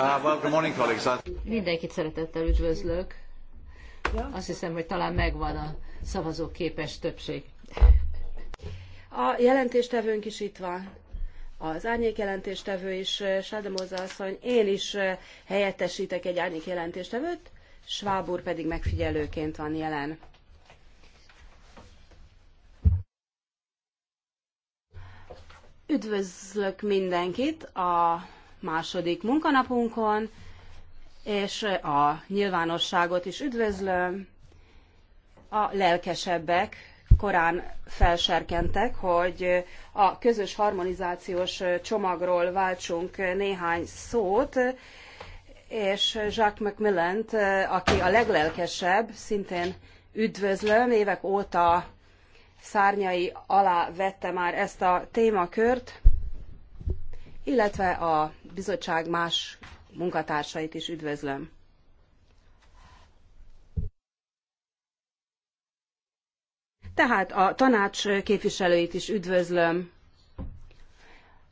Uh, mindenkit szeretettel üdvözlök. Azt hiszem, hogy talán megvan a szavazók képes többség. A jelentéstevőnk is itt van. Az árnyékjelentéstevő jelentéstevő is, uh, Sádemóza asszony, én is uh, helyettesítek egy árnyékjelentéstevőt, jelentéstevőt, Schwab úr pedig megfigyelőként van jelen. Üdvözlök mindenkit a második munkanapunkon, és a nyilvánosságot is üdvözlöm. A lelkesebbek korán felserkentek, hogy a közös harmonizációs csomagról váltsunk néhány szót, és Jacques mcmillan aki a leglelkesebb, szintén üdvözlöm, évek óta szárnyai alá vette már ezt a témakört illetve a bizottság más munkatársait is üdvözlöm. Tehát a tanács képviselőit is üdvözlöm.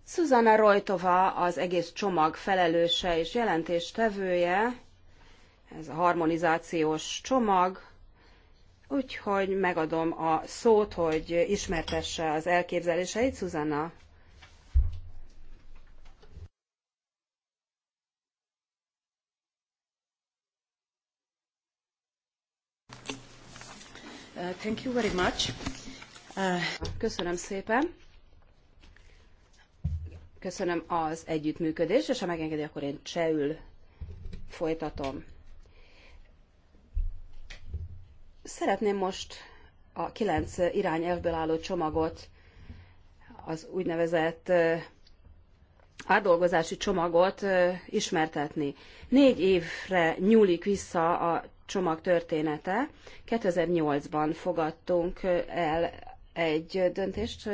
Szuzana Rojtova az egész csomag felelőse és jelentéstevője, ez a harmonizációs csomag, úgyhogy megadom a szót, hogy ismertesse az elképzeléseit. Szuzana, Uh, thank you very much. Uh, köszönöm szépen. Köszönöm az együttműködést, és ha megengedi, akkor én csehül folytatom. Szeretném most a kilenc irányelvből álló csomagot, az úgynevezett uh, átdolgozási csomagot ismertetni. Négy évre nyúlik vissza a csomag története. 2008-ban fogadtunk el egy döntést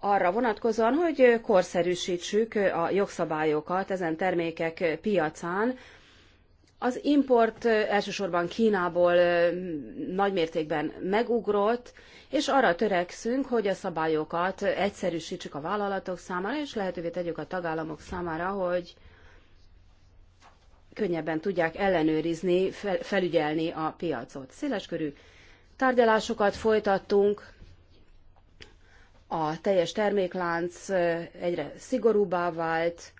arra vonatkozóan, hogy korszerűsítsük a jogszabályokat ezen termékek piacán. Az import elsősorban Kínából nagymértékben megugrott, és arra törekszünk, hogy a szabályokat egyszerűsítsük a vállalatok számára, és lehetővé tegyük a tagállamok számára, hogy könnyebben tudják ellenőrizni, felügyelni a piacot. Széleskörű tárgyalásokat folytattunk, a teljes terméklánc egyre szigorúbbá vált,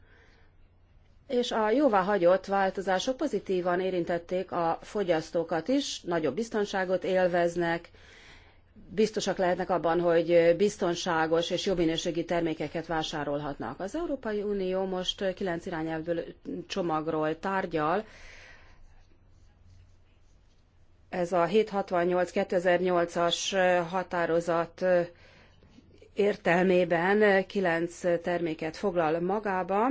és a hagyott változások pozitívan érintették a fogyasztókat is, nagyobb biztonságot élveznek, biztosak lehetnek abban, hogy biztonságos és jó minőségi termékeket vásárolhatnak. Az Európai Unió most kilenc irányelvből csomagról tárgyal. Ez a 768-2008-as határozat értelmében kilenc terméket foglal magába.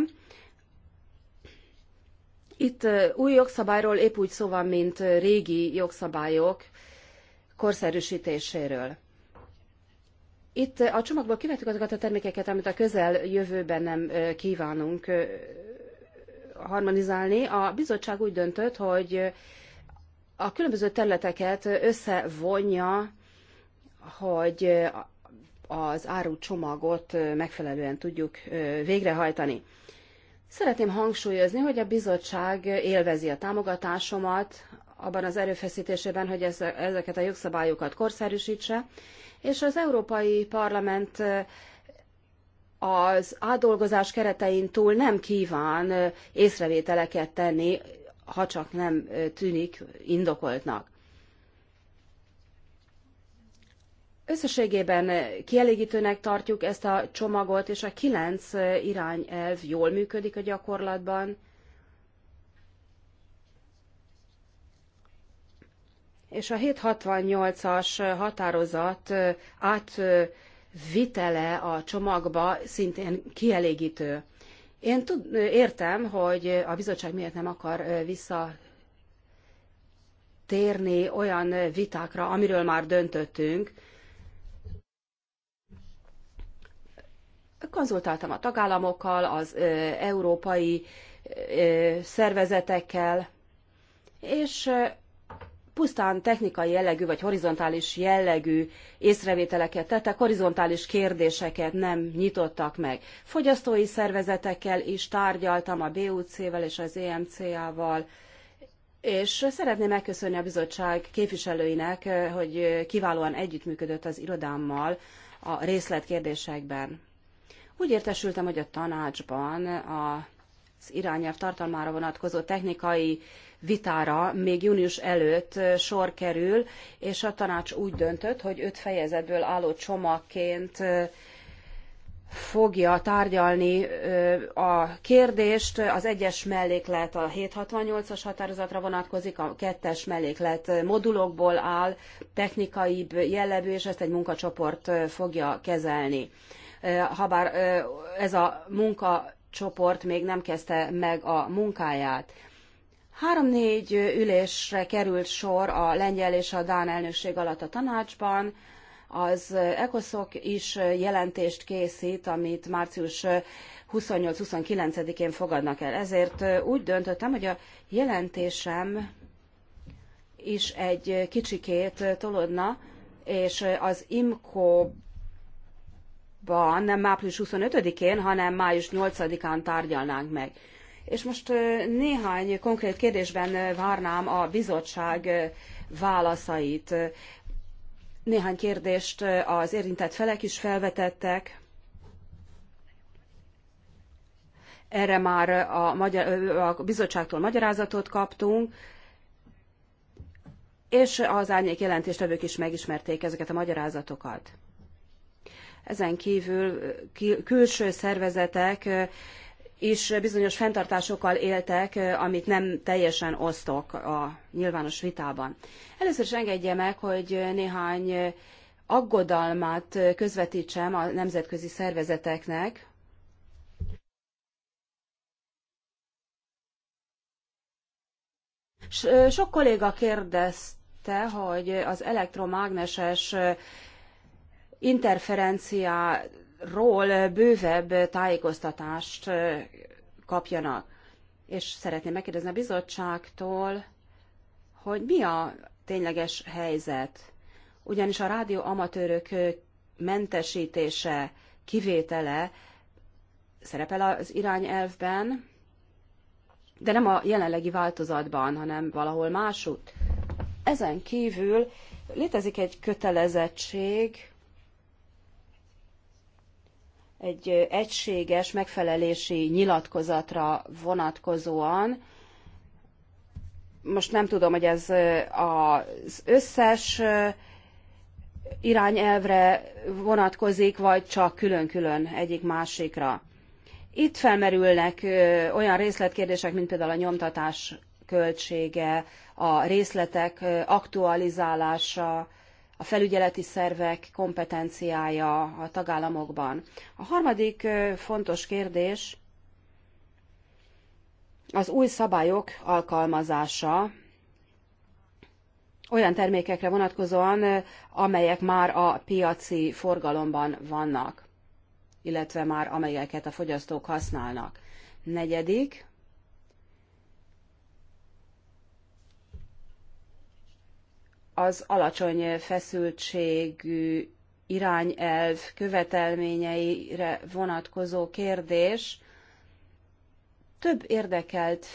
Itt új jogszabályról épp úgy szó van, mint régi jogszabályok korszerűsítéséről. Itt a csomagból kivettük azokat a termékeket, amit a közel jövőben nem kívánunk harmonizálni. A bizottság úgy döntött, hogy a különböző területeket összevonja, hogy az áru csomagot megfelelően tudjuk végrehajtani. Szeretném hangsúlyozni, hogy a bizottság élvezi a támogatásomat abban az erőfeszítésében, hogy ezeket a jogszabályokat korszerűsítse, és az Európai Parlament az átdolgozás keretein túl nem kíván észrevételeket tenni, ha csak nem tűnik indokoltnak. Összességében kielégítőnek tartjuk ezt a csomagot, és a kilenc irányelv jól működik a gyakorlatban. és a 768-as határozat átvitele a csomagba szintén kielégítő. Én tud, értem, hogy a bizottság miért nem akar vissza térni olyan vitákra, amiről már döntöttünk. Konzultáltam a tagállamokkal, az európai szervezetekkel, és pusztán technikai jellegű vagy horizontális jellegű észrevételeket tettek, horizontális kérdéseket nem nyitottak meg. Fogyasztói szervezetekkel is tárgyaltam, a BUC-vel és az EMCA-val, és szeretném megköszönni a bizottság képviselőinek, eh, hogy kiválóan együttműködött az irodámmal a részletkérdésekben. Úgy értesültem, hogy a tanácsban az irányelv tartalmára vonatkozó technikai vitára még június előtt sor kerül, és a tanács úgy döntött, hogy öt fejezetből álló csomagként fogja tárgyalni a kérdést. Az egyes melléklet a 768-as határozatra vonatkozik, a kettes melléklet modulokból áll, technikai jellegű, és ezt egy munkacsoport fogja kezelni. Habár ez a munkacsoport még nem kezdte meg a munkáját. Három-négy ülésre került sor a lengyel és a dán elnökség alatt a tanácsban. Az ECOSOC is jelentést készít, amit március 28-29-én fogadnak el. Ezért úgy döntöttem, hogy a jelentésem is egy kicsikét tolódna, és az IMCO ban nem április 25-én, hanem május 8-án tárgyalnánk meg. És most néhány konkrét kérdésben várnám a bizottság válaszait. Néhány kérdést az érintett felek is felvetettek. Erre már a, magyar, a bizottságtól magyarázatot kaptunk, és az árnyék jelentéstevők is megismerték ezeket a magyarázatokat. Ezen kívül külső szervezetek is bizonyos fenntartásokkal éltek, eh, amit nem teljesen osztok a nyilvános vitában. Először is engedje meg, hogy néhány eh, aggodalmat eh, közvetítsem a nemzetközi szervezeteknek, Sok kolléga kérdezte, hogy az elektromágneses interferencia ról bővebb tájékoztatást kapjanak. És szeretném megkérdezni a bizottságtól, hogy mi a tényleges helyzet. Ugyanis a rádió amatőrök mentesítése, kivétele szerepel az irányelvben, de nem a jelenlegi változatban, hanem valahol másút. Ezen kívül létezik egy kötelezettség, egy egységes megfelelési nyilatkozatra vonatkozóan. Most nem tudom, hogy ez az összes irányelvre vonatkozik, vagy csak külön-külön egyik másikra. Itt felmerülnek olyan részletkérdések, mint például a nyomtatás költsége, a részletek aktualizálása, a felügyeleti szervek kompetenciája a tagállamokban. A harmadik fontos kérdés az új szabályok alkalmazása olyan termékekre vonatkozóan, amelyek már a piaci forgalomban vannak, illetve már amelyeket a fogyasztók használnak. Negyedik, az alacsony feszültségű irányelv követelményeire vonatkozó kérdés több érdekelt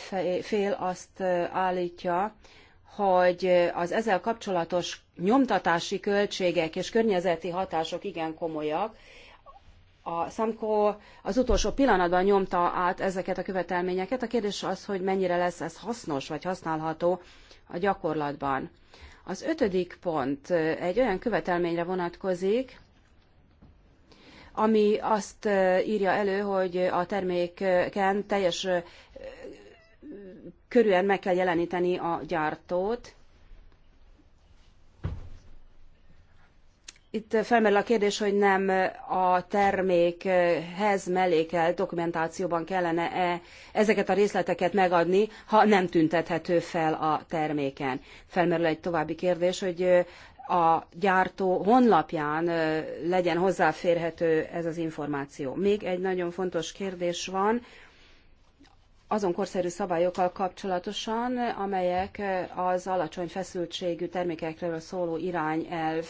fél azt állítja, hogy az ezzel kapcsolatos nyomtatási költségek és környezeti hatások igen komolyak. A Samco az utolsó pillanatban nyomta át ezeket a követelményeket. A kérdés az, hogy mennyire lesz ez hasznos vagy használható a gyakorlatban. Az ötödik pont egy olyan követelményre vonatkozik, ami azt írja elő, hogy a terméken teljes körűen meg kell jeleníteni a gyártót, Itt felmerül a kérdés, hogy nem a termékhez mellékel dokumentációban kellene -e ezeket a részleteket megadni, ha nem tüntethető fel a terméken. Felmerül egy további kérdés, hogy a gyártó honlapján legyen hozzáférhető ez az információ. Még egy nagyon fontos kérdés van, azon korszerű szabályokkal kapcsolatosan, amelyek az alacsony feszültségű termékekről szóló irányelv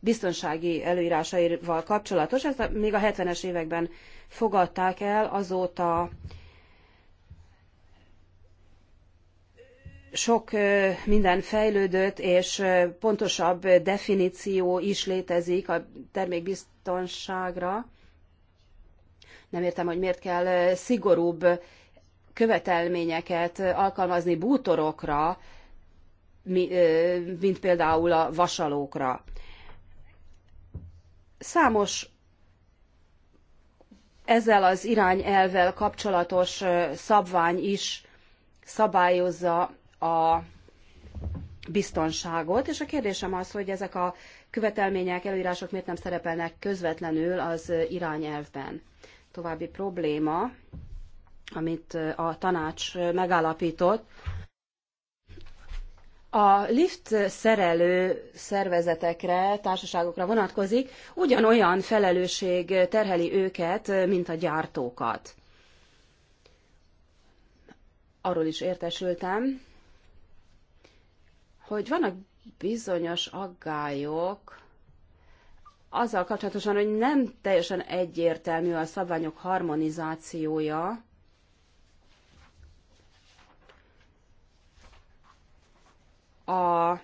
biztonsági előírásaival kapcsolatos. Ezt még a 70-es években fogadták el, azóta sok minden fejlődött, és pontosabb definíció is létezik a termékbiztonságra. Nem értem, hogy miért kell szigorúbb követelményeket alkalmazni bútorokra, mint például a vasalókra. Számos ezzel az irányelvvel kapcsolatos szabvány is szabályozza a biztonságot, és a kérdésem az, hogy ezek a követelmények, előírások miért nem szerepelnek közvetlenül az irányelvben. További probléma amit a tanács megállapított. A lift szerelő szervezetekre, társaságokra vonatkozik, ugyanolyan felelősség terheli őket, mint a gyártókat. Arról is értesültem, hogy vannak bizonyos aggályok azzal kapcsolatosan, hogy nem teljesen egyértelmű a szabványok harmonizációja, a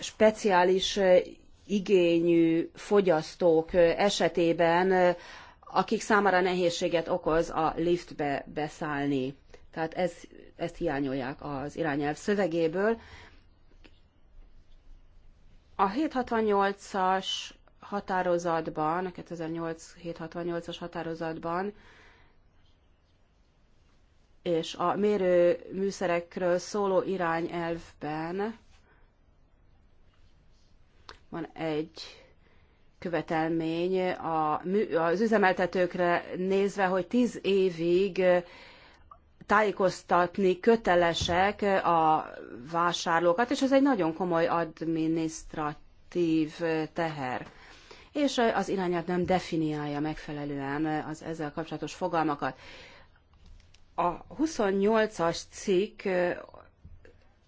speciális eh, igényű fogyasztók eh, esetében, eh, akik számára nehézséget okoz a liftbe beszállni. Tehát ez, ezt hiányolják az irányelv szövegéből. A 768-as határozatban, a 2008-768-as határozatban és a mérőműszerekről szóló irányelvben van egy követelmény a, az üzemeltetőkre nézve, hogy tíz évig tájékoztatni kötelesek a vásárlókat, és ez egy nagyon komoly adminisztratív teher. És az irányelv nem definiálja megfelelően az ezzel kapcsolatos fogalmakat a 28-as cikk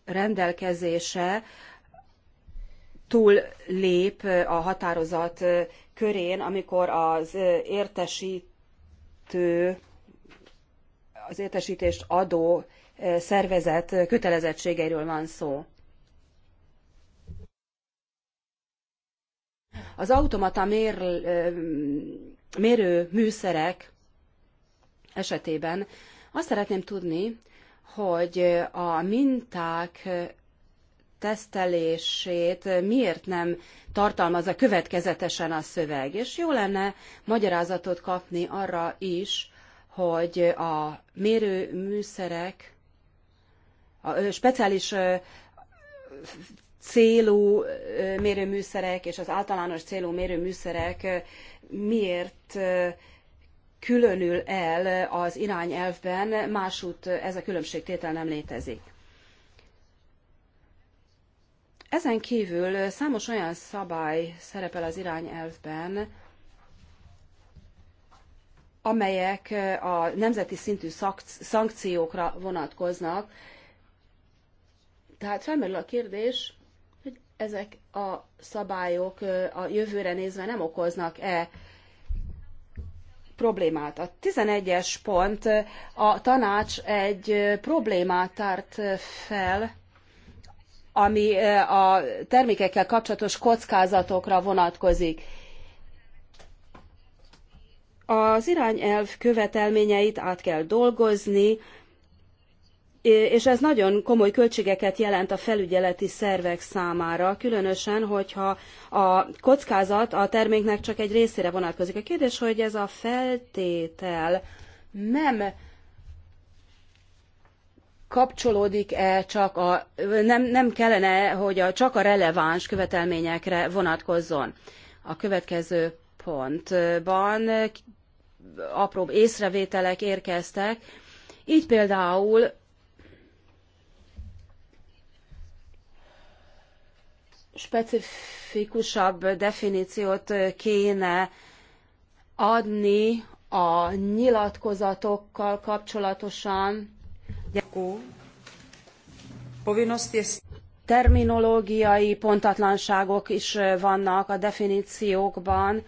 rendelkezése túl lép a határozat körén, amikor az értesítő, az értesítést adó szervezet kötelezettségeiről van szó. Az automata mér, mérő műszerek esetében azt szeretném tudni, hogy a minták tesztelését miért nem tartalmazza következetesen a szöveg. És jó lenne magyarázatot kapni arra is, hogy a mérőműszerek, a speciális célú mérőműszerek és az általános célú mérőműszerek miért különül el az irányelvben, másút ez a különbségtétel nem létezik. Ezen kívül számos olyan szabály szerepel az irányelvben, amelyek a nemzeti szintű szankciókra vonatkoznak. Tehát felmerül a kérdés, hogy ezek a szabályok a jövőre nézve nem okoznak-e problémát. A 11-es pont a tanács egy problémát tárt fel, ami a termékekkel kapcsolatos kockázatokra vonatkozik. Az irányelv követelményeit át kell dolgozni, és ez nagyon komoly költségeket jelent a felügyeleti szervek számára, különösen, hogyha a kockázat a terméknek csak egy részére vonatkozik. A kérdés, hogy ez a feltétel nem kapcsolódik-e csak a, nem, nem kellene, hogy a, csak a releváns követelményekre vonatkozzon. A következő pontban apróbb észrevételek érkeztek, így például specifikusabb definíciót kéne adni a nyilatkozatokkal kapcsolatosan. Terminológiai pontatlanságok is vannak a definíciókban,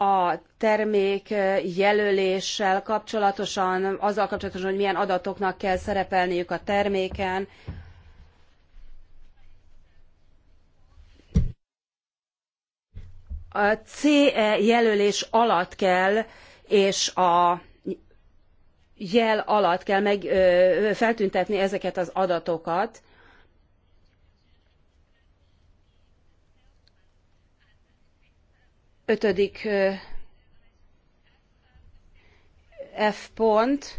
a termék jelöléssel kapcsolatosan, azzal kapcsolatosan, hogy milyen adatoknak kell szerepelniük a terméken, a CE jelölés alatt kell, és a jel alatt kell meg, ö, feltüntetni ezeket az adatokat. ötödik F pont.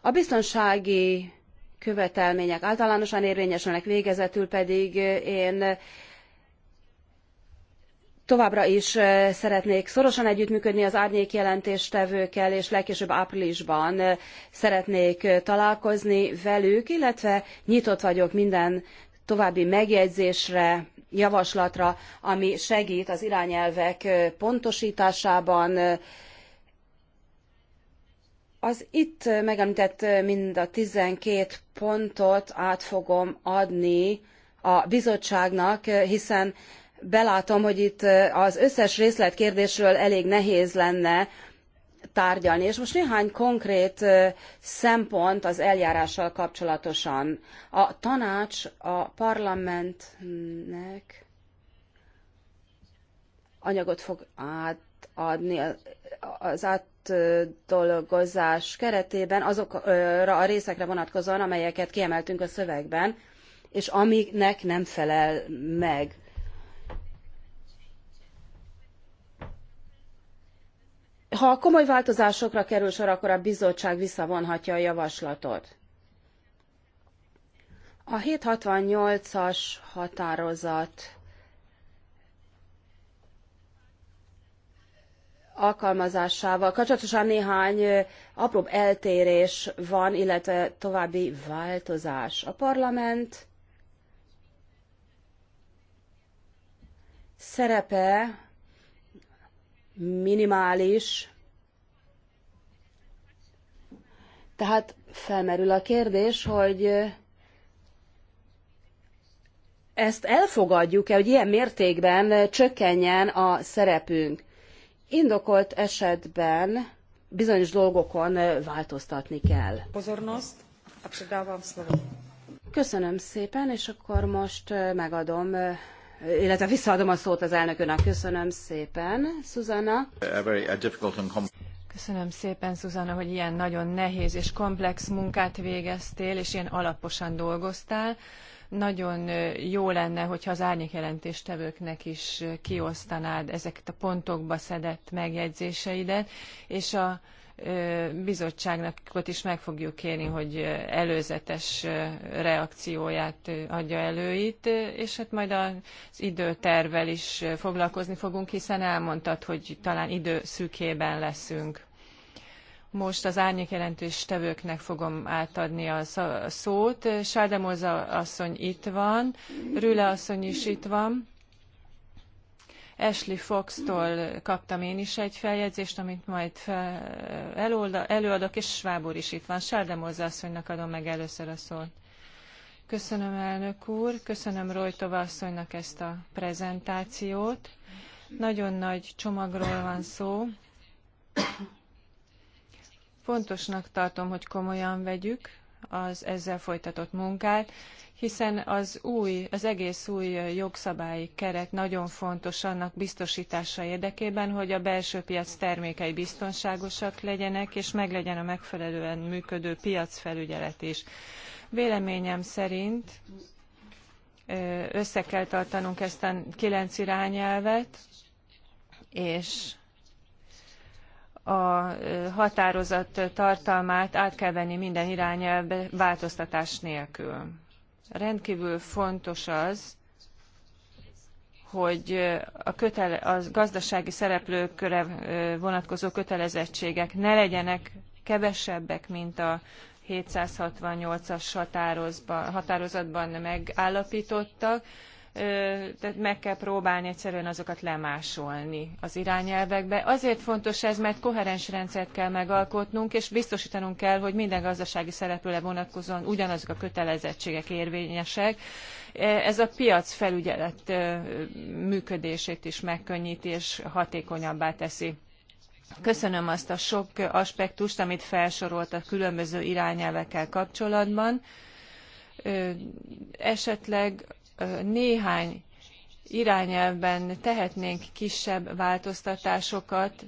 A biztonsági követelmények általánosan érvényesülnek, végezetül pedig én továbbra is szeretnék szorosan együttműködni az árnyék jelentéstevőkkel, és legkésőbb áprilisban szeretnék találkozni velük, illetve nyitott vagyok minden további megjegyzésre, javaslatra, ami segít az irányelvek pontosításában. Az itt megemlített mind a 12 pontot át fogom adni a bizottságnak, hiszen belátom, hogy itt az összes részletkérdésről elég nehéz lenne tárgyalni. És most néhány konkrét szempont az eljárással kapcsolatosan. A tanács a parlamentnek anyagot fog átadni az átdolgozás keretében azokra a részekre vonatkozóan, amelyeket kiemeltünk a szövegben, és amiknek nem felel meg Ha komoly változásokra kerül sor, akkor a bizottság visszavonhatja a javaslatot. A 768-as határozat alkalmazásával kapcsolatosan néhány apróbb eltérés van, illetve további változás. A parlament szerepe minimális. Tehát felmerül a kérdés, hogy ezt elfogadjuk-e, hogy ilyen mértékben csökkenjen a szerepünk. Indokolt esetben bizonyos dolgokon változtatni kell. Köszönöm szépen, és akkor most megadom illetve visszaadom a szót az elnökönök. Köszönöm szépen, Susanna. Köszönöm szépen, Susanna, hogy ilyen nagyon nehéz és komplex munkát végeztél, és ilyen alaposan dolgoztál. Nagyon jó lenne, hogyha az árnyékjelentéstevőknek is kiosztanád ezeket a pontokba szedett megjegyzéseidet, és a bizottságnak is meg fogjuk kérni, hogy előzetes reakcióját adja elő itt, és hát majd az időtervel is foglalkozni fogunk, hiszen elmondtad, hogy talán időszűkében leszünk. Most az árnyékjelentős tevőknek fogom átadni a szót. Sáldemóza asszony itt van, Rüle asszony is itt van Ashley Fox-tól kaptam én is egy feljegyzést, amit majd fel, elolda, előadok, és Svábor is itt van. Sárdemolza asszonynak adom meg először a szót. Köszönöm, elnök úr, köszönöm Rojtova asszonynak ezt a prezentációt. Nagyon nagy csomagról van szó. Fontosnak tartom, hogy komolyan vegyük az ezzel folytatott munkát, hiszen az új, az egész új jogszabályi keret nagyon fontos annak biztosítása érdekében, hogy a belső piac termékei biztonságosak legyenek, és meglegyen a megfelelően működő piacfelügyelet is. Véleményem szerint össze kell tartanunk ezt a kilenc irányelvet, és a határozat tartalmát át kell venni minden irányelvbe változtatás nélkül rendkívül fontos az, hogy a, kötele, a gazdasági szereplőkre vonatkozó kötelezettségek ne legyenek kevesebbek, mint a 768-as határozatban megállapítottak, tehát meg kell próbálni egyszerűen azokat lemásolni az irányelvekbe. Azért fontos ez, mert koherens rendszert kell megalkotnunk, és biztosítanunk kell, hogy minden gazdasági szereplőre vonatkozóan ugyanazok a kötelezettségek érvényesek. E, ez a piac felügyelet működését is megkönnyíti és hatékonyabbá teszi. Köszönöm azt a sok aspektust, amit felsorolt a különböző irányelvekkel kapcsolatban. Esetleg néhány irányelvben tehetnénk kisebb változtatásokat,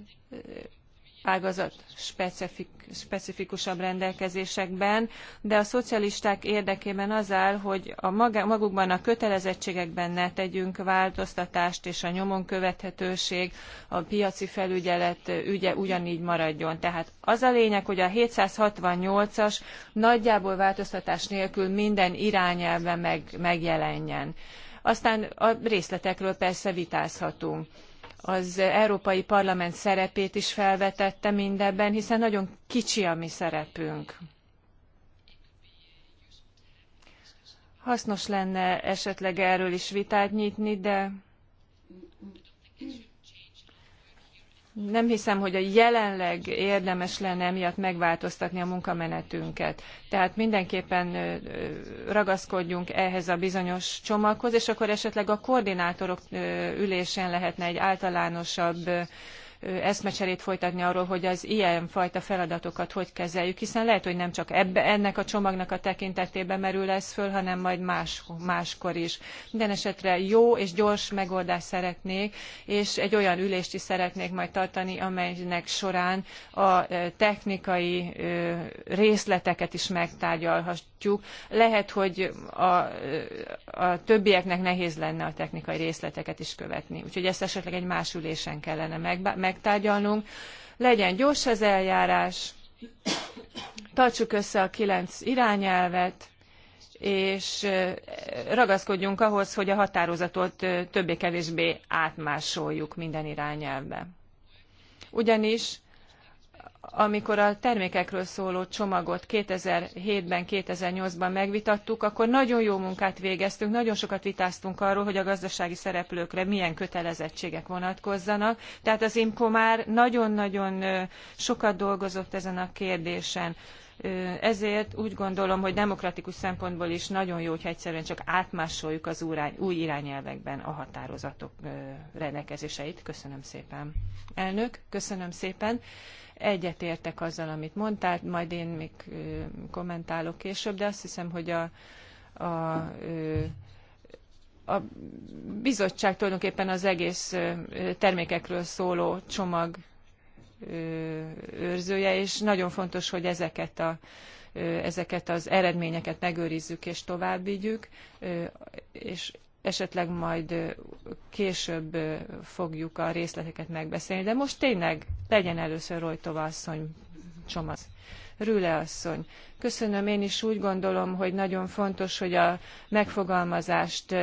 ágazatspecifikusabb specifikusabb rendelkezésekben, de a szocialisták érdekében az áll, hogy a magukban a kötelezettségekben ne tegyünk változtatást, és a nyomon követhetőség, a piaci felügyelet ügye ugyanígy maradjon. Tehát az a lényeg, hogy a 768-as nagyjából változtatás nélkül minden irányelve meg, megjelenjen. Aztán a részletekről persze vitázhatunk az Európai Parlament szerepét is felvetette mindebben, hiszen nagyon kicsi a mi szerepünk. Hasznos lenne esetleg erről is vitát nyitni, de nem hiszem, hogy a jelenleg érdemes lenne emiatt megváltoztatni a munkamenetünket. Tehát mindenképpen ragaszkodjunk ehhez a bizonyos csomaghoz, és akkor esetleg a koordinátorok ülésén lehetne egy általánosabb eszmecserét folytatni arról, hogy az ilyen fajta feladatokat hogy kezeljük, hiszen lehet, hogy nem csak ebbe, ennek a csomagnak a tekintetében merül ez föl, hanem majd más, máskor is. Minden esetre jó és gyors megoldást szeretnék, és egy olyan ülést is szeretnék majd tartani, amelynek során a technikai részleteket is megtárgyalhatjuk tudjuk. Lehet, hogy a, a többieknek nehéz lenne a technikai részleteket is követni. Úgyhogy ezt esetleg egy más ülésen kellene meg, megtárgyalnunk. Legyen gyors az eljárás, tartsuk össze a kilenc irányelvet, és ragaszkodjunk ahhoz, hogy a határozatot többé-kevésbé átmásoljuk minden irányelvbe. Ugyanis amikor a termékekről szóló csomagot 2007-ben, 2008-ban megvitattuk, akkor nagyon jó munkát végeztünk, nagyon sokat vitáztunk arról, hogy a gazdasági szereplőkre milyen kötelezettségek vonatkozzanak. Tehát az IMCO már nagyon-nagyon sokat dolgozott ezen a kérdésen. Ezért úgy gondolom, hogy demokratikus szempontból is nagyon jó, hogyha egyszerűen csak átmásoljuk az új irányelvekben a határozatok rendelkezéseit. Köszönöm szépen. Elnök, köszönöm szépen. Egyetértek azzal, amit mondtál, majd én még kommentálok később, de azt hiszem, hogy a, a a bizottság tulajdonképpen az egész termékekről szóló csomag őrzője, és nagyon fontos, hogy ezeket, a, ezeket az eredményeket megőrizzük és továbbvigyük, és esetleg majd később fogjuk a részleteket megbeszélni, de most tényleg legyen először Rojtova asszony csomag. Rüle asszony, köszönöm, én is úgy gondolom, hogy nagyon fontos, hogy a megfogalmazást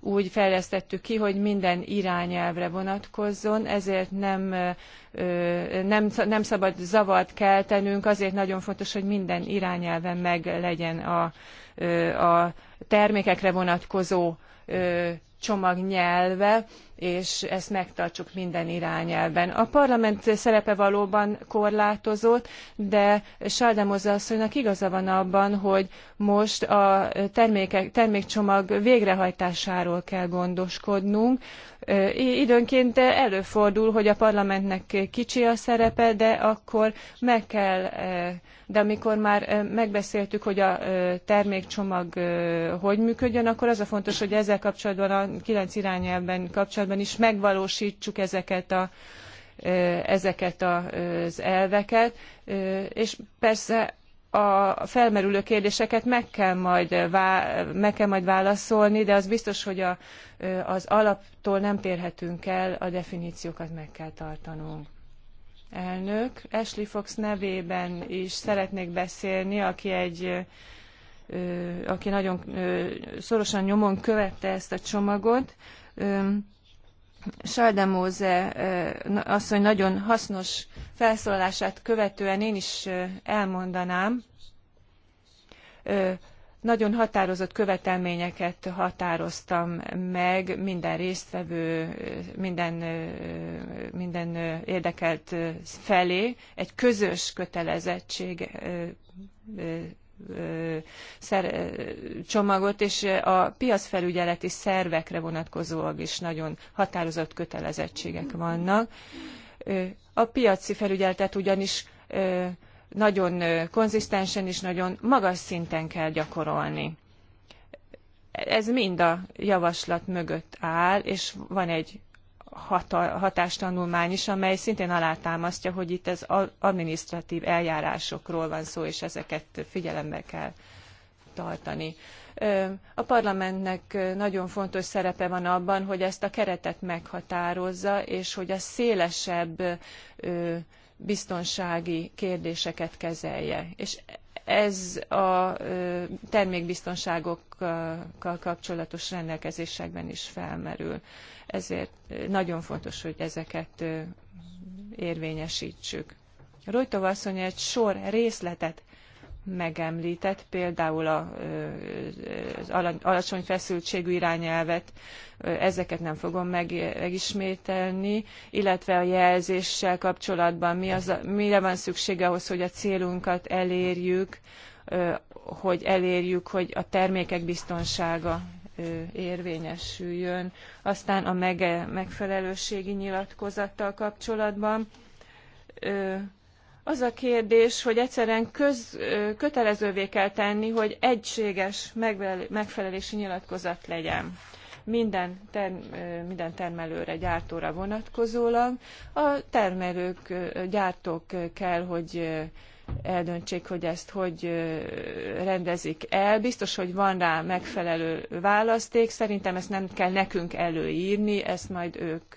úgy fejlesztettük ki, hogy minden irányelvre vonatkozzon, ezért nem, nem, nem szabad zavart keltenünk, azért nagyon fontos, hogy minden irányelven meg legyen a, a termékekre vonatkozó csomagnyelve, és ezt megtartsuk minden irányelben. A parlament szerepe valóban korlátozott, de Sáldemozza asszonynak igaza van abban, hogy most a termékek, termékcsomag végrehajtásáról kell gondoskodnunk. Időnként előfordul, hogy a parlamentnek kicsi a szerepe, de akkor meg kell de amikor már megbeszéltük, hogy a termékcsomag hogy működjön, akkor az a fontos, hogy ezzel kapcsolatban a 9 irányelven kapcsolatban esetben is megvalósítsuk ezeket a ezeket az elveket, és persze a felmerülő kérdéseket meg kell majd, vá, meg kell majd válaszolni, de az biztos, hogy a, az alaptól nem térhetünk el, a definíciókat meg kell tartanunk. Elnök, Ashley Fox nevében is szeretnék beszélni, aki egy aki nagyon szorosan nyomon követte ezt a csomagot Saldemóze asszony nagyon hasznos felszólalását követően én is elmondanám, nagyon határozott követelményeket határoztam meg minden résztvevő, minden, minden érdekelt felé, egy közös kötelezettség csomagot, és a piacfelügyeleti szervekre vonatkozóak is nagyon határozott kötelezettségek vannak. A piaci felügyeletet ugyanis nagyon konzisztensen és nagyon magas szinten kell gyakorolni. Ez mind a javaslat mögött áll, és van egy hatástanulmány is, amely szintén alátámasztja, hogy itt az administratív eljárásokról van szó, és ezeket figyelembe kell tartani. A parlamentnek nagyon fontos szerepe van abban, hogy ezt a keretet meghatározza, és hogy a szélesebb biztonsági kérdéseket kezelje. És ez a termékbiztonságokkal kapcsolatos rendelkezésekben is felmerül ezért nagyon fontos, hogy ezeket érvényesítsük. Rojtov asszony egy sor részletet megemlített, például a, az alacsony feszültségű irányelvet, ezeket nem fogom megismételni, illetve a jelzéssel kapcsolatban mi az, mire van szüksége ahhoz, hogy a célunkat elérjük, hogy elérjük, hogy a termékek biztonsága érvényesüljön. Aztán a mege megfelelőségi nyilatkozattal kapcsolatban az a kérdés, hogy egyszerűen köz, kötelezővé kell tenni, hogy egységes megfelelési nyilatkozat legyen minden, term, minden termelőre, gyártóra vonatkozólag. A termelők, gyártók kell, hogy eldöntsék, hogy ezt hogy rendezik el. Biztos, hogy van rá megfelelő választék, szerintem ezt nem kell nekünk előírni, ezt majd ők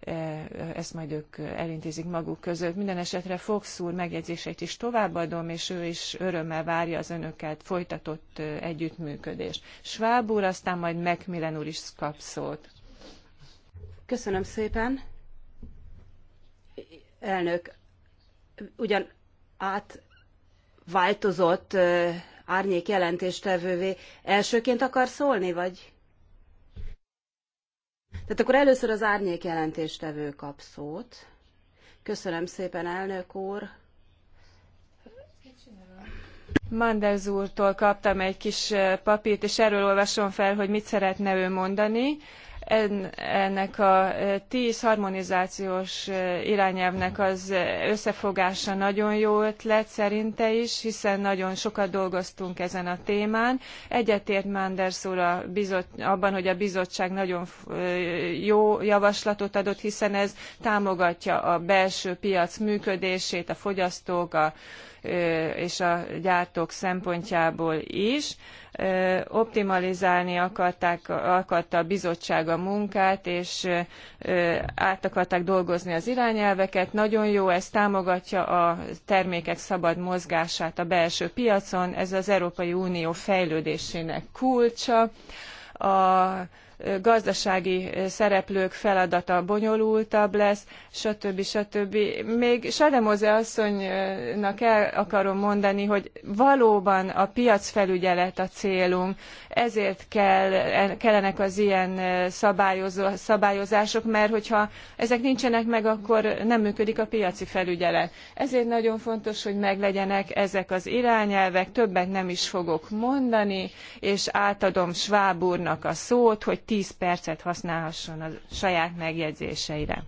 E, ezt majd ők elintézik maguk között. Minden esetre Fox úr megjegyzéseit is továbbadom, és ő is örömmel várja az önöket folytatott e, együttműködést. Schwab úr, aztán majd Macmillan úr is kap szót. Köszönöm szépen. Elnök, ugyan át változott e, árnyék jelentéstevővé. Elsőként akar szólni, vagy? Tehát akkor először az árnyék jelentéstevő kap szót. Köszönöm szépen, elnök úr. Manders úrtól kaptam egy kis papírt, és erről olvasom fel, hogy mit szeretne ő mondani ennek a e, tíz harmonizációs e, irányelvnek az összefogása nagyon jó ötlet szerinte is, hiszen nagyon sokat dolgoztunk ezen a témán. Egyetért Manders úr a bizot, abban, hogy a bizottság nagyon e, jó javaslatot adott, hiszen ez támogatja a belső piac működését, a fogyasztók, a és a gyártók szempontjából is. Optimalizálni akarták, akarta a bizottság a munkát, és át akarták dolgozni az irányelveket. Nagyon jó, ez támogatja a termékek szabad mozgását a belső piacon. Ez az Európai Unió fejlődésének kulcsa. A gazdasági szereplők feladata bonyolultabb lesz, stb. stb. Még Sademoze asszonynak el akarom mondani, hogy valóban a piacfelügyelet a célunk, ezért kell, e, kellenek az ilyen szabályozó, szabályozások, mert hogyha ezek nincsenek meg, akkor nem működik a piaci felügyelet. Ezért nagyon fontos, hogy meglegyenek ezek az irányelvek, többet nem is fogok mondani, és átadom Schwab úrnak a szót, hogy 10 percet használhasson a saját megjegyzéseire.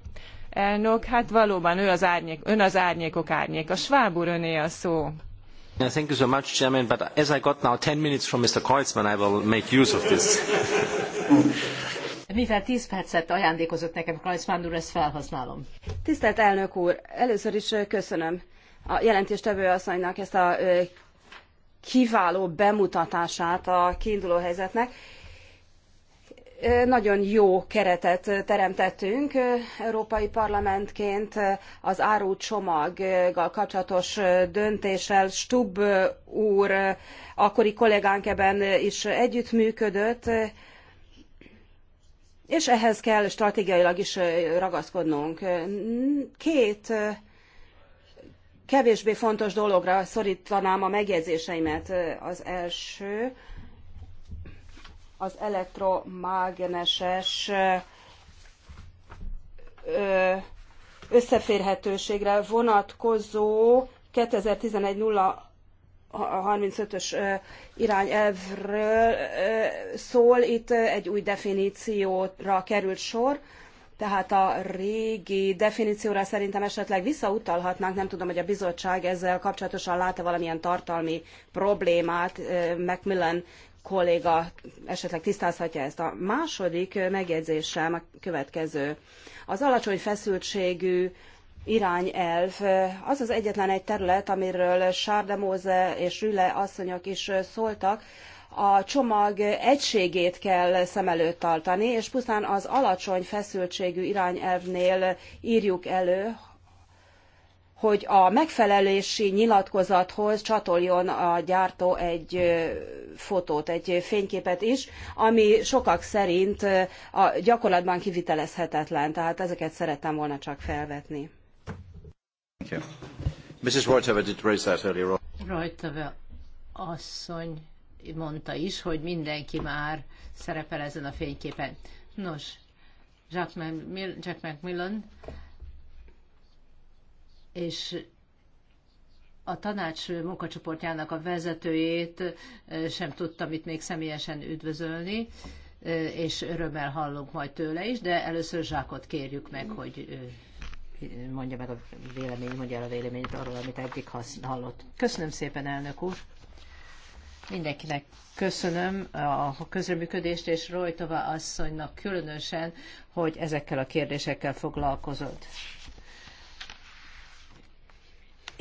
Elnök, hát valóban ő az árnyék, ön az árnyékok árnyék. A Schwab úr öné a szó. Thank you so much, Chairman, but as I got now 10 minutes from Mr. Kreutzmann, I will make use of this. Mivel 10 percet ajándékozott nekem Kreutzmann úr, ezt felhasználom. Tisztelt elnök úr, először is köszönöm a jelentéstevő asszonynak ezt a kiváló bemutatását a kiinduló helyzetnek nagyon jó keretet teremtettünk Európai Parlamentként az árucsomaggal kapcsolatos döntéssel. Stubb úr, akkori kollégánk ebben is együttműködött, és ehhez kell stratégiailag is ragaszkodnunk. Két kevésbé fontos dologra szorítanám a megjegyzéseimet. Az első, az elektromágneses összeférhetőségre vonatkozó 2011-035-ös irányelvről szól. Itt egy új definícióra került sor, tehát a régi definícióra szerintem esetleg visszautalhatnánk, nem tudom, hogy a bizottság ezzel kapcsolatosan lát-e valamilyen tartalmi problémát. Macmillan kolléga esetleg tisztázhatja ezt. A második megjegyzésem a következő. Az alacsony feszültségű irányelv az az egyetlen egy terület, amiről Sárdemóze és Rüle asszonyok is szóltak, a csomag egységét kell szem előtt tartani, és pusztán az alacsony feszültségű irányelvnél írjuk elő, hogy a megfelelési nyilatkozathoz csatoljon a gyártó egy fotót, egy fényképet is, ami sokak szerint a gyakorlatban kivitelezhetetlen. Tehát ezeket szerettem volna csak felvetni. Mrs. Reutever did raise that earlier on. asszony mondta is, hogy mindenki már szerepel ezen a fényképen. Nos, Jack, Mac Jack McMillan és a tanács munkacsoportjának a vezetőjét sem tudtam itt még személyesen üdvözölni, és örömmel hallunk majd tőle is, de először Zsákot kérjük meg, hogy mondja meg a vélemény, mondja el a véleményt arról, amit eddig hallott. Köszönöm szépen, elnök úr! Mindenkinek köszönöm a közreműködést, és Rojtova asszonynak különösen, hogy ezekkel a kérdésekkel foglalkozott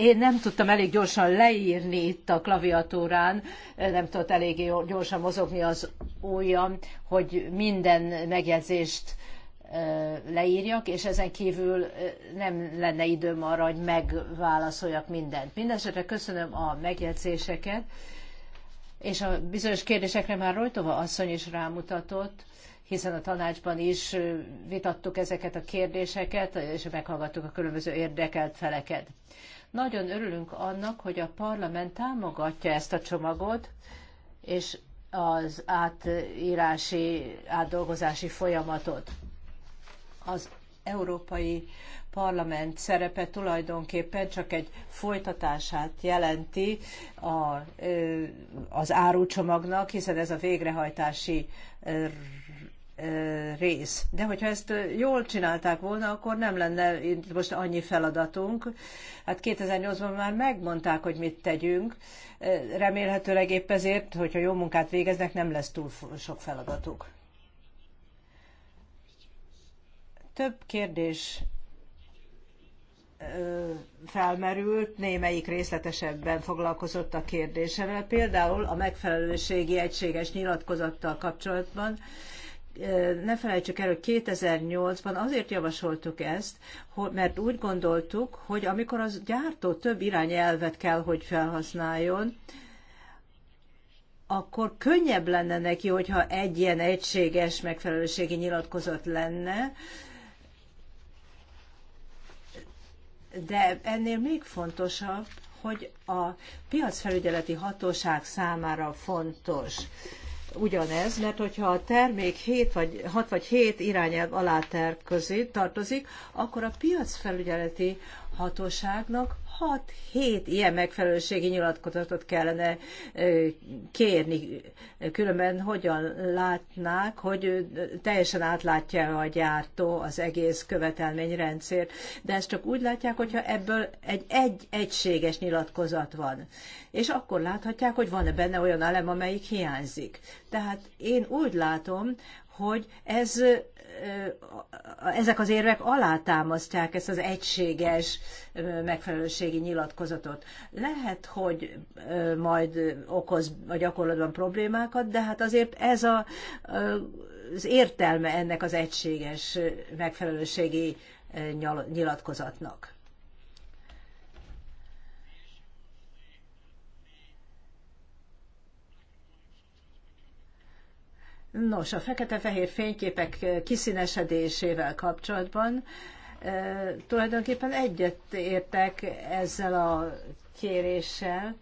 én nem tudtam elég gyorsan leírni itt a klaviatúrán, nem tudott elég gyorsan mozogni az ujjam, hogy minden megjegyzést leírjak, és ezen kívül nem lenne időm arra, hogy megválaszoljak mindent. Mindenesetre köszönöm a megjegyzéseket, és a bizonyos kérdésekre már Rojtova asszony is rámutatott, hiszen a tanácsban is vitattuk ezeket a kérdéseket, és meghallgattuk a különböző érdekelt feleket. Nagyon örülünk annak, hogy a parlament támogatja ezt a csomagot, és az átírási, átdolgozási folyamatot. Az Európai Parlament szerepe tulajdonképpen csak egy folytatását jelenti a, az árucsomagnak, hiszen ez a végrehajtási rész. De hogyha ezt jól csinálták volna, akkor nem lenne itt most annyi feladatunk. Hát 2008-ban már megmondták, hogy mit tegyünk. Remélhetőleg épp ezért, hogyha jó munkát végeznek, nem lesz túl sok feladatuk. Több kérdés felmerült, némelyik részletesebben foglalkozott a kérdésemre, például a megfelelőségi egységes nyilatkozattal kapcsolatban ne felejtsük el, hogy 2008-ban azért javasoltuk ezt, mert úgy gondoltuk, hogy amikor az gyártó több irányelvet kell, hogy felhasználjon, akkor könnyebb lenne neki, hogyha egy ilyen egységes megfelelőségi nyilatkozat lenne, de ennél még fontosabb, hogy a piacfelügyeleti hatóság számára fontos ugyanez, mert hogyha a termék 7 vagy, 6 vagy 7 irányelv alá terközi, tartozik, akkor a piacfelügyeleti hatóságnak 6-7 ilyen megfelelőségi nyilatkozatot kellene kérni, különben hogyan látnák, hogy teljesen átlátja a gyártó az egész követelményrendszert, de ezt csak úgy látják, hogyha ebből egy, egy egységes nyilatkozat van. És akkor láthatják, hogy van-e benne olyan elem, amelyik hiányzik. Tehát én úgy látom, hogy ez ezek az érvek alátámasztják ezt az egységes megfelelőségi nyilatkozatot. Lehet, hogy majd okoz a gyakorlatban problémákat, de hát azért ez a, az értelme ennek az egységes megfelelőségi nyilatkozatnak. Nos, a fekete-fehér fényképek kiszínesedésével kapcsolatban e, tulajdonképpen egyet értek ezzel a kéréssel.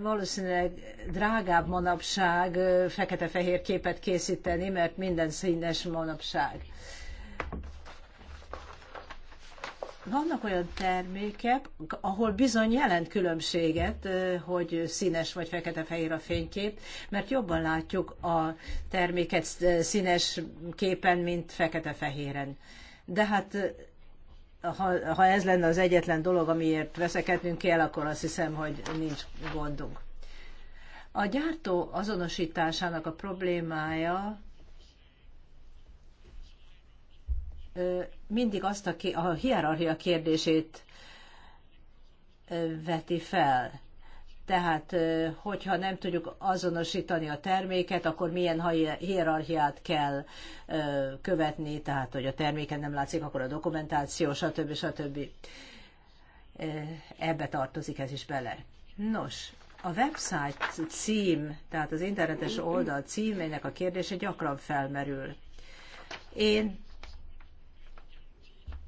Valószínűleg drágább manapság e, fekete-fehér képet készíteni, mert minden színes manapság. Vannak olyan termékek, ahol bizony jelent különbséget, hogy színes vagy fekete-fehér a fénykép, mert jobban látjuk a terméket színes képen, mint fekete-fehéren. De hát ha, ha ez lenne az egyetlen dolog, amiért veszekednünk kell, akkor azt hiszem, hogy nincs gondunk. A gyártó azonosításának a problémája mindig azt a, a hierarchia kérdését veti fel. Tehát, hogyha nem tudjuk azonosítani a terméket, akkor milyen hierarchiát kell követni, tehát, hogy a terméken nem látszik, akkor a dokumentáció, stb. stb. Ebbe tartozik ez is bele. Nos, a website cím, tehát az internetes oldal címének a kérdése gyakran felmerül. Én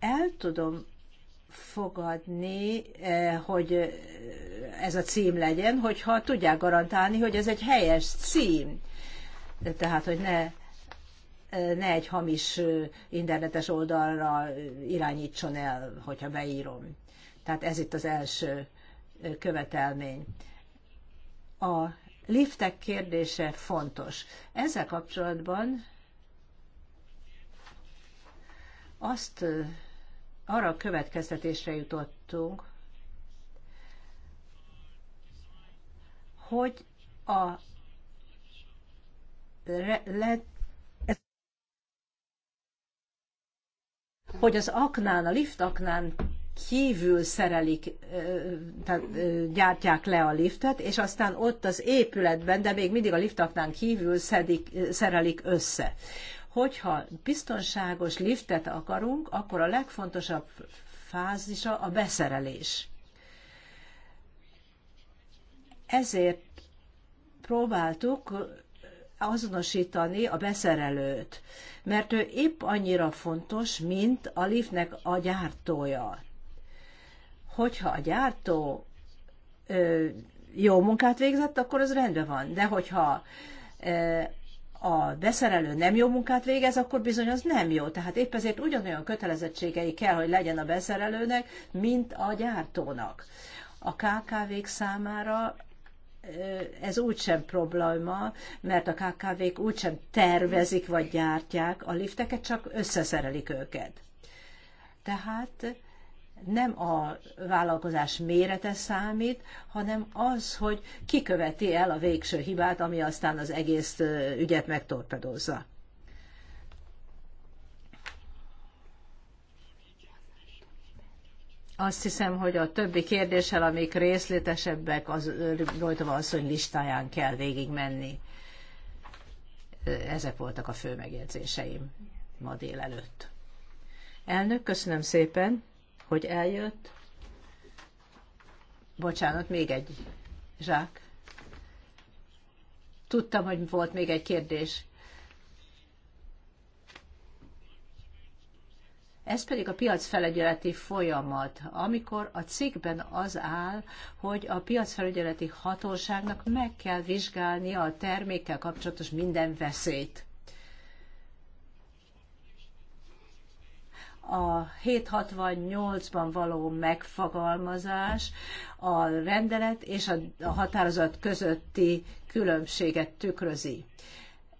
el tudom fogadni, eh, hogy eh, ez a cím legyen, hogyha tudják garantálni, hogy ez egy helyes cím. De tehát, hogy ne, eh, ne egy hamis internetes oldalra irányítson el, hogyha beírom. Tehát ez itt az első követelmény. A liftek kérdése fontos. Ezzel kapcsolatban azt arra a következtetésre jutottunk, hogy a le, hogy az aknán, a lift aknán kívül szerelik, tehát gyártják le a liftet, és aztán ott az épületben, de még mindig a liftaknán kívül szedik, szerelik össze. Hogyha biztonságos liftet akarunk, akkor a legfontosabb fázisa a beszerelés. Ezért próbáltuk azonosítani a beszerelőt, mert ő épp annyira fontos, mint a liftnek a gyártója. Hogyha a gyártó ö, jó munkát végzett, akkor az rendben van. De hogyha ö, a beszerelő nem jó munkát végez, akkor bizony az nem jó. Tehát épp ezért ugyanolyan kötelezettségei kell, hogy legyen a beszerelőnek, mint a gyártónak. A KKV-k számára ez úgysem probléma, mert a KKV-k úgysem tervezik vagy gyártják a lifteket, csak összeszerelik őket. Tehát nem a vállalkozás mérete számít, hanem az, hogy ki követi el a végső hibát, ami aztán az egész ügyet megtorpedozza. Azt hiszem, hogy a többi kérdéssel, amik részletesebbek, az az, hogy listáján kell végigmenni. Ezek voltak a fő megjegyzéseim ma délelőtt. Elnök, köszönöm szépen! hogy eljött. Bocsánat, még egy zsák. Tudtam, hogy volt még egy kérdés. Ez pedig a piacfelügyeleti folyamat, amikor a cikkben az áll, hogy a piacfelügyeleti hatóságnak meg kell vizsgálnia a termékkel kapcsolatos minden veszélyt. a 768-ban való megfogalmazás, a rendelet és a határozat közötti különbséget tükrözi.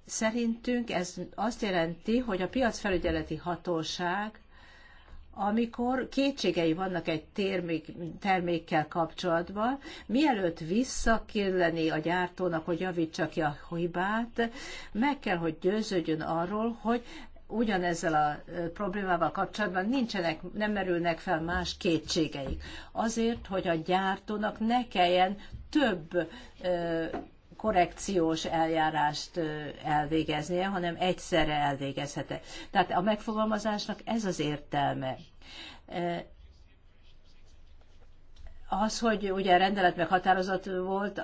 Szerintünk ez azt jelenti, hogy a piacfelügyeleti hatóság amikor kétségei vannak egy termék, termékkel kapcsolatban, mielőtt visszakérleni a gyártónak, hogy javítsa ki a hibát, meg kell, hogy győződjön arról, hogy ugyanezzel a problémával kapcsolatban nincsenek, nem merülnek fel más kétségeik. Azért, hogy a gyártónak ne kelljen több korrekciós eljárást elvégeznie, hanem egyszerre elvégezhete. Tehát a megfogalmazásnak ez az értelme az, hogy ugye a rendelet meghatározott volt,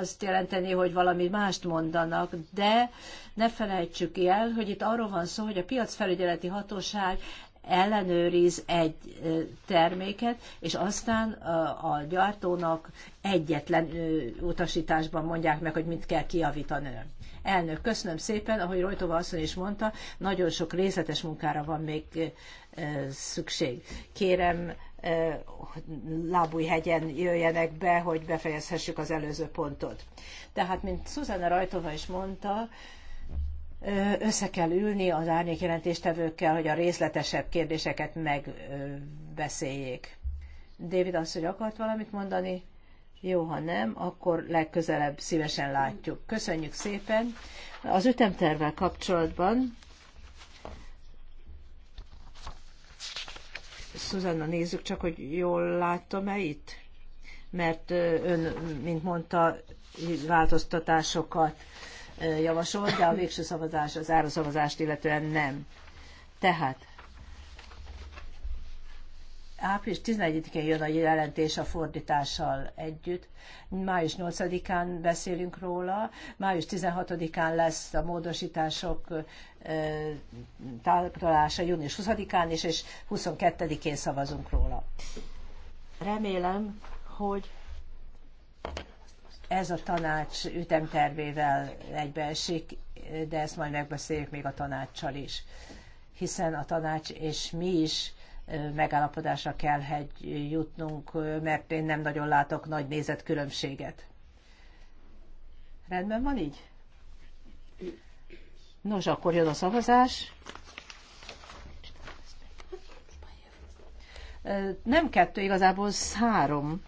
azt jelenteni, hogy valami mást mondanak, de ne felejtsük el, hogy itt arról van szó, hogy a piacfelügyeleti hatóság ellenőriz egy terméket, és aztán a gyártónak egyetlen utasításban mondják meg, hogy mit kell kiavítani. Elnök, köszönöm szépen, ahogy Rojtova asszony is mondta, nagyon sok részletes munkára van még szükség. Kérem Lábújhegyen jöjjenek be, hogy befejezhessük az előző pontot. Tehát, mint Szuzana Rajtova is mondta, össze kell ülni az árnyékjelentéstevőkkel, hogy a részletesebb kérdéseket megbeszéljék. David hogy akart valamit mondani? Jó, ha nem, akkor legközelebb szívesen látjuk. Köszönjük szépen! Az ütemtervel kapcsolatban Szuzanna, nézzük csak, hogy jól látom-e itt? Mert ön, mint mondta, változtatásokat javasolt, de a végső szavazás, az áraszavazást illetően nem. Tehát április 11-én jön a jelentés a fordítással együtt. Május 8-án beszélünk róla, május 16-án lesz a módosítások tárgyalása, június 20-án is, és 22-én szavazunk róla. Remélem, hogy ez a tanács ütemtervével egybeesik, de ezt majd megbeszéljük még a tanácssal is, hiszen a tanács és mi is megállapodásra kell hegy jutnunk, mert én nem nagyon látok nagy nézetkülönbséget. Rendben van így? Nos, akkor jön a szavazás. Nem kettő, igazából három.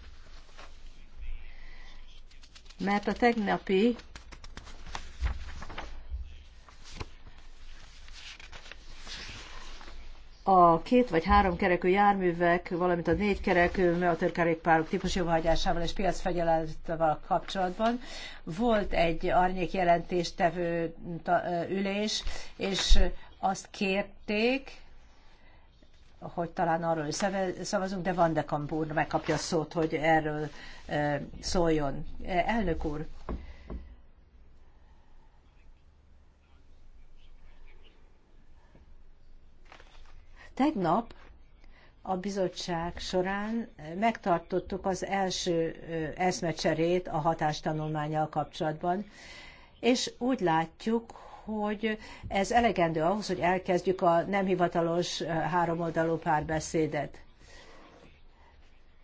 Mert a tegnapi a két vagy három kerekű járművek, valamint a négy kerekű motorkerékpárok típusjóváhagyásával és piacfegyelettel kapcsolatban volt egy jelentést tevő ülés, és azt kérték, hogy talán arról szavazunk, de Van de Kamp úr megkapja a szót, hogy erről szóljon. Elnök úr, Tegnap a bizottság során megtartottuk az első eszmecserét a hatástanulmányal kapcsolatban, és úgy látjuk, hogy ez elegendő ahhoz, hogy elkezdjük a nem hivatalos háromoldalú párbeszédet.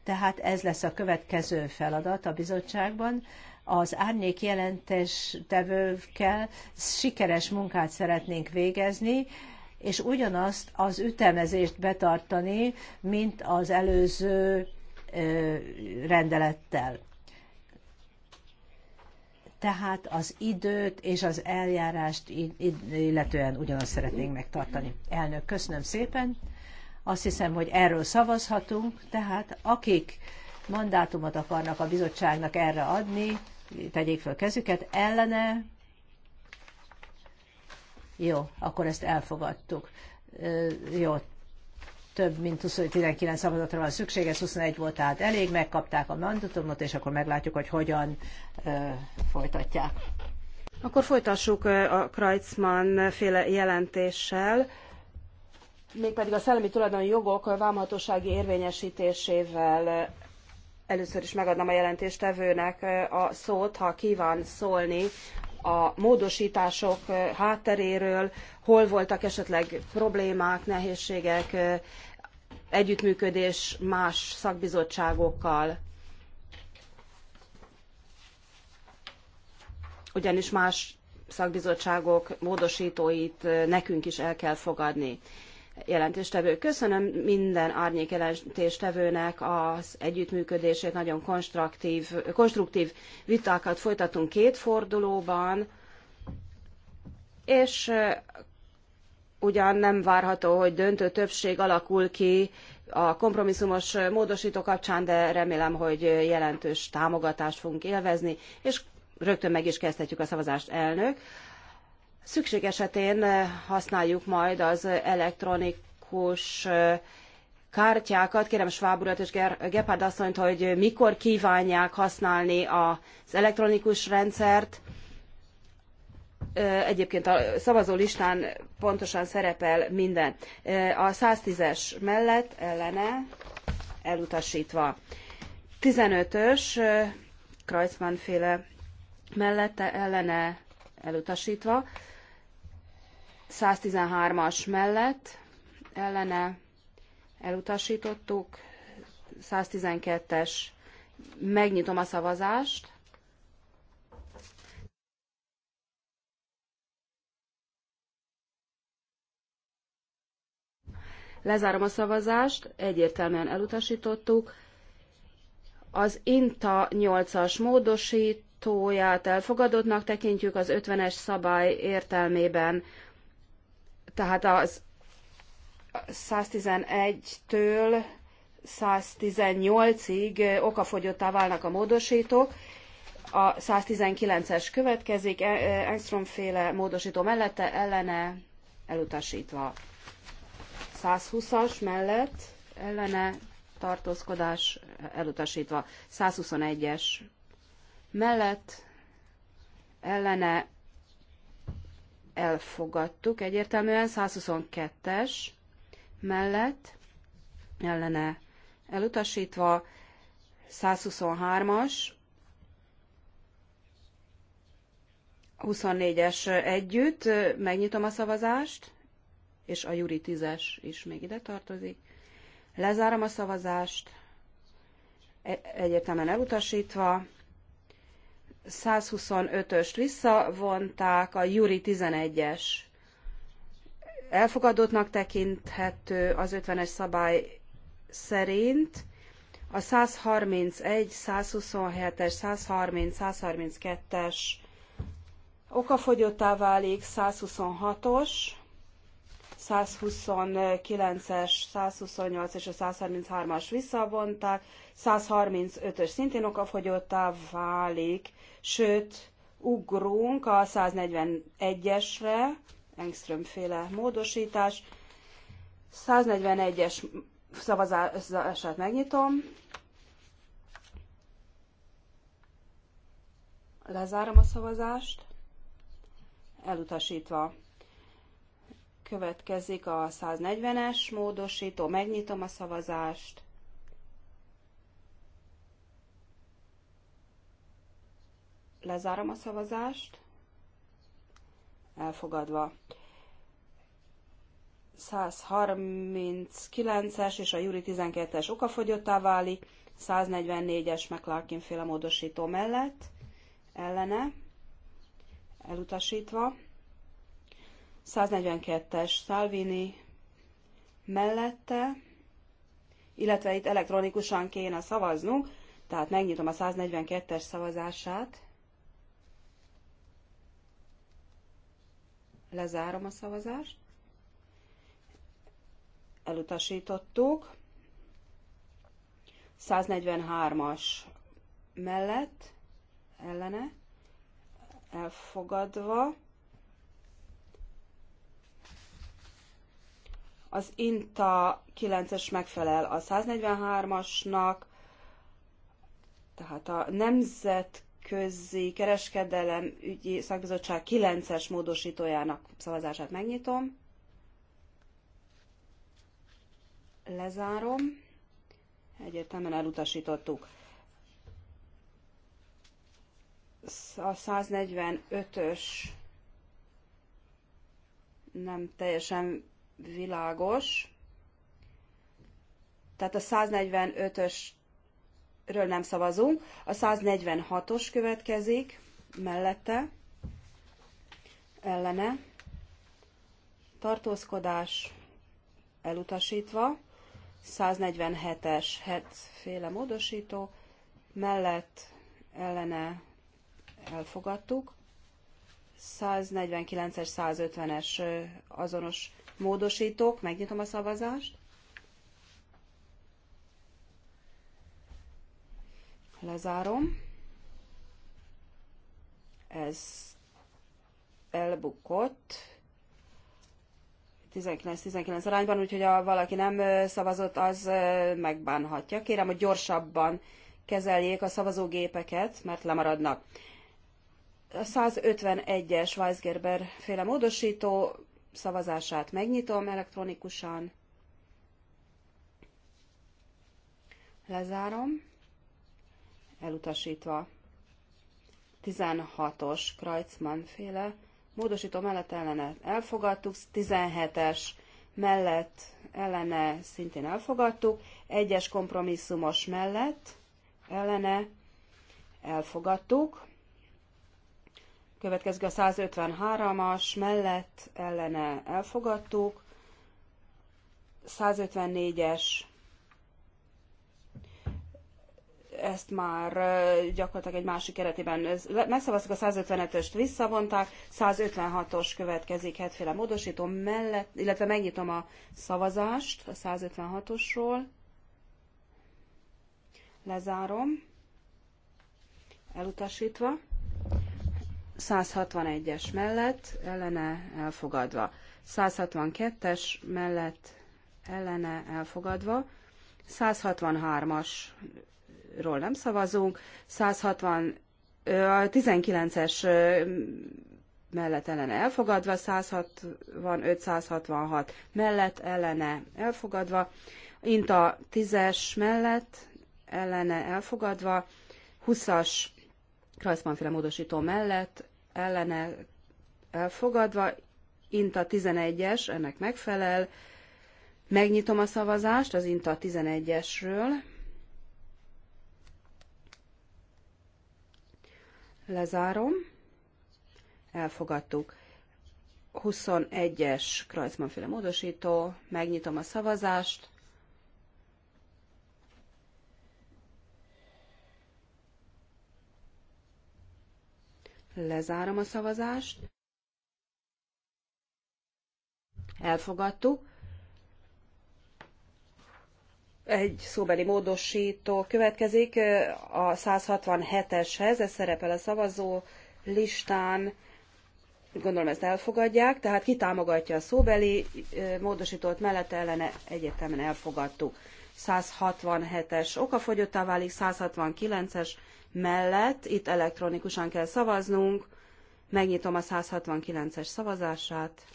Tehát ez lesz a következő feladat a bizottságban. Az árnyék jelentés tevőkkel sikeres munkát szeretnénk végezni, és ugyanazt az ütemezést betartani, mint az előző rendelettel. Tehát az időt és az eljárást illetően ugyanazt szeretnénk megtartani. Elnök, köszönöm szépen. Azt hiszem, hogy erről szavazhatunk, tehát akik mandátumot akarnak a bizottságnak erre adni, tegyék fel kezüket, ellene jó, akkor ezt elfogadtuk. Jó, több mint 19 szavazatra van szükség, ez 21 volt, tehát elég, megkapták a mandatumot, és akkor meglátjuk, hogy hogyan folytatják. Akkor folytassuk a Kreitzmann féle jelentéssel, mégpedig a szellemi tulajdoni jogok vámhatósági érvényesítésével először is megadnám a jelentéstevőnek a szót, ha kíván szólni a módosítások hátteréről, hol voltak esetleg problémák, nehézségek, együttműködés más szakbizottságokkal. Ugyanis más szakbizottságok módosítóit nekünk is el kell fogadni jelentéstevő. Köszönöm minden árnyék jelentéstevőnek az együttműködését, nagyon konstruktív, konstruktív vitákat folytatunk két fordulóban, és ugyan nem várható, hogy döntő többség alakul ki a kompromisszumos módosító kapcsán, de remélem, hogy jelentős támogatást fogunk élvezni, és rögtön meg is kezdhetjük a szavazást, elnök. Szükség esetén eh, használjuk majd az elektronikus eh, kártyákat. Kérem Schwab urat és Gepard asszonyt, hogy mikor kívánják használni az elektronikus rendszert. Eh, egyébként a szavazólistán pontosan szerepel minden. A 110-es mellett ellene elutasítva. 15-ös Kreuzmann féle mellette ellene elutasítva. 113-as mellett ellene elutasítottuk, 112-es megnyitom a szavazást, Lezárom a szavazást, egyértelműen elutasítottuk. Az INTA 8-as módosítóját elfogadottnak tekintjük az 50-es szabály értelmében tehát az 111-től 118-ig okafogyottá válnak a módosítók, a 119-es következik, e- e- Engström féle módosító mellette, ellene elutasítva. 120-as mellett, ellene tartózkodás elutasítva. 121-es mellett, ellene elfogadtuk egyértelműen, 122-es mellett ellene elutasítva, 123-as, 24-es együtt, megnyitom a szavazást, és a Juri 10-es is még ide tartozik. Lezárom a szavazást, e- egyértelműen elutasítva, 125-öst visszavonták, a Juri 11-es elfogadottnak tekinthető az 50-es szabály szerint, a 131, 127-es, 130, 132-es okafogyottá válik, 126-os, 129-es, 128 és a 133-as visszavonták, 135-ös szintén okafogyottá válik, sőt, ugrunk a 141-esre, Engström féle módosítás. 141-es szavazását megnyitom. Lezárom a szavazást. Elutasítva. Következik a 140-es módosító, megnyitom a szavazást. Lezárom a szavazást. Elfogadva. 139-es és a júli 12-es okafogyottá válik, 144-es McLarkin féle módosító mellett, ellene, elutasítva. 142-es Salvini mellette, illetve itt elektronikusan kéne szavaznunk, tehát megnyitom a 142-es szavazását. Lezárom a szavazást. Elutasítottuk. 143-as mellett, ellene, elfogadva. Az INTA 9-es megfelel a 143-asnak, tehát a Nemzetközi Kereskedelem ügyi szakbizottság 9-es módosítójának szavazását megnyitom. Lezárom. Egyértelműen elutasítottuk. A 145-ös nem teljesen világos. Tehát a 145-ösről nem szavazunk. A 146-os következik mellette, ellene, tartózkodás elutasítva, 147-es hetféle módosító, mellett ellene elfogadtuk, 149-es, 150-es azonos módosítók, megnyitom a szavazást. Lezárom. Ez elbukott. 19-19 arányban, úgyhogy ha valaki nem szavazott, az megbánhatja. Kérem, hogy gyorsabban kezeljék a szavazógépeket, mert lemaradnak. A 151-es Weisgerber féle módosító szavazását megnyitom elektronikusan, lezárom, elutasítva. 16-os Kreutzmann féle módosító mellett ellene elfogadtuk, 17-es mellett ellene szintén elfogadtuk, egyes kompromisszumos mellett ellene elfogadtuk, Következik a 153-as, mellett ellene elfogadtuk. 154-es, ezt már gyakorlatilag egy másik keretében megszavaztuk, a 155-öst visszavonták, 156-os következik hetféle módosító mellett, illetve megnyitom a szavazást a 156-osról. Lezárom. Elutasítva. 161-es mellett ellene elfogadva. 162-es mellett ellene elfogadva. 163-asról nem szavazunk. 160 19-es mellett ellene elfogadva, 165-166 mellett ellene elfogadva, Inta 10-es mellett ellene elfogadva, 20-as Kreuzmann-féle módosító mellett ellene elfogadva, INTA 11-es, ennek megfelel. Megnyitom a szavazást az INTA 11-esről. Lezárom. Elfogadtuk. 21-es Kreuzmann-féle módosító. Megnyitom a szavazást. Lezárom a szavazást. Elfogadtuk. Egy szóbeli módosító következik a 167-eshez, ez szerepel a szavazó listán. Gondolom ezt elfogadják, tehát ki támogatja a szóbeli módosítót mellette ellene egyetemen elfogadtuk. 167-es okafogyottá válik, 169-es mellett. Itt elektronikusan kell szavaznunk. Megnyitom a 169-es szavazását.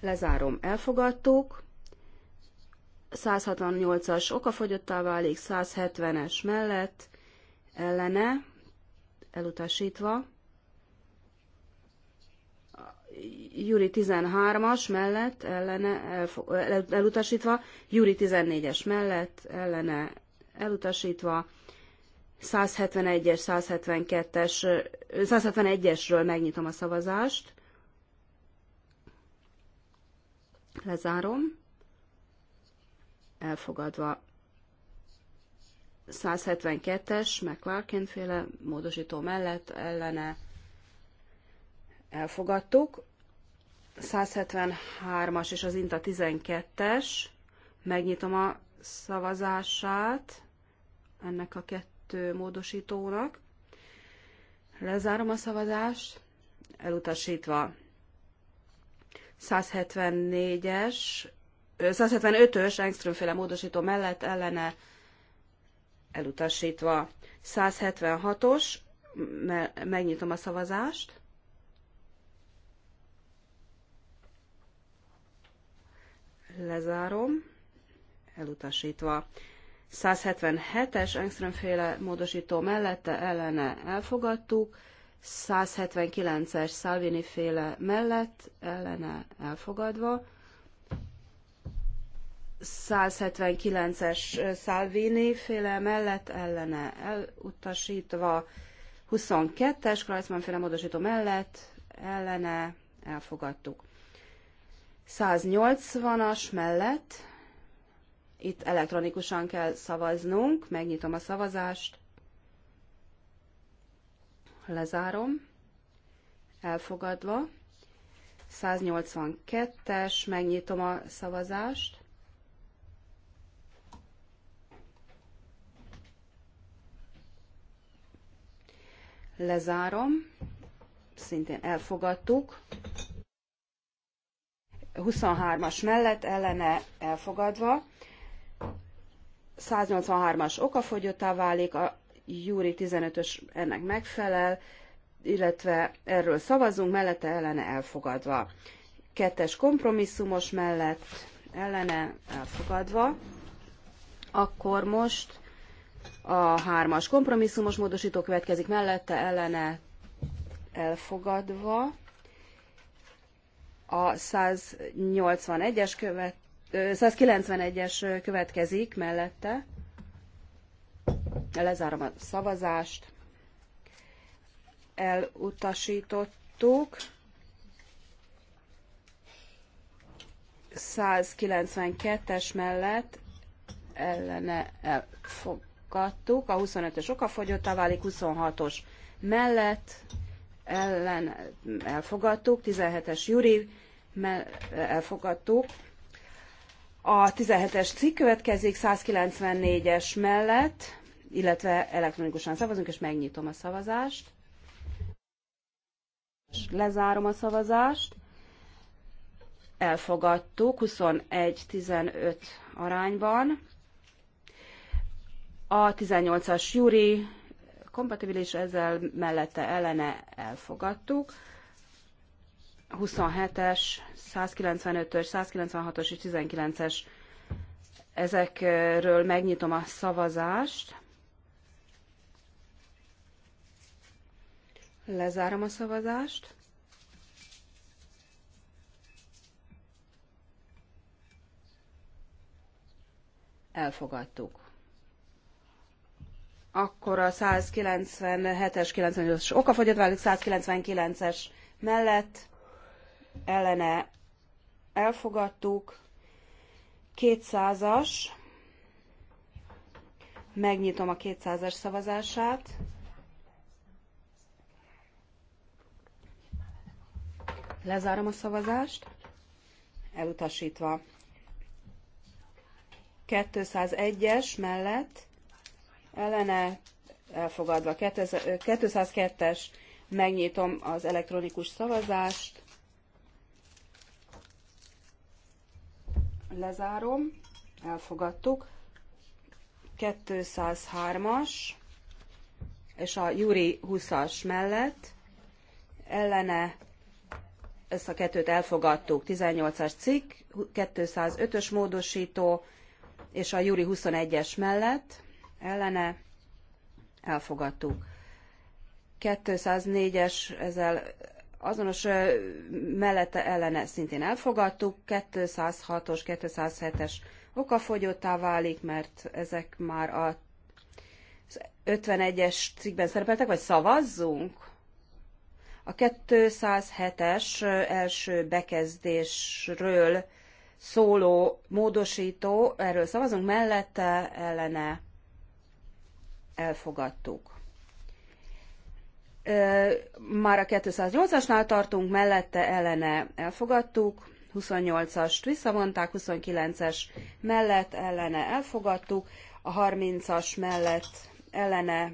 Lezárom, elfogadtuk. 168-as okafogyottá válik, 170-es mellett, ellene, elutasítva. Júri 13-as mellett ellene elutasítva, Júri 14-es mellett ellene elutasítva, 171-es, 172-es, 171-esről megnyitom a szavazást, lezárom, elfogadva. 172-es, McClarkin féle módosító mellett ellene elfogadtuk. 173-as és az INTA 12-es, megnyitom a szavazását, ennek a kettő módosítónak. Lezárom a szavazást, elutasítva. 174-es, 175-ös Engströmféle módosító mellett ellene elutasítva. 176-os, megnyitom a szavazást. Lezárom, elutasítva. 177-es Engström féle módosító mellette ellene elfogadtuk, 179-es Salvini féle mellett ellene elfogadva, 179-es Salvini féle mellett ellene elutasítva, 22-es Kreuzmann féle módosító mellett ellene elfogadtuk. 180-as mellett itt elektronikusan kell szavaznunk, megnyitom a szavazást, lezárom, elfogadva. 182-es, megnyitom a szavazást. Lezárom, szintén elfogadtuk. 23-as mellett ellene elfogadva, 183-as okafogyottá válik, a júri 15-ös ennek megfelel, illetve erről szavazunk, mellette ellene elfogadva. Kettes kompromisszumos mellett ellene elfogadva. Akkor most a hármas kompromisszumos módosító következik mellette, ellene elfogadva. A 181-es követ 191-es következik mellette. Lezárom a szavazást. Elutasítottuk. 192-es mellett ellene elfogadtuk, a 25-ös okafogyottá válik, 26-os mellett ellen elfogadtuk, 17-es Juri mell elfogadtuk, a 17-es cikk következik 194-es mellett, illetve elektronikusan szavazunk, és megnyitom a szavazást. Lezárom a szavazást. Elfogadtuk 21-15 arányban. A 18-as Juri kompatibilis ezzel mellette ellene elfogadtuk. 27-es 195-ös, 196-os és 19-es ezekről megnyitom a szavazást. Lezárom a szavazást. Elfogadtuk. Akkor a 197-es, 98 es okafogyatválik 199-es mellett ellene elfogadtuk. 200-as, megnyitom a 200-as szavazását. Lezárom a szavazást, elutasítva. 201-es mellett ellene elfogadva. 202-es megnyitom az elektronikus szavazást. Lezárom. Elfogadtuk. 203-as és a Júri 20-as mellett ellene ezt a kettőt elfogadtuk. 18-as cikk, 205-ös módosító és a Júri 21-es mellett ellene elfogadtuk. 204-es ezzel azonos mellette ellene szintén elfogadtuk, 206-os, 207-es okafogyottá válik, mert ezek már a 51-es cikkben szerepeltek, vagy szavazzunk? A 207-es első bekezdésről szóló módosító, erről szavazunk, mellette ellene elfogadtuk már a 208-asnál tartunk, mellette ellene elfogadtuk, 28-ast visszavonták, 29-es mellett ellene elfogadtuk, a 30-as mellett ellene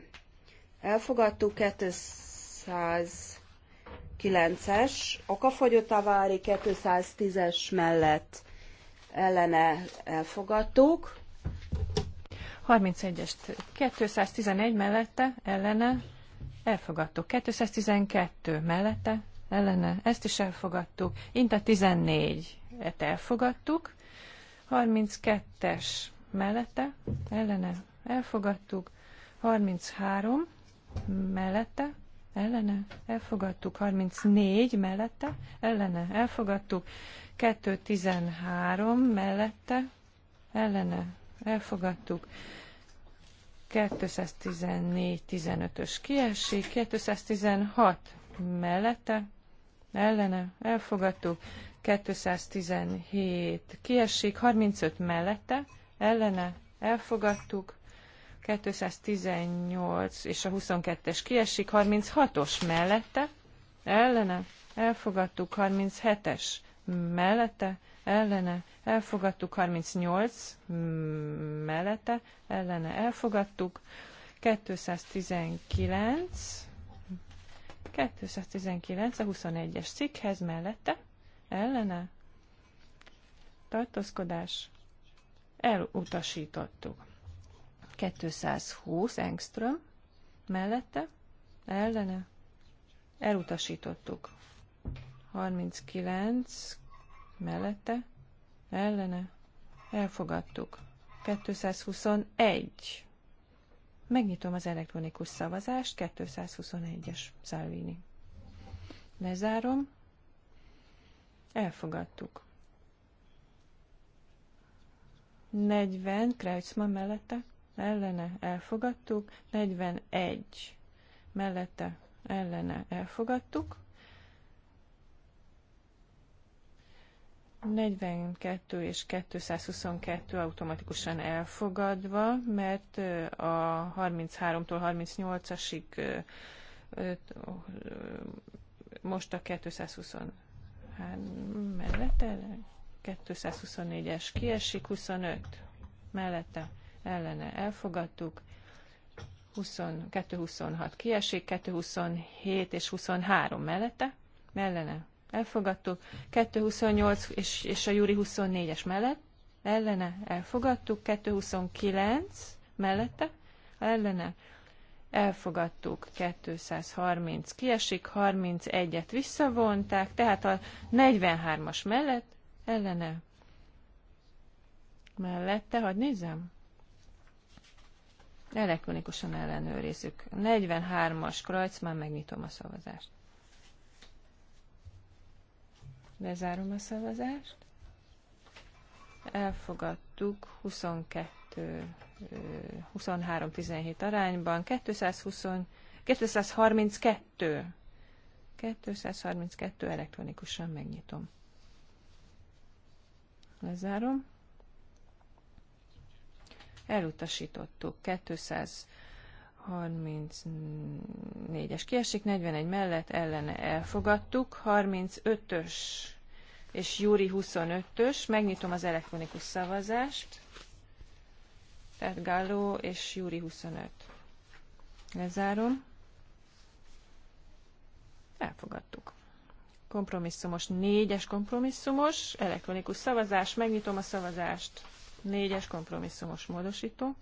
elfogadtuk, 209-es okafogyottá 210-es mellett ellene elfogadtuk. 31-est 211 mellette ellene Elfogadtuk. 212 mellette, ellene, ezt is elfogadtuk. Inta 14, ezt elfogadtuk. 32-es mellette, ellene, elfogadtuk. 33 mellette, ellene, elfogadtuk. 34 mellette, ellene, elfogadtuk. 213 mellette, ellene, elfogadtuk. 214-15-ös kiesik, 216 mellette, ellene, elfogadtuk, 217 kiesik, 35 mellette, ellene, elfogadtuk, 218 és a 22-es kiesik, 36-os mellette, ellene, elfogadtuk, 37-es mellette, ellene, elfogadtuk, 38 mellette, ellene elfogadtuk, 219, 219 a 21-es cikkhez mellette, ellene, tartózkodás, elutasítottuk. 220 engström mellette, ellene, elutasítottuk. 39 mellette, ellene, elfogadtuk. 221. Megnyitom az elektronikus szavazást, 221-es Salvini. Lezárom. Elfogadtuk. 40, Kreutzmann mellette, ellene, elfogadtuk. 41, mellette, ellene, elfogadtuk. 42 és 222 automatikusan elfogadva, mert a 33-tól 38-asig most a 223 mellette, 224-es kiesik, 25 mellette ellene elfogadtuk, 226 kiesik, 227 és 23 mellette, mellene elfogadtuk. 228 és, és a Júri 24-es mellett, ellene, elfogadtuk. 229 mellette, ellene, elfogadtuk. 230 kiesik, 31-et visszavonták, tehát a 43-as mellett, ellene, mellette, hadd nézem, elektronikusan ellenőrizzük. 43-as Krajcmán, megnyitom a szavazást. Lezárom a szavazást. Elfogadtuk 22, 23-17 arányban. 220, 232. 232 elektronikusan megnyitom. Lezárom. Elutasítottuk. 200 34-es kiesik, 41 mellett ellene elfogadtuk, 35-ös és Júri 25-ös. Megnyitom az elektronikus szavazást. Tehát Galló és Júri 25. Lezárom. Elfogadtuk. Kompromisszumos, 4-es kompromisszumos, elektronikus szavazás, megnyitom a szavazást, 4-es kompromisszumos módosító.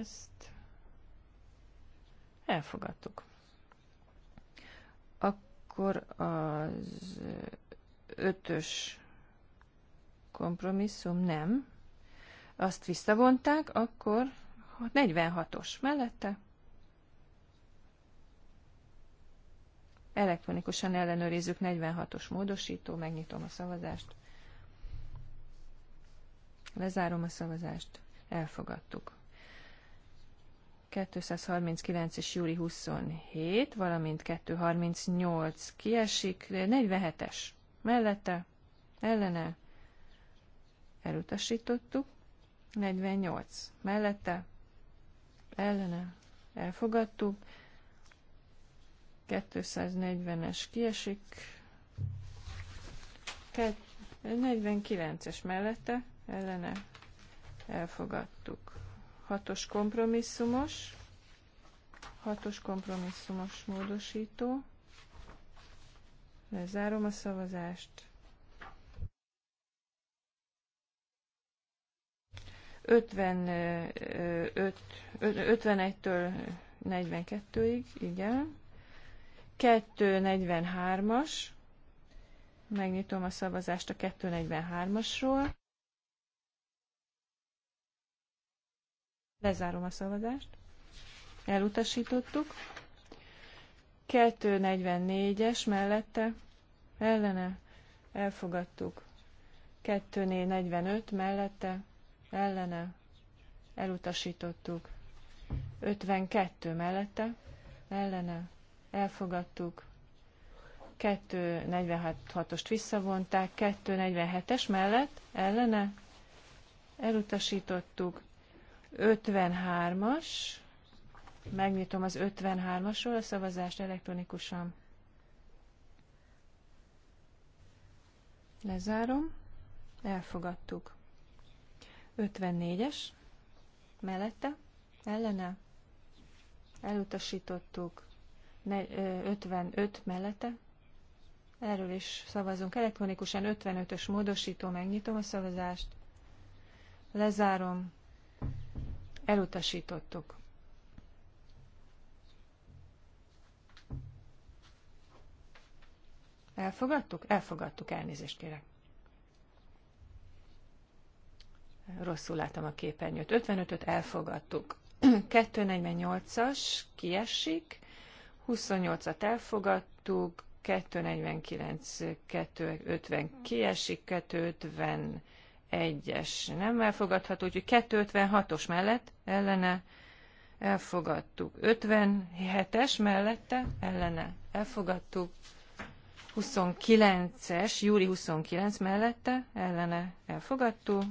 Ezt elfogadtuk. Akkor az ötös kompromisszum nem. Azt visszavonták, akkor 46-os mellette elektronikusan ellenőrizzük 46-os módosító, megnyitom a szavazást, lezárom a szavazást, elfogadtuk. 239 és júli 27, valamint 238 kiesik, 47-es mellette, ellene, elutasítottuk, 48 mellette, ellene, elfogadtuk, 240-es kiesik, 49-es mellette, ellene, elfogadtuk. Hatos kompromisszumos. Hatos kompromisszumos módosító. Lezárom a szavazást. 51-től 42-ig, igen. 243-as. Megnyitom a szavazást a 243-asról. Lezárom a szavazást. Elutasítottuk. 244-es mellette ellene elfogadtuk. 245 mellette ellene elutasítottuk. 52 mellette ellene elfogadtuk. 246-ost visszavonták, 247-es mellett ellene elutasítottuk, 53-as. Megnyitom az 53-asról a szavazást elektronikusan. Lezárom. Elfogadtuk. 54-es. Mellette. Ellene. Elutasítottuk. 55 mellette. Erről is szavazunk elektronikusan. 55-ös módosító. Megnyitom a szavazást. Lezárom elutasítottuk. Elfogadtuk? Elfogadtuk, elnézést kérek. Rosszul látom a képernyőt. 55-öt elfogadtuk. 248-as kiesik, 28-at elfogadtuk, 249, 250 kiesik, 250 egyes nem elfogadható, úgyhogy 256-os mellett ellene elfogadtuk. 57-es mellette ellene elfogadtuk. 29-es, júli 29 mellette ellene elfogadtuk.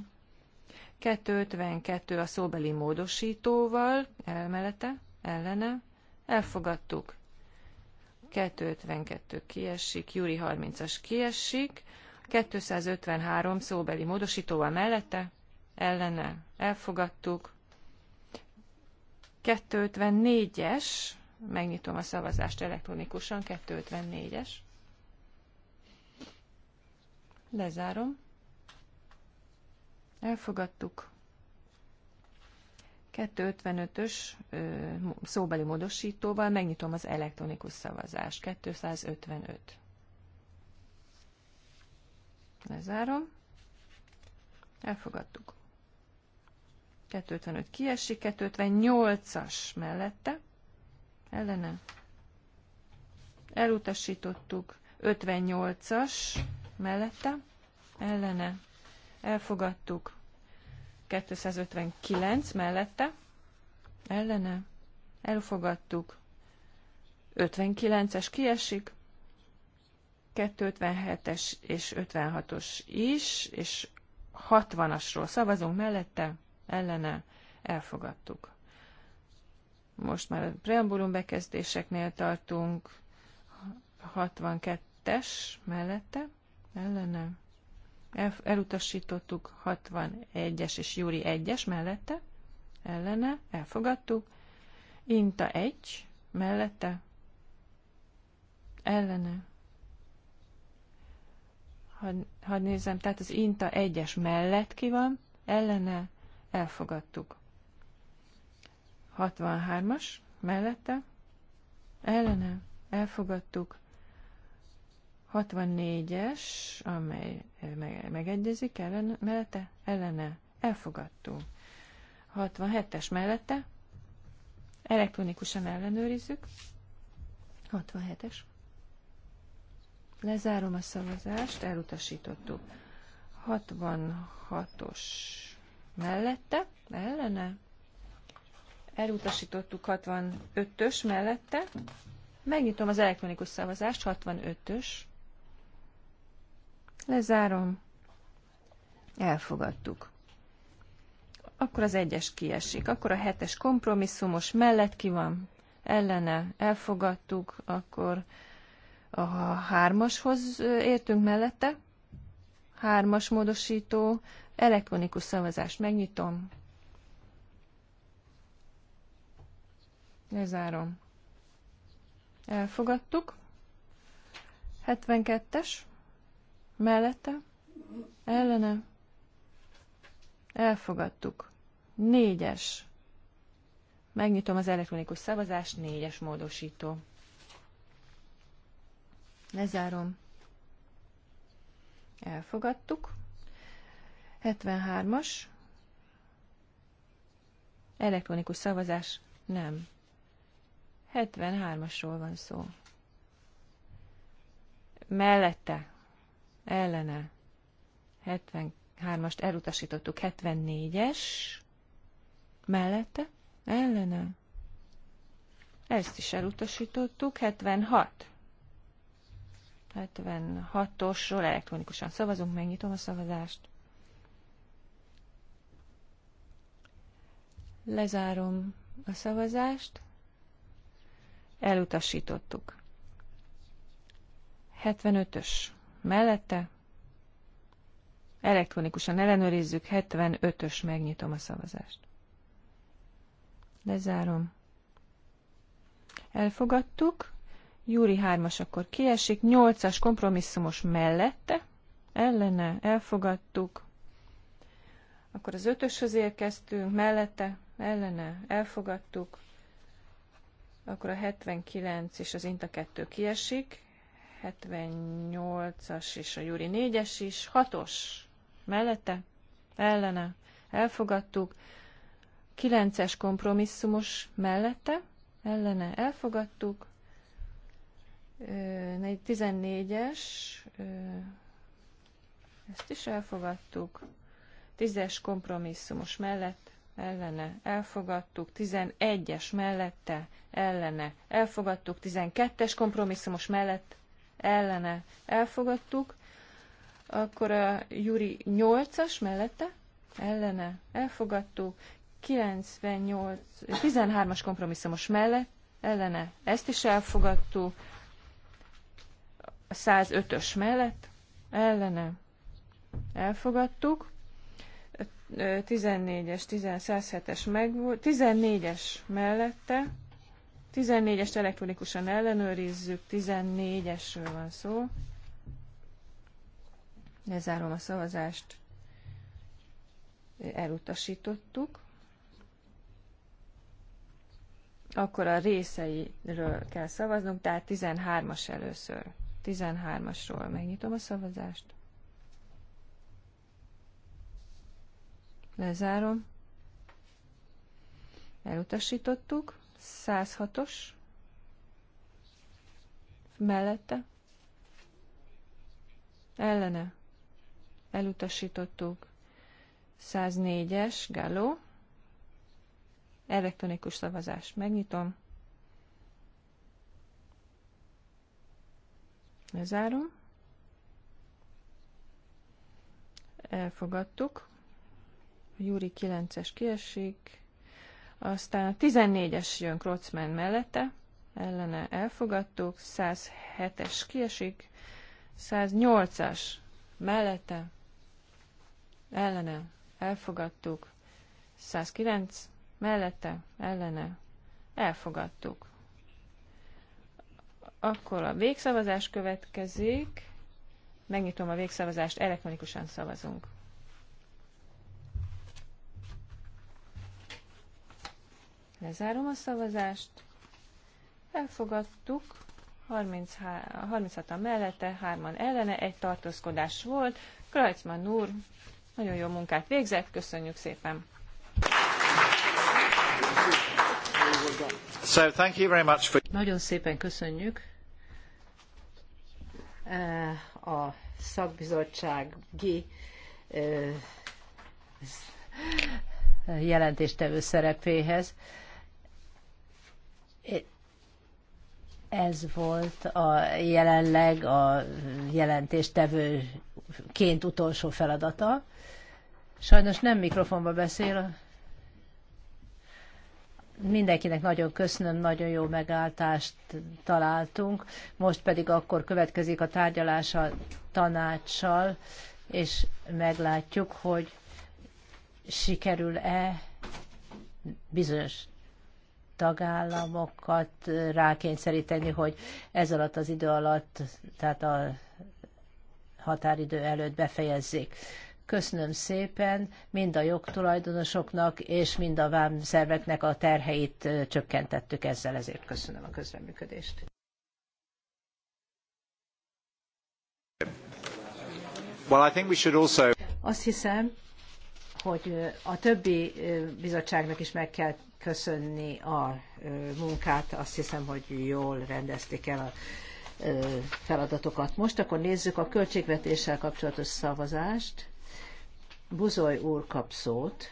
252 a szóbeli módosítóval elmelete ellene elfogadtuk. 252 kiesik, júli 30-as kiesik, 253 szóbeli módosítóval mellette, ellene elfogadtuk. 254-es, megnyitom a szavazást elektronikusan, 254-es. Lezárom. Elfogadtuk. 255-ös szóbeli módosítóval megnyitom az elektronikus szavazást. 255. Lezárom. Elfogadtuk. 255 kiesik, 258-as mellette. Ellene. Elutasítottuk. 58-as mellette. Ellene. Elfogadtuk. 259 mellette. Ellene. Elfogadtuk. 59-es kiesik. 257-es és 56-os is, és 60-asról szavazunk mellette, ellene elfogadtuk. Most már a preambulum bekezdéseknél tartunk, 62-es mellette, ellene el, elutasítottuk 61-es és Júri 1-es mellette, ellene, elfogadtuk, Inta 1 mellette, ellene, hadd had nézzem, tehát az INTA egyes mellett ki van, ellene elfogadtuk. 63-as mellette, ellene elfogadtuk. 64-es, amely megegyezik, ellen, mellette, ellene elfogadtuk. 67-es mellette, elektronikusan ellenőrizzük. 67-es. Lezárom a szavazást, elutasítottuk. 66-os mellette, ellene. Elutasítottuk 65-ös mellette. Megnyitom az elektronikus szavazást, 65-ös. Lezárom. Elfogadtuk. Akkor az egyes kiesik. Akkor a hetes kompromisszumos mellett ki van, ellene elfogadtuk, akkor a hármashoz értünk mellette. Hármas módosító, elektronikus szavazást megnyitom. Lezárom. Elfogadtuk. 72-es. Mellette. Ellene. Elfogadtuk. 4-es. Megnyitom az elektronikus szavazást, 4-es módosító. Lezárom. Elfogadtuk. 73-as. Elektronikus szavazás nem. 73-asról van szó. Mellette, ellene, 73-ast elutasítottuk, 74-es, mellette, ellene, ezt is elutasítottuk, 76. 76-osról elektronikusan szavazunk, megnyitom a szavazást. Lezárom a szavazást. Elutasítottuk. 75-ös mellette. Elektronikusan ellenőrizzük, 75-ös megnyitom a szavazást. Lezárom. Elfogadtuk. Júri hármas akkor kiesik, nyolcas kompromisszumos mellette, ellene elfogadtuk, akkor az ötöshöz érkeztünk, mellette, ellene elfogadtuk, akkor a 79 és az Inta 2 kiesik, 78-as és a Júri 4-es is, 6-os mellette, ellene elfogadtuk, 9-es kompromisszumos mellette, ellene elfogadtuk, 14-es, ezt is elfogadtuk. 10-es kompromisszumos mellett ellene elfogadtuk, 11-es mellette ellene elfogadtuk, 12-es kompromisszumos mellett ellene elfogadtuk, akkor a Juri 8-as mellette ellene elfogadtuk, 98, 13-as kompromisszumos mellett ellene ezt is elfogadtuk, a 105-ös mellett ellene elfogadtuk. 14-es, 107-es megvolt, 14-es mellette, 14 es elektronikusan ellenőrizzük, 14-esről van szó. Lezárom a szavazást. Elutasítottuk. Akkor a részeiről kell szavaznunk, tehát 13-as először. 13-asról megnyitom a szavazást. Lezárom. Elutasítottuk. 106-os. Mellette. Ellene. Elutasítottuk. 104-es. Galló. Elektronikus szavazás. Megnyitom. Lezárom. Elfogadtuk. A Júri 9-es kiesik. Aztán a 14-es jön Krocman mellette. Ellene elfogadtuk. 107-es kiesik. 108-as mellette. Ellene elfogadtuk. 109 mellette. Ellene elfogadtuk. Akkor a végszavazás következik. Megnyitom a végszavazást, elektronikusan szavazunk. Lezárom a szavazást. Elfogadtuk. 36-an mellette, 3-an ellene, egy tartózkodás volt. Krajcman úr nagyon jó munkát végzett, köszönjük szépen! So, thank you very much for... Nagyon szépen köszönjük Eh, a szakbizottsági eh, jelentéstevő szerepéhez. Ez volt a jelenleg a jelentéstevőként utolsó feladata. Sajnos nem mikrofonba beszél mindenkinek nagyon köszönöm, nagyon jó megálltást találtunk. Most pedig akkor következik a tárgyalás a tanácssal, és meglátjuk, hogy sikerül-e bizonyos tagállamokat rákényszeríteni, hogy ez alatt az idő alatt, tehát a határidő előtt befejezzék. Köszönöm szépen mind a jogtulajdonosoknak és mind a vámszerveknek a terheit csökkentettük ezzel, ezért köszönöm a közreműködést. Well, I think we should also... Azt hiszem, hogy a többi bizottságnak is meg kell köszönni a munkát. Azt hiszem, hogy jól rendezték el a feladatokat. Most akkor nézzük a költségvetéssel kapcsolatos szavazást. Buzoly úr kap szót.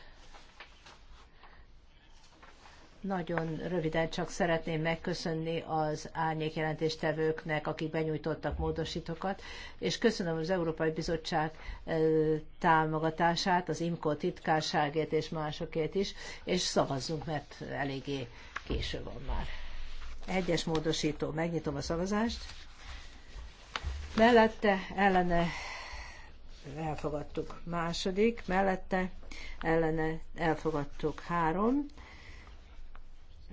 Nagyon röviden csak szeretném megköszönni az árnyék jelentéstevőknek, akik benyújtottak módosítókat, és köszönöm az Európai Bizottság eh, támogatását, az IMCO titkárságét és másokét is, és szavazzunk, mert eléggé késő van már. Egyes módosító, megnyitom a szavazást. Mellette ellene elfogadtuk. Második, mellette, ellene, elfogadtuk. Három,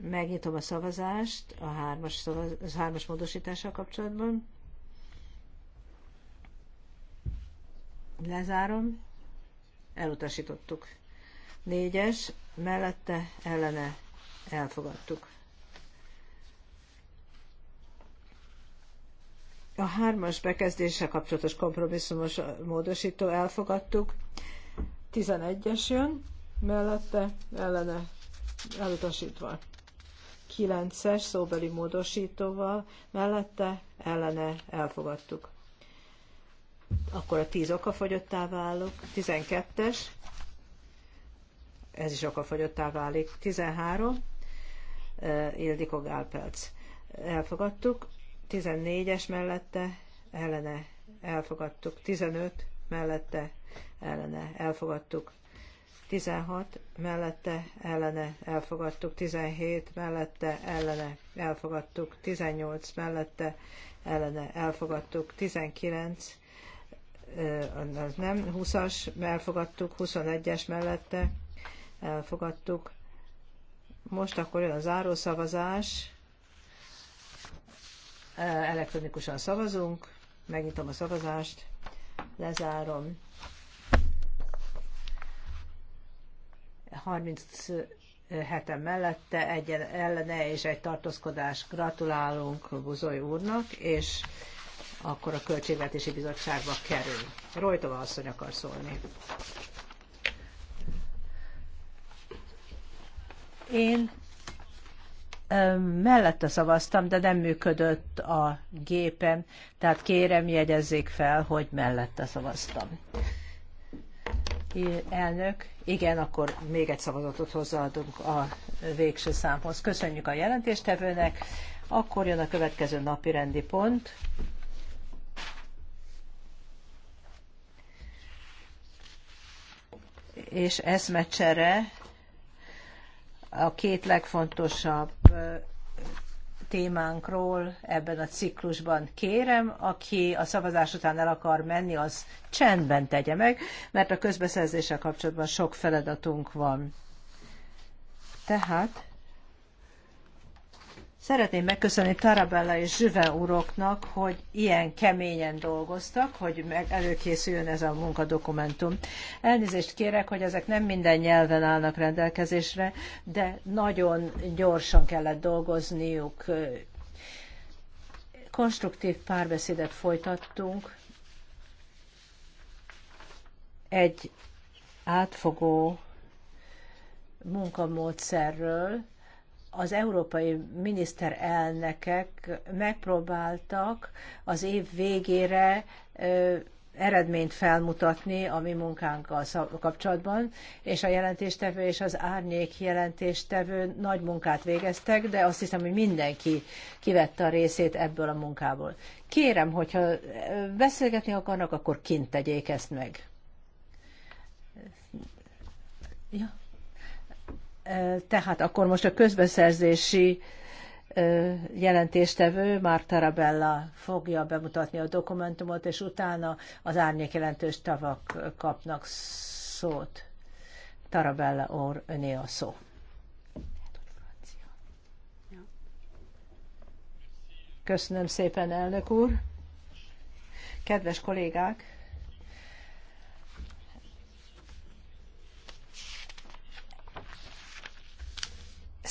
megnyitom a szavazást a hármas, szavaz, a hármas módosítással kapcsolatban. Lezárom, elutasítottuk. Négyes, mellette, ellene, elfogadtuk. A hármas bekezdése kapcsolatos kompromisszumos módosító elfogadtuk. 11-es jön, mellette ellene elutasítva. 9-es szóbeli módosítóval, mellette ellene elfogadtuk. Akkor a 10 okafogyottá válok, 12-es, ez is okafogyottá válik, 13, Ildikó Gálperc. Elfogadtuk, 14-es mellette ellene elfogadtuk, 15 mellette ellene elfogadtuk, 16 mellette ellene elfogadtuk, 17 mellette ellene elfogadtuk, 18 mellette ellene elfogadtuk, 19 az nem, 20-as elfogadtuk, 21-es mellette elfogadtuk. Most akkor jön a zárószavazás elektronikusan szavazunk, megnyitom a szavazást, lezárom. 37-en mellette, egy ellene és egy tartózkodás. Gratulálunk Buzoly úrnak, és akkor a Költségvetési Bizottságba kerül. Rojtova asszony akar szólni. Én mellette szavaztam, de nem működött a gépem, tehát kérem jegyezzék fel, hogy mellette szavaztam. Elnök, igen, akkor még egy szavazatot hozzáadunk a végső számhoz. Köszönjük a jelentéstevőnek. Akkor jön a következő napi rendi pont. És ez meccsere a két legfontosabb témánkról ebben a ciklusban kérem, aki a szavazás után el akar menni, az csendben tegye meg, mert a közbeszerzéssel kapcsolatban sok feladatunk van. Tehát Szeretném megköszönni Tarabella és Zsüve uroknak, hogy ilyen keményen dolgoztak, hogy meg előkészüljön ez a munkadokumentum. Elnézést kérek, hogy ezek nem minden nyelven állnak rendelkezésre, de nagyon gyorsan kellett dolgozniuk. Konstruktív párbeszédet folytattunk. Egy átfogó munkamódszerről, az európai miniszterelnökek megpróbáltak az év végére eredményt felmutatni a mi munkánkkal kapcsolatban, és a jelentéstevő és az árnyék jelentéstevő nagy munkát végeztek, de azt hiszem, hogy mindenki kivette a részét ebből a munkából. Kérem, hogyha beszélgetni akarnak, akkor kint tegyék ezt meg. Ja. Tehát akkor most a közbeszerzési jelentéstevő, Mark Tarabella fogja bemutatni a dokumentumot, és utána az árnyék jelentős tavak kapnak szót. Tarabella or öné a szó. Köszönöm szépen, elnök úr! Kedves kollégák!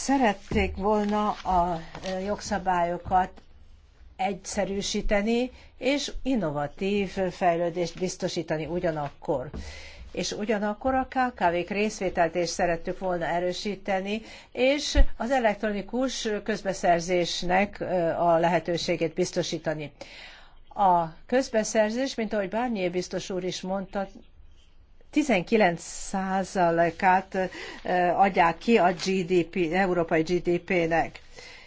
szerették volna a e, jogszabályokat egyszerűsíteni és innovatív fejlődést biztosítani ugyanakkor. És ugyanakkor a KKV-k részvételt is szerettük volna erősíteni, és az elektronikus közbeszerzésnek e, a lehetőségét biztosítani. A közbeszerzés, mint ahogy Bárnyé biztos úr is mondta, 19%-át adják ki a GDP, európai GDP-nek.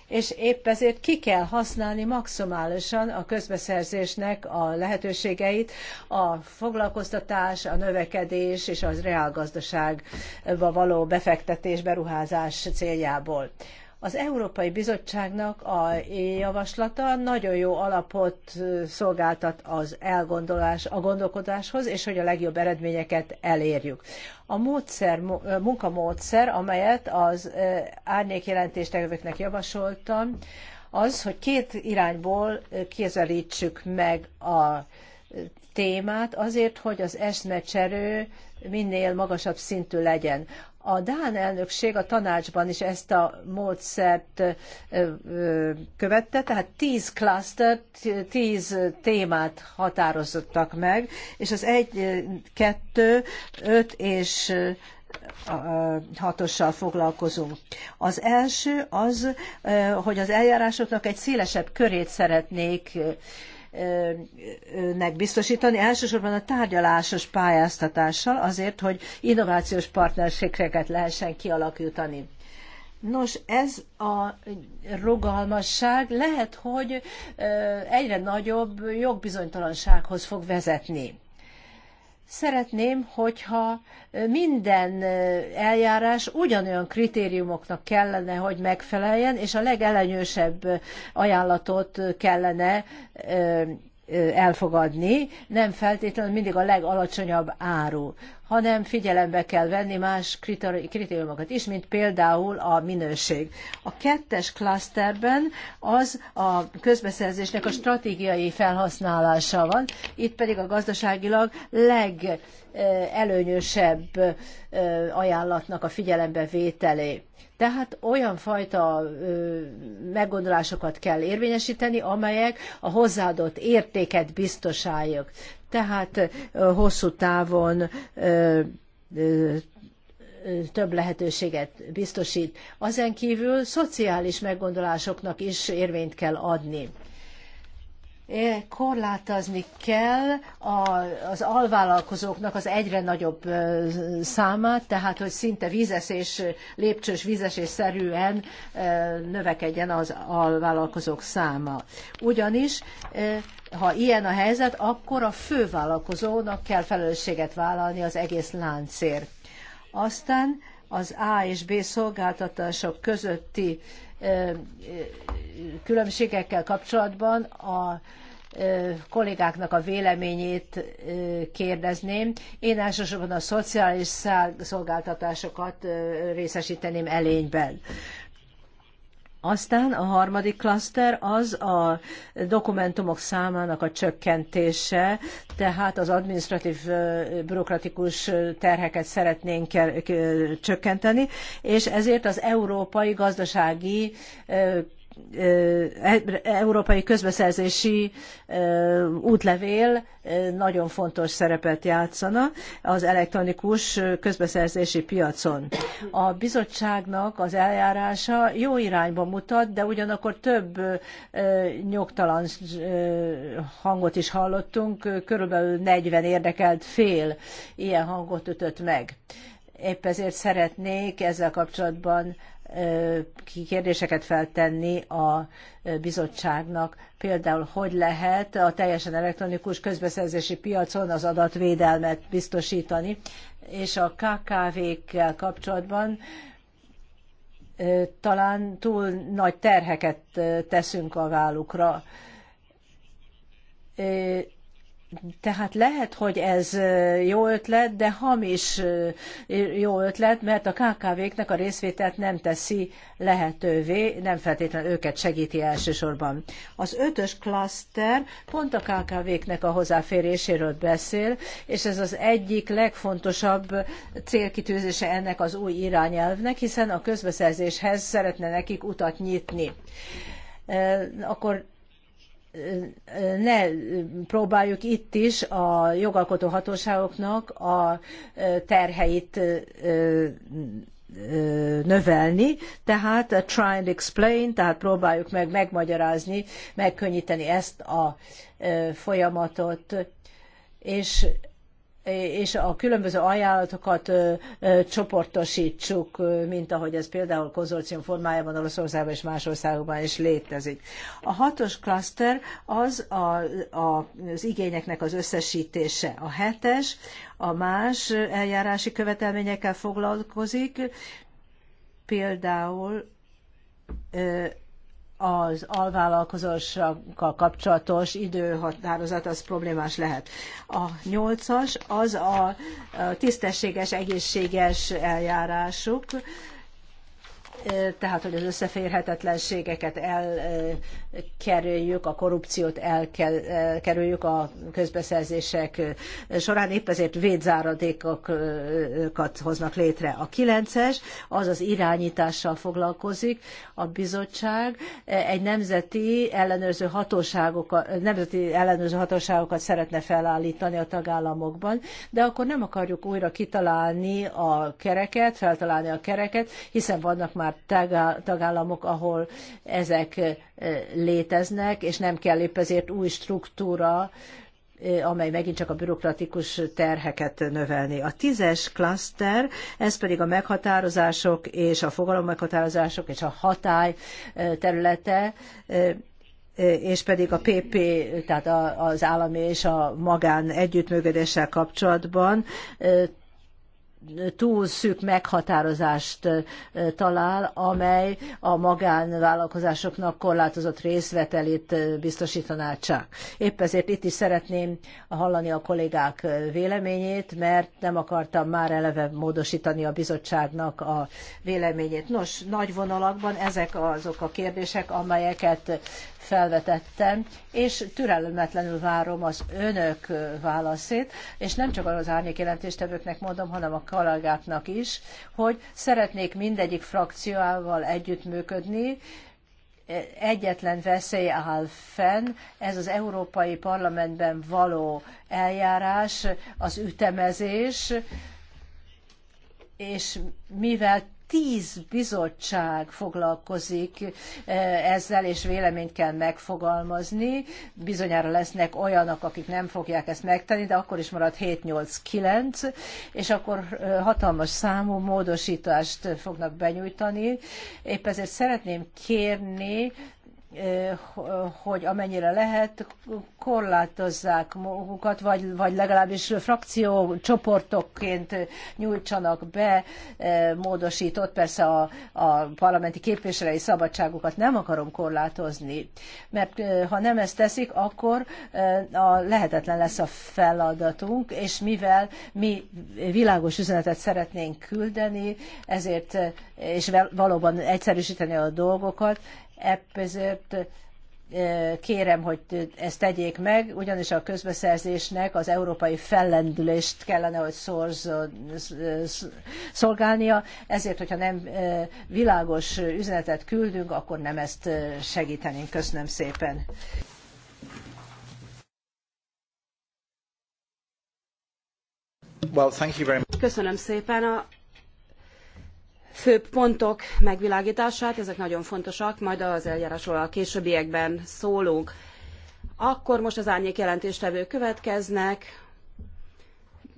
És épp ezért ki kell használni maximálisan a közbeszerzésnek a lehetőségeit, a foglalkoztatás, a növekedés és az reálgazdaságba való befektetés, beruházás céljából. Az Európai Bizottságnak a javaslata nagyon jó alapot szolgáltat az elgondolás, a gondolkodáshoz, és hogy a legjobb eredményeket elérjük. A módszer, munkamódszer, amelyet az árnyékjelentéstevőknek javasoltam, az, hogy két irányból kézelítsük meg a témát azért, hogy az eszmecserő minél magasabb szintű legyen. A Dán elnökség a tanácsban is ezt a módszert követte, tehát tíz cluster, tíz témát határozottak meg, és az egy, kettő, öt és hatossal foglalkozunk. Az első az, hogy az eljárásoknak egy szélesebb körét szeretnék nek biztosítani, elsősorban a tárgyalásos pályáztatással azért, hogy innovációs partnerségeket lehessen kialakítani. Nos, ez a rugalmasság lehet, hogy egyre nagyobb jogbizonytalansághoz fog vezetni. Szeretném, hogyha minden eljárás ugyanolyan kritériumoknak kellene, hogy megfeleljen, és a legelenyősebb ajánlatot kellene elfogadni, nem feltétlenül mindig a legalacsonyabb áru hanem figyelembe kell venni más kritériumokat is, mint például a minőség. A kettes klaszterben az a közbeszerzésnek a stratégiai felhasználása van, itt pedig a gazdaságilag leg előnyösebb ajánlatnak a figyelembe vételé. Tehát olyan fajta meggondolásokat kell érvényesíteni, amelyek a hozzáadott értéket biztosáljuk. Tehát hosszú távon több lehetőséget biztosít. Azen kívül szociális meggondolásoknak is érvényt kell adni korlátozni kell az alvállalkozóknak az egyre nagyobb számát, tehát hogy szinte vízesés, lépcsős vízesés szerűen növekedjen az alvállalkozók száma. Ugyanis ha ilyen a helyzet, akkor a fővállalkozónak kell felelősséget vállalni az egész láncért. Aztán az A és B szolgáltatások közötti különbségekkel kapcsolatban a kollégáknak a véleményét kérdezném. Én elsősorban a szociális szolgáltatásokat részesíteném elényben. Aztán a harmadik klaszter az a dokumentumok számának a csökkentése, tehát az administratív bürokratikus terheket szeretnénk csökkenteni, és ezért az európai gazdasági E, európai közbeszerzési útlevél nagyon fontos szerepet játszana az elektronikus közbeszerzési piacon. A bizottságnak az eljárása jó irányba mutat, de ugyanakkor több nyugtalan hangot is hallottunk, körülbelül 40 érdekelt fél ilyen hangot ütött meg épp ezért szeretnék ezzel kapcsolatban kérdéseket feltenni a bizottságnak. Például, hogy lehet a teljesen elektronikus közbeszerzési piacon az adatvédelmet biztosítani, és a KKV-kkel kapcsolatban talán túl nagy terheket teszünk a vállukra tehát lehet, hogy ez jó ötlet, de hamis jó ötlet, mert a KKV-knek a részvételt nem teszi lehetővé, nem feltétlenül őket segíti elsősorban. Az ötös klaszter pont a KKV-knek a hozzáféréséről beszél, és ez az egyik legfontosabb célkitűzése ennek az új irányelvnek, hiszen a közbeszerzéshez szeretne nekik utat nyitni. Akkor ne próbáljuk itt is a jogalkotó hatóságoknak a terheit növelni, tehát a try and explain, tehát próbáljuk meg megmagyarázni, megkönnyíteni ezt a folyamatot, és és a különböző ajánlatokat csoportosítsuk, mint ahogy ez például konzorcium formájában Oroszországban és más országokban is létezik. A hatos klaszter az a, a, az igényeknek az összesítése. A hetes a más eljárási követelményekkel foglalkozik, például az alvállalkozásokkal kapcsolatos időhatározat az problémás lehet. A nyolcas az a tisztességes, egészséges eljárásuk, e, tehát hogy az összeférhetetlenségeket el e, kerüljük, a korrupciót elkerüljük a közbeszerzések során, épp ezért védzáradékokat hoznak létre. A kilences, az az irányítással foglalkozik a bizottság, egy nemzeti ellenőrző hatóságokat, nemzeti ellenőrző hatóságokat szeretne felállítani a tagállamokban, de akkor nem akarjuk újra kitalálni a kereket, feltalálni a kereket, hiszen vannak már tagállamok, ahol ezek léteznek, és nem kell épp ezért új struktúra, amely megint csak a bürokratikus terheket növelni. A tízes klaszter, ez pedig a meghatározások és a fogalommeghatározások és a hatály területe, és pedig a PP, tehát az állami és a magán együttműködéssel kapcsolatban túl szűk meghatározást talál, amely a magánvállalkozásoknak korlátozott részvetelét biztosítaná csak. Épp ezért itt is szeretném hallani a kollégák véleményét, mert nem akartam már eleve módosítani a bizottságnak a véleményét. Nos, nagy vonalakban ezek azok a kérdések, amelyeket felvetettem, és türelmetlenül várom az önök válaszét, és nem csak az árnyék jelentéstevőknek mondom, hanem a kollégáknak is, hogy szeretnék mindegyik frakcióval együttműködni, e, egyetlen veszély áll fenn, ez az Európai Parlamentben való eljárás, az ütemezés, és mivel tíz bizottság foglalkozik eh, ezzel, és véleményt kell megfogalmazni. Bizonyára lesznek olyanok, akik nem fogják ezt megtenni, de akkor is marad 7-8-9, és akkor eh, hatalmas számú módosítást fognak benyújtani. Épp ezért szeretném kérni, Eh, hogy amennyire lehet, korlátozzák magukat, vagy, vagy legalábbis frakció csoportokként nyújtsanak be eh, módosított, persze a, a parlamenti képviselői szabadságukat nem akarom korlátozni, mert eh, ha nem ezt teszik, akkor a lehetetlen lesz a feladatunk, és mivel mi világos üzenetet szeretnénk küldeni, ezért, és valóban egyszerűsíteni a dolgokat, ezért kérem, hogy ezt tegyék meg, ugyanis a közbeszerzésnek az európai fellendülést kellene, hogy szorzon, szolgálnia, ezért, hogyha nem világos üzenetet küldünk, akkor nem ezt segítenénk. Köszönöm szépen. Well, Köszönöm szépen. A főbb pontok megvilágítását, ezek nagyon fontosak, majd az eljárásról a későbbiekben szólunk. Akkor most az árnyék jelentéstevők következnek,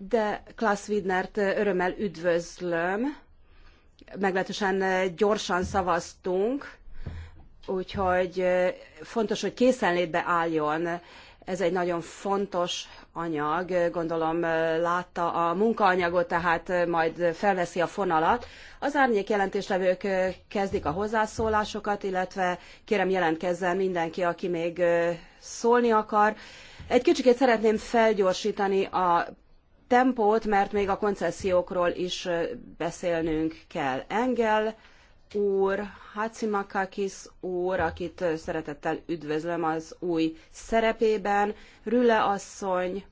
de Klaas Widnert örömmel üdvözlöm. Meglehetősen gyorsan szavaztunk, úgyhogy fontos, hogy készenlétbe álljon ez egy nagyon fontos anyag, gondolom látta a munkaanyagot, tehát majd felveszi a fonalat. Az árnyék jelentéslevők kezdik a hozzászólásokat, illetve kérem jelentkezzen mindenki, aki még szólni akar. Egy kicsikét szeretném felgyorsítani a tempót, mert még a koncesziókról is beszélnünk kell. Engel úr, Hatsimakakis úr, akit szeretettel üdvözlöm az új szerepében, Rüle asszony,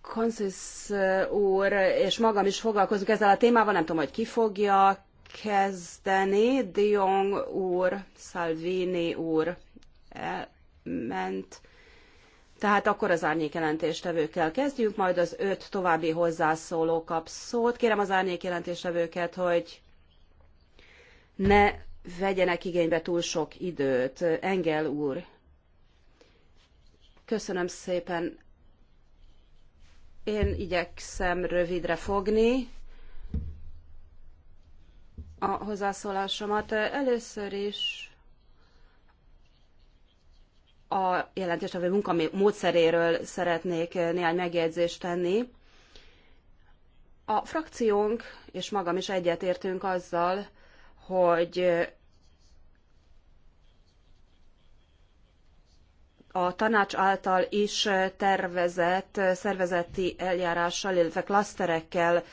Konszisz úr, és magam is foglalkozunk ezzel a témával, nem tudom, hogy ki fogja kezdeni. Diong úr, Salvini úr elment. Tehát akkor az árnyékjelentéstevőkkel kezdjük, majd az öt további hozzászóló kap szót. Kérem az árnyékjelentéstevőket, hogy ne vegyenek igénybe túl sok időt. Engel úr, köszönöm szépen. Én igyekszem rövidre fogni a hozzászólásomat. Először is a jelentéstevő munka módszeréről szeretnék néhány megjegyzést tenni. A frakciónk és magam is egyetértünk azzal, hogy a tanács által is tervezett szervezeti eljárással, illetve klaszterekkel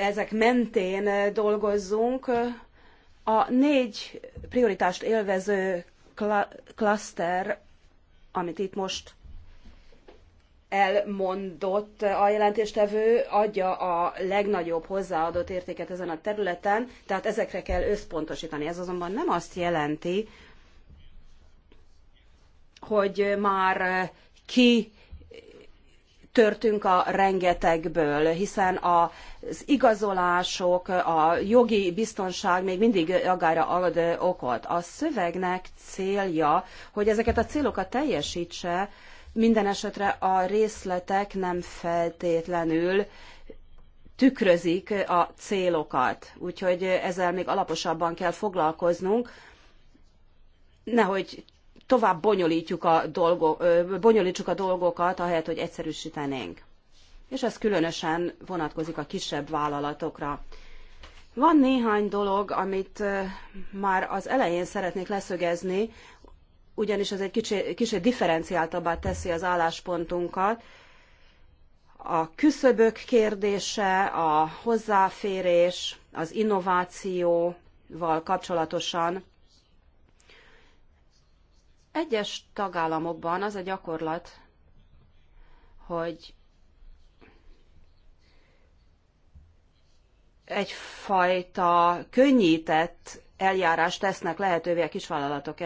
ezek mentén dolgozzunk. A négy prioritást élvező klaszter, amit itt most elmondott a jelentéstevő, adja a legnagyobb hozzáadott értéket ezen a területen, tehát ezekre kell összpontosítani. Ez azonban nem azt jelenti, hogy már ki törtünk a rengetegből, hiszen az igazolások, a jogi biztonság még mindig agára ad okot. A szövegnek célja, hogy ezeket a célokat teljesítse, minden esetre a részletek nem feltétlenül tükrözik a célokat, úgyhogy ezzel még alaposabban kell foglalkoznunk, nehogy tovább bonyolítjuk a dolgo, bonyolítsuk a dolgokat, ahelyett, hogy egyszerűsítenénk. És ez különösen vonatkozik a kisebb vállalatokra. Van néhány dolog, amit már az elején szeretnék leszögezni, ugyanis ez egy kicsit, kicsit differenciáltabbá teszi az álláspontunkat. A küszöbök kérdése, a hozzáférés, az innovációval kapcsolatosan egyes tagállamokban az a gyakorlat, hogy egyfajta könnyített eljárást tesznek lehetővé a kisvállalatok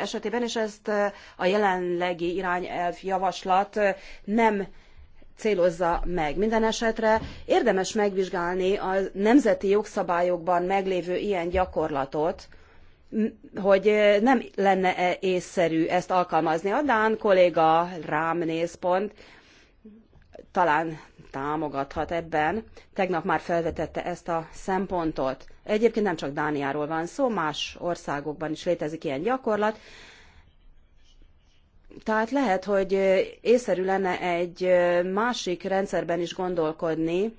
esetében, és ezt a jelenlegi irányelv javaslat nem célozza meg. Minden esetre érdemes megvizsgálni a nemzeti jogszabályokban meglévő ilyen gyakorlatot, hogy nem lenne -e észszerű ezt alkalmazni. A Dán kolléga rám néz pont, talán támogathat ebben. Tegnap már felvetette ezt a szempontot. Egyébként nem csak Dániáról van szó, más országokban is létezik ilyen gyakorlat. Tehát lehet, hogy észszerű lenne egy másik rendszerben is gondolkodni,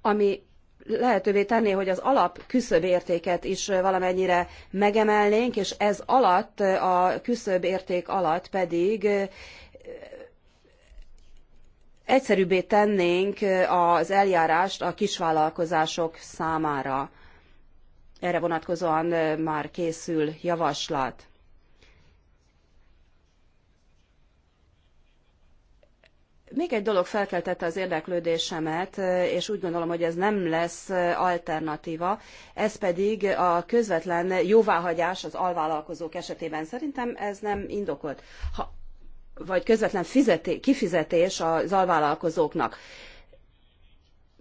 ami lehetővé tenné, hogy az alap küszöbértéket is valamennyire megemelnénk, és ez alatt, a küszöbérték alatt pedig egyszerűbbé tennénk az eljárást a kisvállalkozások számára. Erre vonatkozóan már készül javaslat. Még egy dolog felkeltette az érdeklődésemet, és úgy gondolom, hogy ez nem lesz alternatíva, ez pedig a közvetlen jóváhagyás az alvállalkozók esetében. Szerintem ez nem indokolt. Ha vagy közvetlen fizeté, kifizetés az alvállalkozóknak.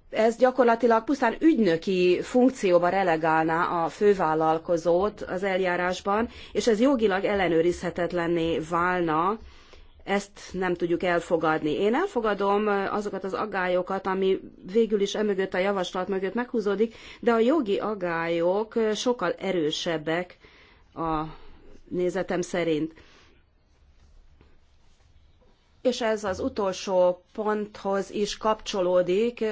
Ez gyakorlatilag pusztán ügynöki funkcióba relegálná a fővállalkozót az eljárásban, és ez jogilag ellenőrizhetetlenné válna, ezt nem tudjuk elfogadni. Én elfogadom azokat az aggályokat, ami végül is emögött a javaslat mögött meghúzódik, de a jogi aggályok sokkal erősebbek a nézetem szerint és ez az utolsó ponthoz is kapcsolódik,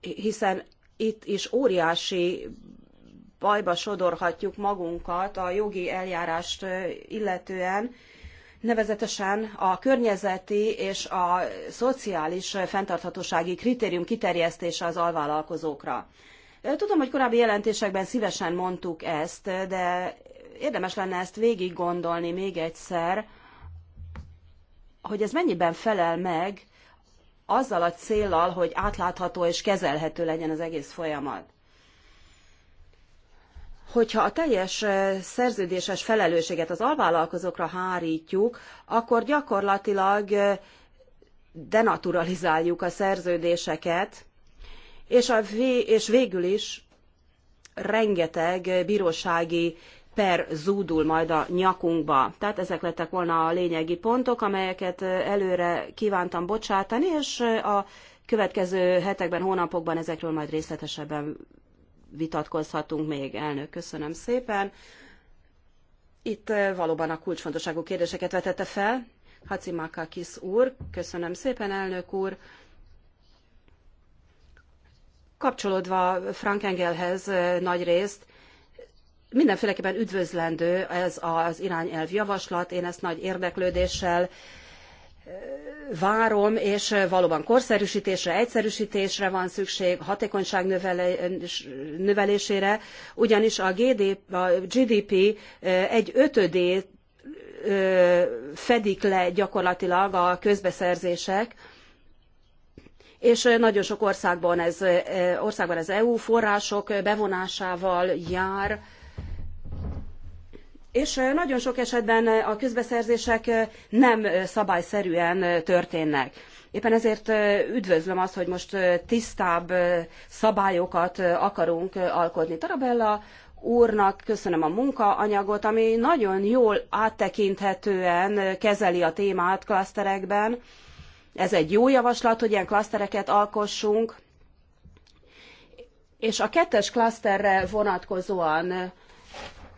hiszen itt is óriási bajba sodorhatjuk magunkat a jogi eljárást illetően, nevezetesen a környezeti és a szociális fenntarthatósági kritérium kiterjesztése az alvállalkozókra. Tudom, hogy korábbi jelentésekben szívesen mondtuk ezt, de érdemes lenne ezt végig gondolni még egyszer, hogy ez mennyiben felel meg azzal a célral, hogy átlátható és kezelhető legyen az egész folyamat. Hogyha a teljes szerződéses felelősséget az alvállalkozókra hárítjuk, akkor gyakorlatilag denaturalizáljuk a szerződéseket, és, a vé- és végül is rengeteg bírósági per zúdul majd a nyakunkba. Tehát ezek lettek volna a lényegi pontok, amelyeket előre kívántam bocsátani, és a következő hetekben, hónapokban ezekről majd részletesebben vitatkozhatunk még, elnök. Köszönöm szépen. Itt valóban a kulcsfontosságú kérdéseket vetette fel. Hacimakakis úr, köszönöm szépen, elnök úr. Kapcsolódva Frank Engelhez nagy részt, mindenféleképpen üdvözlendő ez az irányelv javaslat, én ezt nagy érdeklődéssel eh, várom, és valóban korszerűsítésre, egyszerűsítésre van szükség, hatékonyság növelésére, ugyanis a GDP eh, egy ötödét eh, fedik le gyakorlatilag a közbeszerzések, és nagyon sok országban ez, országban ez EU források bevonásával jár, és nagyon sok esetben a közbeszerzések nem szabályszerűen történnek. Éppen ezért üdvözlöm azt, hogy most tisztább szabályokat akarunk alkotni. Tarabella úrnak köszönöm a munkaanyagot, ami nagyon jól áttekinthetően kezeli a témát klaszterekben. Ez egy jó javaslat, hogy ilyen klasztereket alkossunk. És a kettes klaszterre vonatkozóan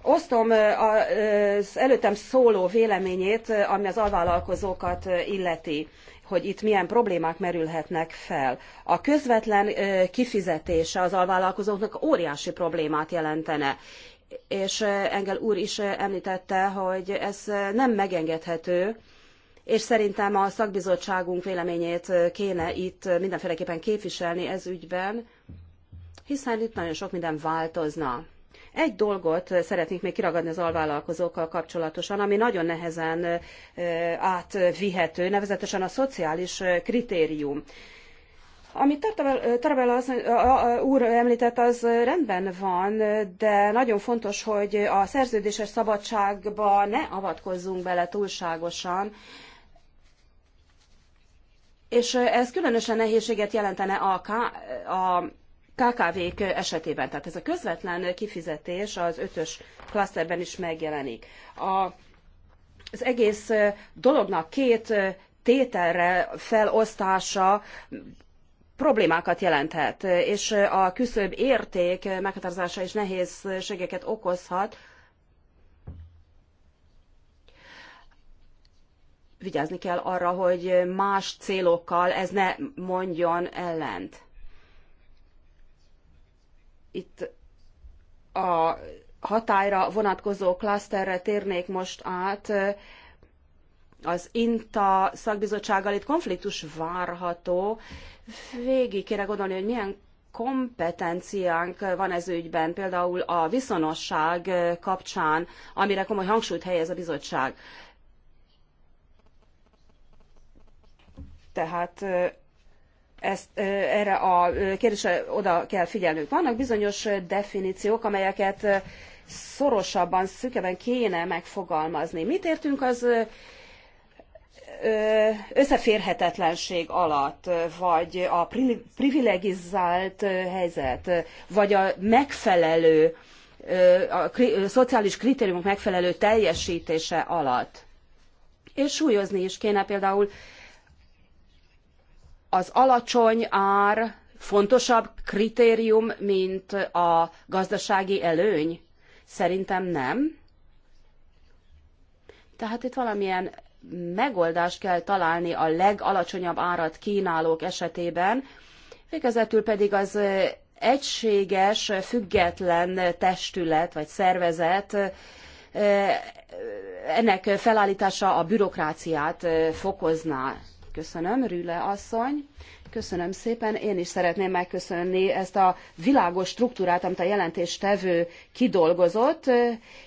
Osztom az előttem szóló véleményét, ami az alvállalkozókat illeti hogy itt milyen problémák merülhetnek fel. A közvetlen kifizetése az alvállalkozóknak óriási problémát jelentene. És Engel úr is említette, hogy ez nem megengedhető, és szerintem a szakbizottságunk véleményét kéne itt mindenféleképpen képviselni ez ügyben, hiszen itt nagyon sok minden változna. Egy dolgot szeretnék még kiragadni az alvállalkozókkal kapcsolatosan, ami nagyon nehezen átvihető, nevezetesen a szociális kritérium. Amit Tarabella úr említett, az rendben van, de nagyon fontos, hogy a szerződéses szabadságba ne avatkozzunk bele túlságosan, és ez különösen nehézséget jelentene a, a KKV-k esetében. Tehát ez a közvetlen kifizetés az ötös klaszterben is megjelenik. A, az egész dolognak két tételre felosztása problémákat jelenthet, és a küszöbb érték meghatározása is nehézségeket okozhat. Vigyázni kell arra, hogy más célokkal ez ne mondjon ellent. Itt a hatályra vonatkozó klaszterre térnék most át. Az INTA szakbizottsággal itt konfliktus várható. Végig kéne gondolni, hogy milyen kompetenciánk van ez ügyben, például a viszonosság kapcsán, amire komoly hangsúlyt helyez a bizottság. Tehát ezt, erre a kérdésre oda kell figyelnünk. Vannak bizonyos definíciók, amelyeket szorosabban, szükeben kéne megfogalmazni. Mit értünk az összeférhetetlenség alatt, vagy a privilegizált helyzet, vagy a megfelelő, a szociális kritériumok megfelelő teljesítése alatt. És súlyozni is kéne például az alacsony ár fontosabb kritérium, mint a gazdasági előny? Szerintem nem. Tehát itt valamilyen megoldást kell találni a legalacsonyabb árat kínálók esetében, végezetül pedig az egységes, független testület vagy szervezet ennek felállítása a bürokráciát fokozná. Köszönöm, Rüle asszony. Köszönöm szépen. Én is szeretném megköszönni ezt a világos struktúrát, amit a jelentéstevő kidolgozott.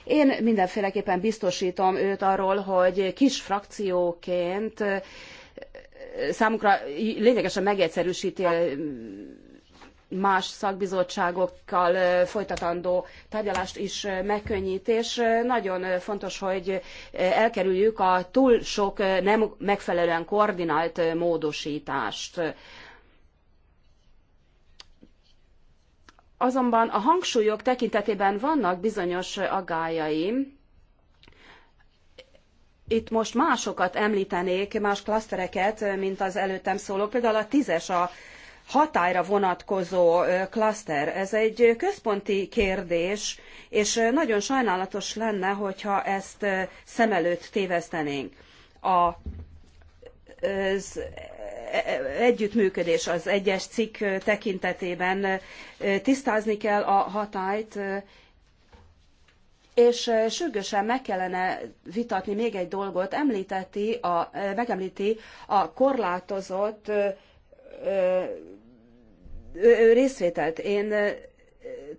Én mindenféleképpen biztosítom őt arról, hogy kis frakcióként eh, eh, számukra lényegesen megegyszerűsíti eh, más szakbizottságokkal folytatandó tárgyalást is megkönnyít, és nagyon fontos, hogy elkerüljük a túl sok nem megfelelően koordinált módosítást. Azonban a hangsúlyok tekintetében vannak bizonyos aggájaim, itt most másokat említenék, más klasztereket, mint az előttem szóló. Például a tízes a hatályra vonatkozó klaszter. Ez egy központi kérdés, és nagyon sajnálatos lenne, hogyha ezt szem előtt tévesztenénk. A az e, e, együttműködés az egyes cikk tekintetében tisztázni kell a hatályt, és sürgősen meg kellene vitatni még egy dolgot, említi a, megemlíti a korlátozott részvételt. Én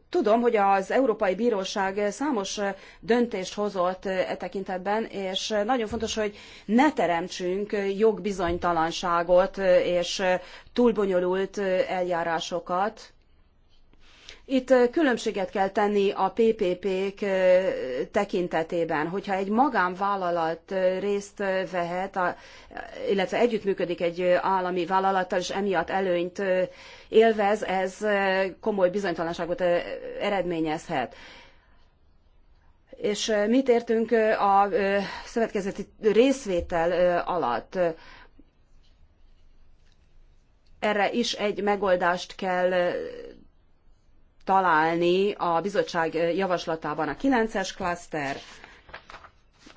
tudom, hogy az Európai Bíróság számos döntést hozott e tekintetben, és nagyon fontos, hogy ne teremtsünk jogbizonytalanságot és túlbonyolult eljárásokat, itt különbséget kell tenni a PPP-k tekintetében, hogyha egy magánvállalat részt vehet, illetve együttműködik egy állami vállalattal, és emiatt előnyt élvez, ez komoly bizonytalanságot eredményezhet. És mit értünk a szövetkezeti részvétel alatt? Erre is egy megoldást kell találni a bizottság javaslatában a 9-es klaszter.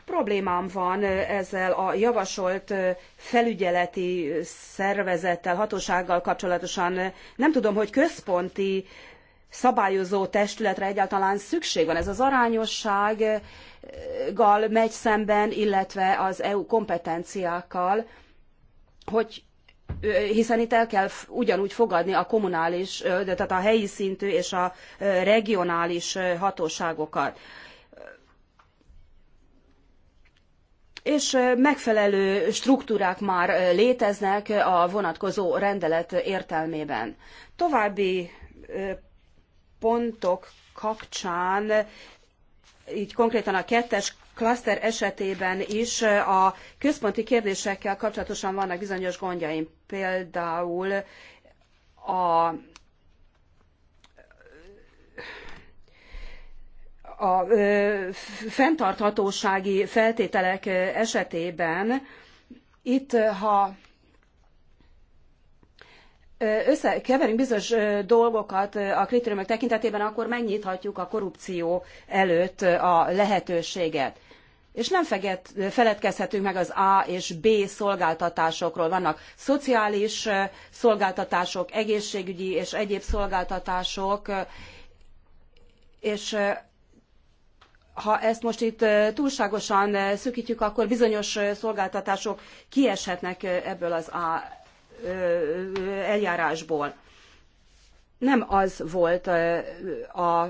Problémám van ezzel a javasolt felügyeleti szervezettel, hatósággal kapcsolatosan. Nem tudom, hogy központi szabályozó testületre egyáltalán szükség van. Ez az arányossággal megy szemben, illetve az EU kompetenciákkal, hogy hiszen itt el kell ugyanúgy fogadni a kommunális, de tehát a helyi szintű és a regionális hatóságokat. És megfelelő struktúrák már léteznek a vonatkozó rendelet értelmében. További pontok kapcsán, így konkrétan a kettes klaszter esetében is a központi kérdésekkel kapcsolatosan vannak bizonyos gondjaim. Például a a ö, fenntarthatósági feltételek esetében itt, ha összekeverünk bizonyos dolgokat a kritériumok tekintetében, akkor megnyithatjuk a korrupció előtt a lehetőséget. És nem feget, feledkezhetünk meg az A és B szolgáltatásokról. Vannak szociális szolgáltatások, egészségügyi és egyéb szolgáltatások, és ha ezt most itt túlságosan szűkítjük, akkor bizonyos szolgáltatások kieshetnek ebből az A eljárásból. Nem az volt a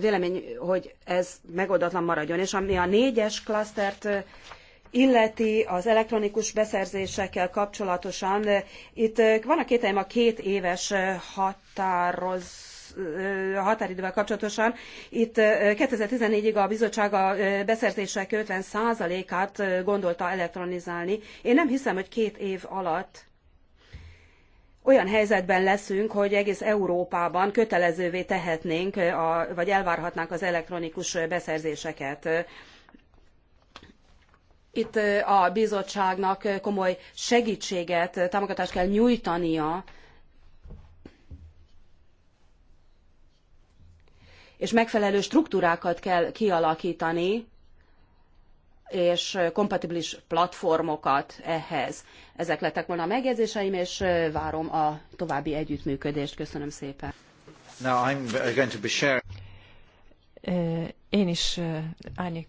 vélemény, hogy ez megoldatlan maradjon. És ami a négyes klasztert illeti az elektronikus beszerzésekkel kapcsolatosan, itt van a kételjem a két éves határoz határidővel kapcsolatosan. Itt 2014-ig a bizottság a beszerzések 50%-át gondolta elektronizálni. Én nem hiszem, hogy két év alatt olyan helyzetben leszünk, hogy egész Európában kötelezővé tehetnénk, a, vagy elvárhatnánk az elektronikus beszerzéseket. Itt a bizottságnak komoly segítséget, támogatást kell nyújtania, és megfelelő struktúrákat kell kialakítani, és kompatibilis platformokat ehhez. Ezek lettek volna a megjegyzéseim, és várom a további együttműködést. Köszönöm szépen. Now I'm going to be sharing. Én is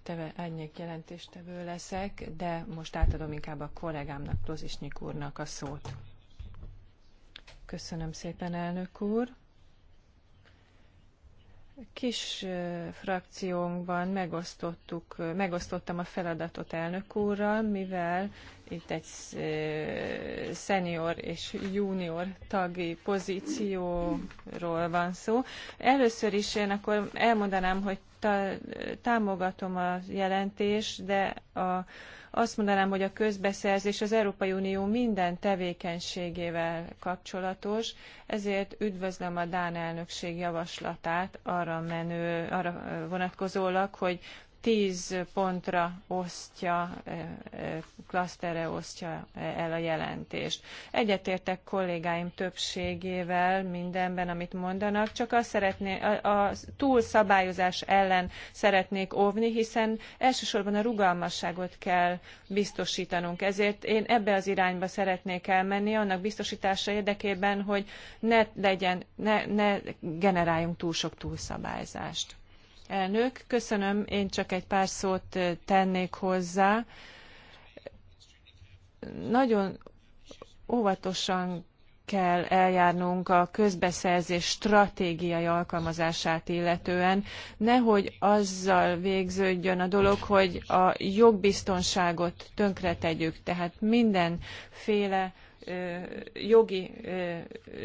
teve, árnyék jelentéstevő leszek, de most átadom inkább a kollégámnak, Klozisnyik úrnak a szót. Köszönöm szépen, elnök úr kis frakciónkban megosztottuk, megosztottam a feladatot elnök úrral, mivel itt egy szenior és junior tagi pozícióról van szó. Először is én akkor elmondanám, hogy támogatom a jelentést, de a azt mondanám, hogy a közbeszerzés az Európai Unió minden tevékenységével kapcsolatos, ezért üdvözlöm a Dán elnökség javaslatát arra, menő, arra vonatkozólag, hogy tíz pontra osztja, e, e, klaszterre osztja el a jelentést. Egyetértek kollégáim többségével mindenben, amit mondanak, csak azt szeretné, a, a túlszabályozás ellen szeretnék óvni, hiszen elsősorban a rugalmasságot kell biztosítanunk. Ezért én ebbe az irányba szeretnék elmenni, annak biztosítása érdekében, hogy ne legyen, ne, ne generáljunk túl sok túlszabályzást. Elnök, köszönöm, én csak egy pár szót tennék hozzá. Nagyon óvatosan kell eljárnunk a közbeszerzés stratégiai alkalmazását illetően, nehogy azzal végződjön a dolog, hogy a jogbiztonságot tönkretegyük. Tehát mindenféle jogi,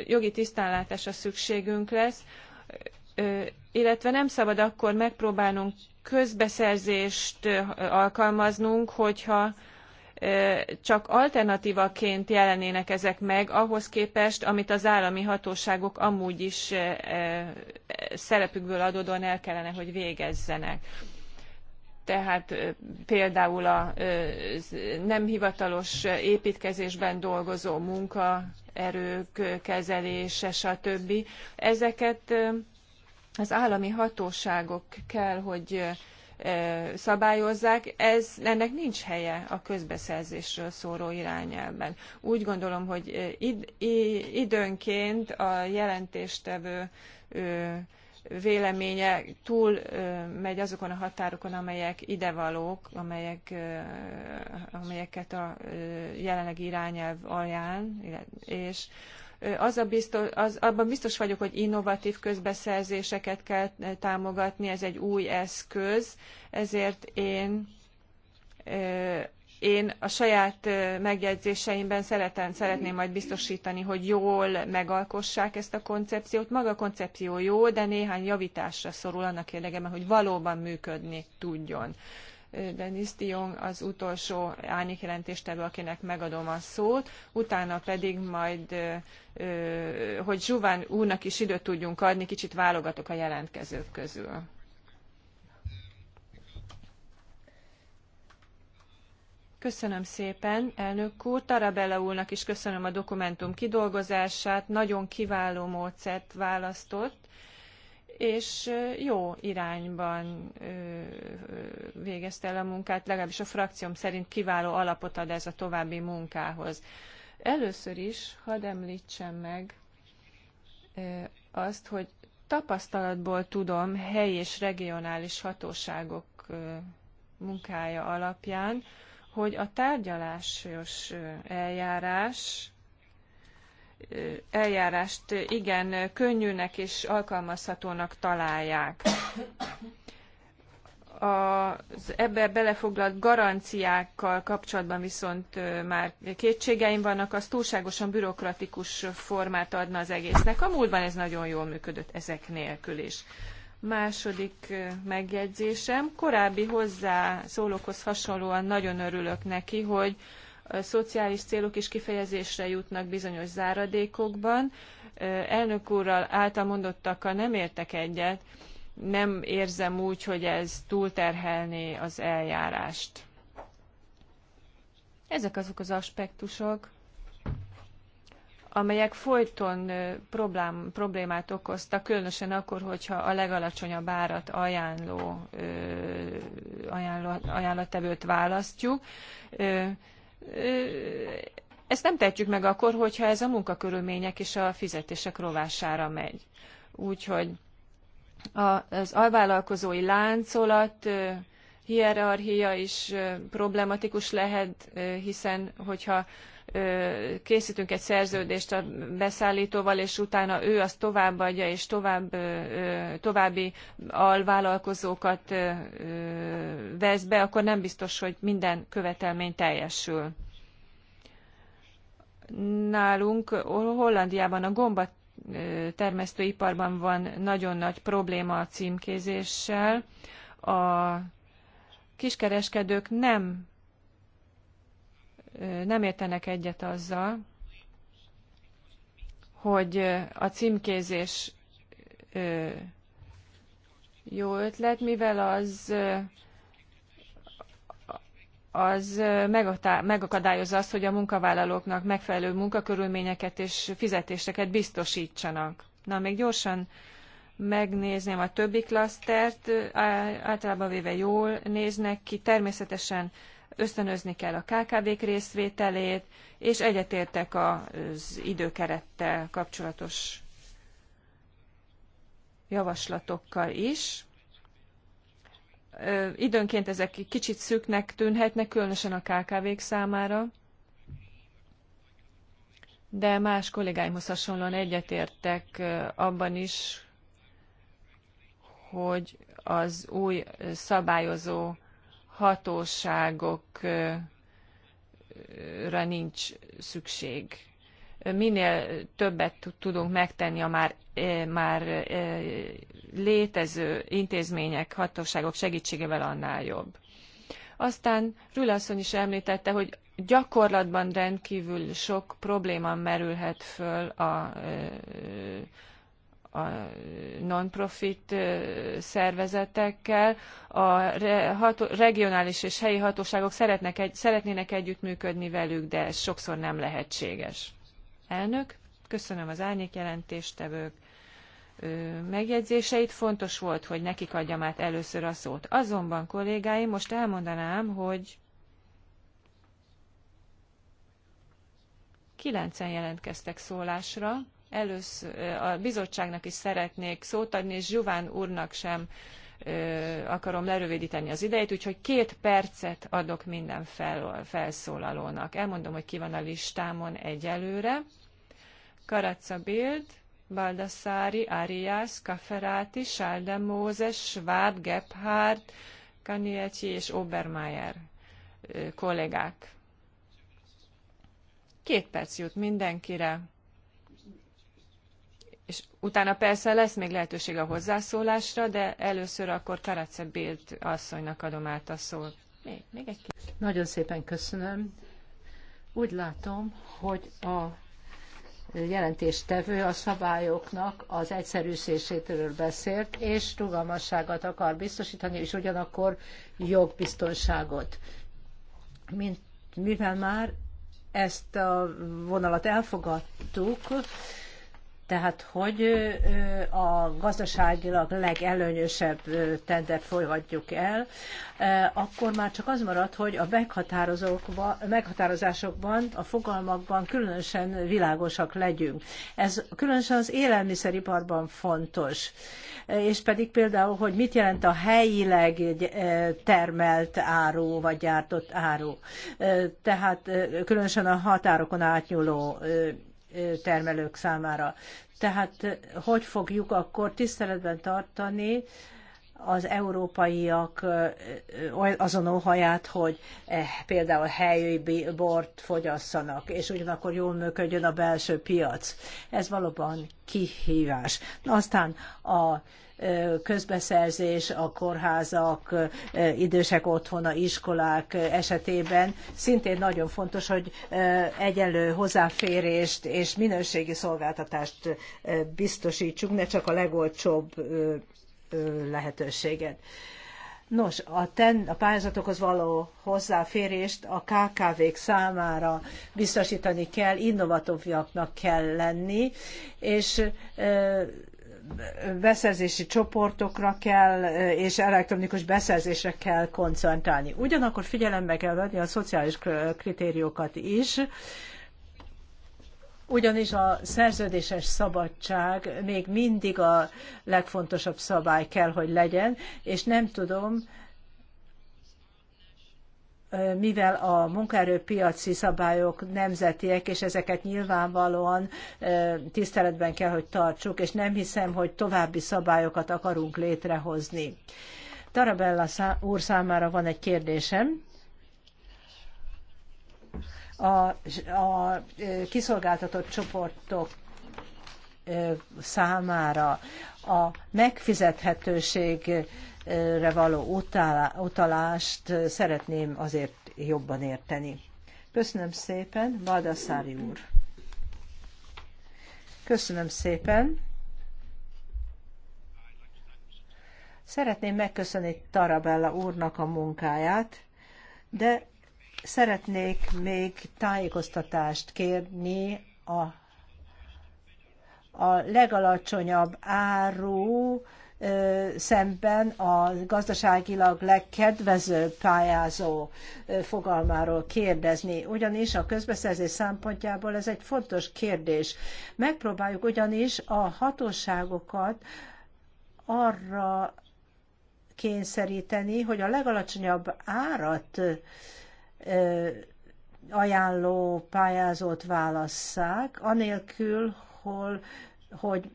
jogi tisztánlátásra szükségünk lesz, illetve nem szabad akkor megpróbálnunk közbeszerzést alkalmaznunk, hogyha csak alternatívaként jelenének ezek meg ahhoz képest, amit az állami hatóságok amúgy is szerepükből adódóan el kellene, hogy végezzenek. Tehát például a nem hivatalos építkezésben dolgozó munkaerők kezelése, stb. Ezeket az állami hatóságok kell, hogy szabályozzák, ez, ennek nincs helye a közbeszerzésről szóró irányelben. Úgy gondolom, hogy id, időnként a jelentéstevő véleménye túl megy azokon a határokon, amelyek idevalók, amelyek, amelyeket a jelenleg irányelv ajánl, és az a biztos, az, abban biztos vagyok, hogy innovatív közbeszerzéseket kell eh, támogatni, ez egy új eszköz, ezért én eh, én a saját eh, megjegyzéseimben szeretem, szeretném majd biztosítani, hogy jól megalkossák ezt a koncepciót. Maga a koncepció jó, de néhány javításra szorul annak érdekében, hogy valóban működni tudjon. Denis Dion az utolsó árnyékjelentéstevő, akinek megadom a szót, utána pedig majd, hogy Zsuván úrnak is időt tudjunk adni, kicsit válogatok a jelentkezők közül. Köszönöm szépen, elnök úr. Tarabella úrnak is köszönöm a dokumentum kidolgozását. Nagyon kiváló módszert választott és jó irányban végezte el a munkát, legalábbis a frakcióm szerint kiváló alapot ad ez a további munkához. Először is hadd említsem meg azt, hogy tapasztalatból tudom helyi és regionális hatóságok munkája alapján, hogy a tárgyalásos eljárás eljárást igen könnyűnek és alkalmazhatónak találják. Az ebbe belefoglalt garanciákkal kapcsolatban viszont már kétségeim vannak, az túlságosan bürokratikus formát adna az egésznek. A múltban ez nagyon jól működött ezek nélkül is. Második megjegyzésem, korábbi hozzászólókhoz hasonlóan nagyon örülök neki, hogy szociális célok is kifejezésre jutnak bizonyos záradékokban. Elnök úrral által mondottakkal nem értek egyet, nem érzem úgy, hogy ez túlterhelné az eljárást. Ezek azok az aspektusok, amelyek folyton problém, problémát okoztak, különösen akkor, hogyha a legalacsonyabb árat ajánló, ajánló ajánlattevőt választjuk ezt nem tehetjük meg akkor, hogyha ez a munkakörülmények és a fizetések rovására megy. Úgyhogy az alvállalkozói láncolat hierarchia is problematikus lehet, hiszen hogyha készítünk egy szerződést a beszállítóval, és utána ő azt továbbadja, és tovább, további alvállalkozókat vesz be, akkor nem biztos, hogy minden követelmény teljesül. Nálunk Hollandiában a gomba termesztőiparban van nagyon nagy probléma a címkézéssel. A kiskereskedők nem nem értenek egyet azzal, hogy a címkézés jó ötlet, mivel az az megakadályozza azt, hogy a munkavállalóknak megfelelő munkakörülményeket és fizetéseket biztosítsanak. Na, még gyorsan megnézném a többi klasztert, általában véve jól néznek ki. Természetesen ösztönözni kell a KKV-k részvételét, és egyetértek az időkerettel kapcsolatos javaslatokkal is. Időnként ezek kicsit szűknek tűnhetnek, különösen a KKV-k számára, de más kollégáimhoz hasonlóan egyetértek abban is, hogy az új szabályozó hatóságokra nincs szükség. Minél többet tudunk megtenni a már, e, már e, létező intézmények, hatóságok segítségével, annál jobb. Aztán Rülasszony is említette, hogy gyakorlatban rendkívül sok probléma merülhet föl a e, a non-profit szervezetekkel. A regionális és helyi hatóságok szeretnek egy, szeretnének együttműködni velük, de ez sokszor nem lehetséges. Elnök, köszönöm az jelentéstevők megjegyzéseit. Fontos volt, hogy nekik adjam át először a szót. Azonban, kollégáim, most elmondanám, hogy kilencen jelentkeztek szólásra, először a bizottságnak is szeretnék szót adni, és Zsuván úrnak sem akarom lerövidíteni az idejét, úgyhogy két percet adok minden fel, felszólalónak. Elmondom, hogy ki van a listámon egyelőre. Karatza Bild, Baldassari, Arias, Kaferati, Sálde Mózes, Schwab, Gebhardt, Kanieci és Obermeier kollégák. Két perc jut mindenkire és utána persze lesz még lehetőség a hozzászólásra, de először akkor Karace Bild asszonynak adom át a szót. Még, még egy kis. Nagyon szépen köszönöm. Úgy látom, hogy a jelentéstevő a szabályoknak az egyszerűsítéséről beszélt, és rugalmasságot akar biztosítani, és ugyanakkor jogbiztonságot. Mint, mivel már ezt a vonalat elfogadtuk, tehát, hogy a gazdaságilag legelőnyösebb tendert folyhatjuk el, akkor már csak az marad, hogy a meghatározásokban, a fogalmakban különösen világosak legyünk. Ez különösen az élelmiszeriparban fontos. És pedig például, hogy mit jelent a helyileg termelt áru, vagy gyártott áru. Tehát különösen a határokon átnyúló termelők számára. Tehát hogy fogjuk akkor tiszteletben tartani az európaiak azon óhaját, hogy eh, például helyi bort fogyasszanak, és ugyanakkor jól működjön a belső piac. Ez valóban kihívás. Aztán a közbeszerzés a kórházak, idősek otthona, iskolák esetében szintén nagyon fontos, hogy egyenlő hozzáférést és minőségi szolgáltatást biztosítsunk, ne csak a legolcsóbb lehetőséget. Nos, a, ten, a pályázatokhoz való hozzáférést a KKV-k számára biztosítani kell, innovatívaknak kell lenni, és beszerzési csoportokra kell és elektronikus beszerzésre kell koncentrálni. Ugyanakkor figyelembe kell venni a szociális kritériókat is, ugyanis a szerződéses szabadság még mindig a legfontosabb szabály kell, hogy legyen, és nem tudom, mivel a munkaerőpiaci szabályok nemzetiek, és ezeket nyilvánvalóan tiszteletben kell, hogy tartsuk, és nem hiszem, hogy további szabályokat akarunk létrehozni. Tarabella úr számára van egy kérdésem. A, a kiszolgáltatott csoportok számára a megfizethetőség való utalást szeretném azért jobban érteni. Köszönöm szépen, Valdaszári úr. Köszönöm szépen. Szeretném megköszönni Tarabella úrnak a munkáját, de szeretnék még tájékoztatást kérni a, a legalacsonyabb áru szemben a gazdaságilag legkedvezőbb pályázó fogalmáról kérdezni. Ugyanis a közbeszerzés szempontjából ez egy fontos kérdés. Megpróbáljuk ugyanis a hatóságokat arra kényszeríteni, hogy a legalacsonyabb árat ajánló pályázót válasszák, anélkül, hol, hogy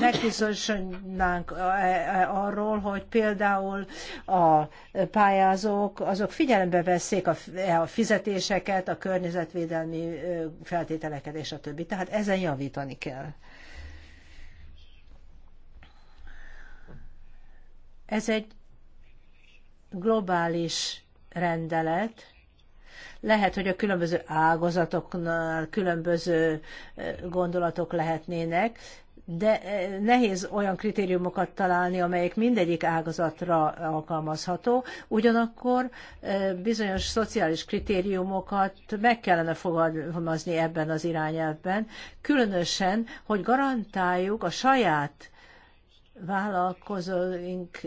megbizonyosodnánk eh, eh, arról, hogy például a pályázók azok figyelembe veszik a eh, fizetéseket, a környezetvédelmi feltételeket és a többi. Tehát ezen javítani kell. Ez egy globális rendelet, lehet, hogy a különböző ágazatoknál különböző gondolatok lehetnének, de eh, nehéz olyan kritériumokat találni, amelyek mindegyik ágazatra alkalmazható, ugyanakkor eh, bizonyos szociális kritériumokat meg kellene fogalmazni ebben az irányelvben, különösen, hogy garantáljuk a saját vállalkozóink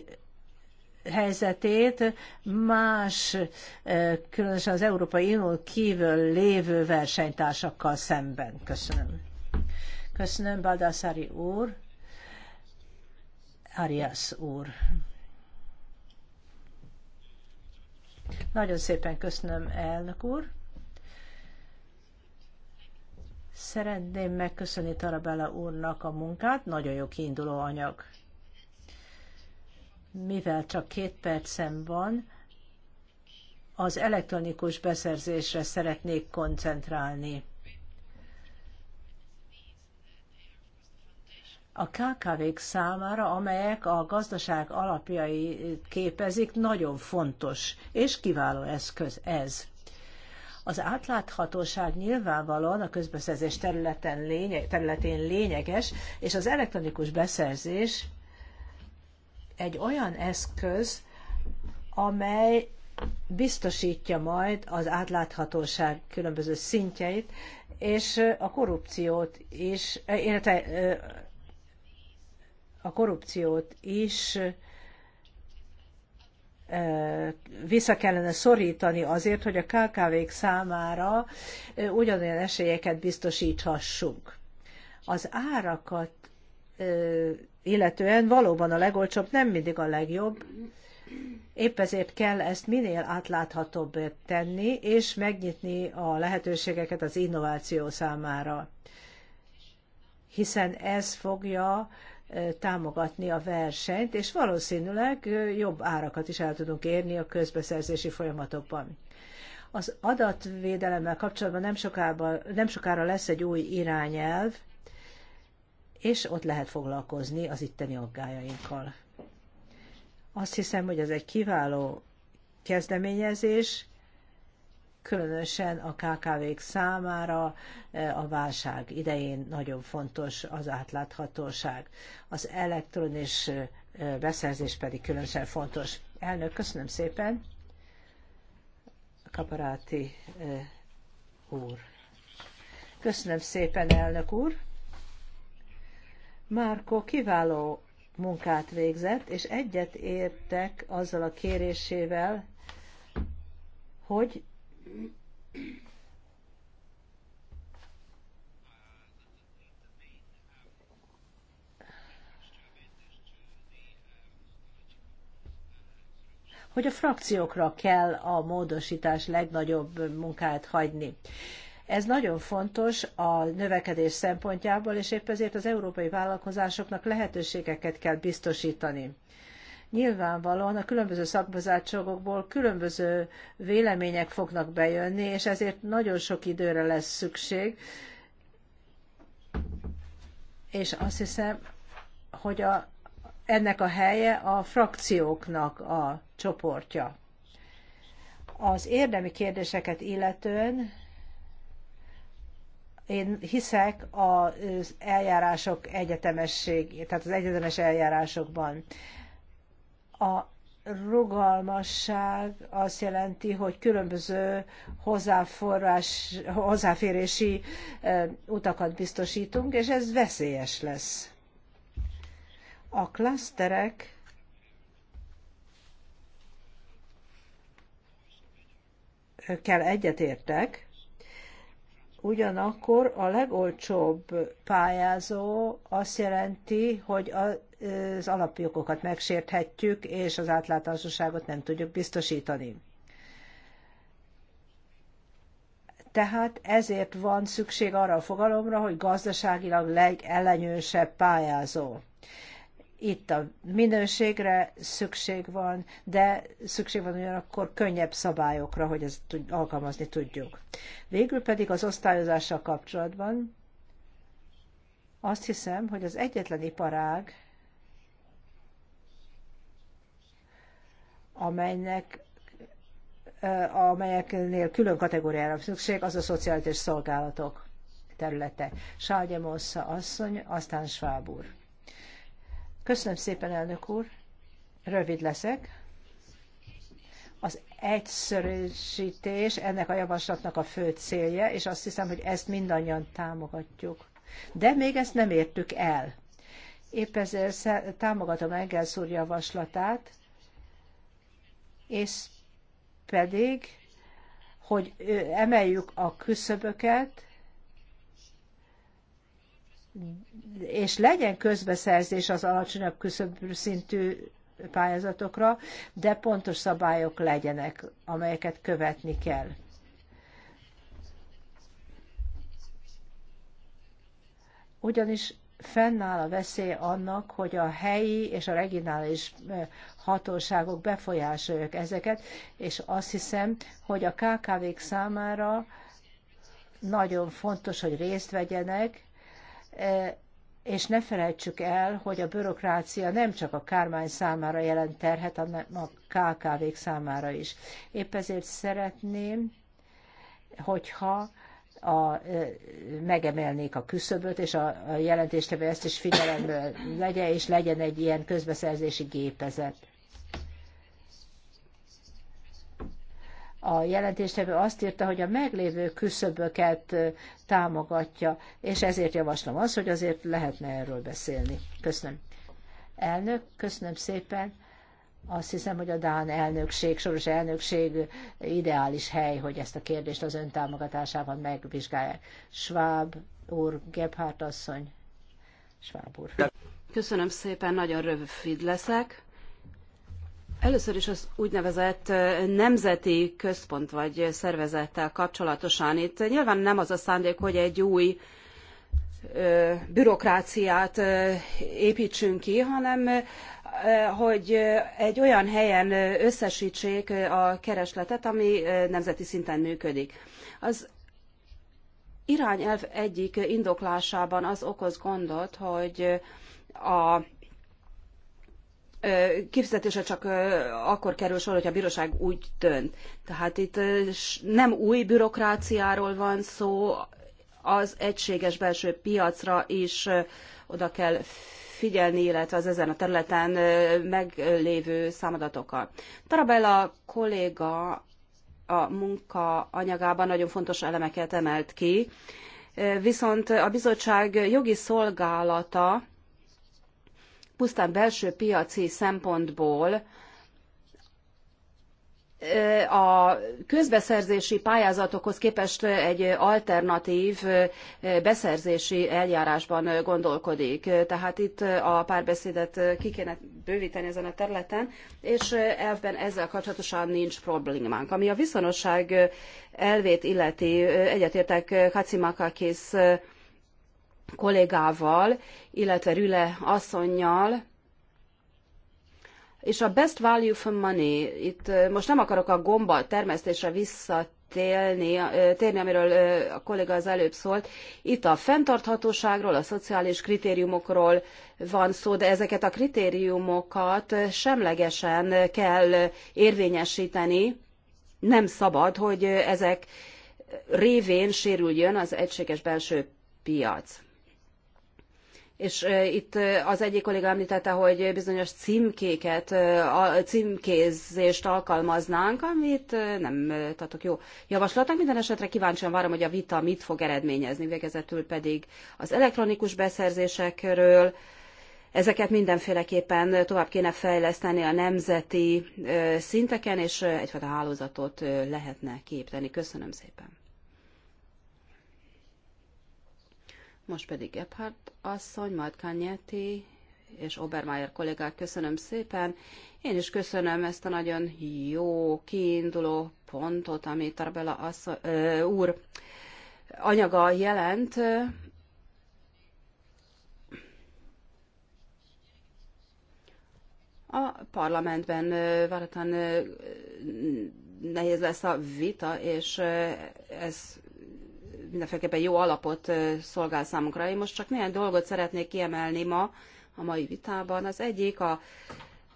helyzetét más, eh, különösen az Európai Unió kívül lévő versenytársakkal szemben. Köszönöm. Köszönöm, Baldassari úr. Arias úr. Nagyon szépen köszönöm, elnök úr. Szeretném megköszönni Tarabella úrnak a munkát, nagyon jó kiinduló anyag. Mivel csak két percem van, az elektronikus beszerzésre szeretnék koncentrálni. a KKV-k számára, amelyek a gazdaság alapjai képezik, nagyon fontos és kiváló eszköz ez. Az átláthatóság nyilvánvalóan a közbeszerzés területen lényeg, területén lényeges, és az elektronikus beszerzés egy olyan eszköz, amely biztosítja majd az átláthatóság különböző szintjeit, és a korrupciót is, illetve a korrupciót is vissza kellene szorítani azért, hogy a KKV-k számára ugyanolyan esélyeket biztosíthassunk. Az árakat illetően valóban a legolcsóbb nem mindig a legjobb, Épp ezért kell ezt minél átláthatóbb tenni, és megnyitni a lehetőségeket az innováció számára. Hiszen ez fogja támogatni a versenyt, és valószínűleg jobb árakat is el tudunk érni a közbeszerzési folyamatokban. Az adatvédelemmel kapcsolatban nem, sokába, nem sokára lesz egy új irányelv, és ott lehet foglalkozni az itteni aggájainkkal. Azt hiszem, hogy ez egy kiváló kezdeményezés, különösen a KKV-k számára e, a válság idején nagyon fontos az átláthatóság. Az elektronis e, beszerzés pedig különösen fontos. Elnök, köszönöm szépen. Kaparáti e, úr. Köszönöm szépen, elnök úr. Márko kiváló munkát végzett, és egyet értek azzal a kérésével, hogy hogy a frakciókra kell a módosítás legnagyobb munkát hagyni. Ez nagyon fontos a növekedés szempontjából, és épp ezért az európai vállalkozásoknak lehetőségeket kell biztosítani. Nyilvánvalóan a különböző szakbizottságokból különböző vélemények fognak bejönni, és ezért nagyon sok időre lesz szükség. És azt hiszem, hogy a, ennek a helye a frakcióknak a csoportja. Az érdemi kérdéseket illetően én hiszek az eljárások egyetemesség, tehát az egyetemes eljárásokban. A rugalmasság azt jelenti, hogy különböző hozzáforrás, hozzáférési utakat biztosítunk, és ez veszélyes lesz. A klaszterek kell egyetértek, Ugyanakkor a legolcsóbb pályázó azt jelenti, hogy az alapjogokat megsérthetjük, és az átláthatóságot nem tudjuk biztosítani. Tehát ezért van szükség arra a fogalomra, hogy gazdaságilag legellenősebb pályázó. Itt a minőségre szükség van, de szükség van ugyanakkor könnyebb szabályokra, hogy ezt alkalmazni tudjuk. Végül pedig az osztályozással kapcsolatban azt hiszem, hogy az egyetlen iparág, amelynek amelyeknél külön kategóriára szükség, az a szociális szolgálatok területe. Sáldemosza asszony, aztán Schwab úr. Köszönöm szépen, elnök úr. Rövid leszek. Az egyszerűsítés ennek a javaslatnak a fő célja, és azt hiszem, hogy ezt mindannyian támogatjuk. De még ezt nem értük el. Épp ezért támogatom Engelsz úr javaslatát, és pedig, hogy emeljük a küszöböket, és legyen közbeszerzés az alacsonyabb küszöbb szintű pályázatokra, de pontos szabályok legyenek, amelyeket követni kell. Ugyanis fennáll a veszély annak, hogy a helyi és a regionális hatóságok befolyásolják ezeket, és azt hiszem, hogy a KKV-k számára nagyon fontos, hogy részt vegyenek, és ne felejtsük el, hogy a bürokrácia nem csak a kármány számára jelent terhet, hanem a KKV-k számára is. Épp ezért szeretném, hogyha a, megemelnék a küszöböt, és a, a jelentéstevő ezt is figyelembe legyen, és legyen egy ilyen közbeszerzési gépezet. a jelentéstevő azt írta, hogy a meglévő küszöböket támogatja, és ezért javaslom azt, hogy azért lehetne erről beszélni. Köszönöm. Elnök, köszönöm szépen. Azt hiszem, hogy a Dán elnökség, soros elnökség ideális hely, hogy ezt a kérdést az ön támogatásában megvizsgálják. Schwab úr, Gebhardt asszony, Schwab úr. Köszönöm szépen, nagyon rövid leszek. Először is az úgynevezett nemzeti központ vagy szervezettel kapcsolatosan. Itt nyilván nem az a szándék, hogy egy új bürokráciát építsünk ki, hanem hogy egy olyan helyen összesítsék a keresletet, ami nemzeti szinten működik. Az irányelv egyik indoklásában az okoz gondot, hogy a képzetése csak akkor kerül sor, hogyha a bíróság úgy dönt. Tehát itt nem új bürokráciáról van szó, az egységes belső piacra is oda kell figyelni, illetve az ezen a területen meglévő számadatokkal. Tarabella kolléga a munka anyagában nagyon fontos elemeket emelt ki, viszont a bizottság jogi szolgálata pusztán belső piaci szempontból a közbeszerzési pályázatokhoz képest egy alternatív beszerzési eljárásban gondolkodik. Tehát itt a párbeszédet ki kéne bővíteni ezen a területen, és elvben ezzel kapcsolatosan nincs problémánk. Ami a viszonosság elvét illeti, egyetértek Kacimakakis kollégával, illetve Rüle asszonynal, és a best value for money, itt most nem akarok a gomba termesztésre visszatérni, térni, amiről a kolléga az előbb szólt. Itt a fenntarthatóságról, a szociális kritériumokról van szó, de ezeket a kritériumokat semlegesen kell érvényesíteni. Nem szabad, hogy ezek révén sérüljön az egységes belső piac és itt az egyik kolléga említette, hogy bizonyos címkéket, a címkézést alkalmaznánk, amit nem tartok jó javaslatnak. Minden esetre kíváncsian várom, hogy a vita mit fog eredményezni, végezetül pedig az elektronikus beszerzésekről, Ezeket mindenféleképpen tovább kéne fejleszteni a nemzeti szinteken, és egyfajta hálózatot lehetne képteni. Köszönöm szépen. Most pedig Gebhardt asszony, majd Kanyeti és Obermeier kollégák, köszönöm szépen. Én is köszönöm ezt a nagyon jó kiinduló pontot, amit Tarbela asszony, ö, úr anyaga jelent. A parlamentben valóban nehéz lesz a vita, és ez mindenféleképpen jó alapot szolgál számunkra. Én most csak néhány dolgot szeretnék kiemelni ma a mai vitában. Az egyik a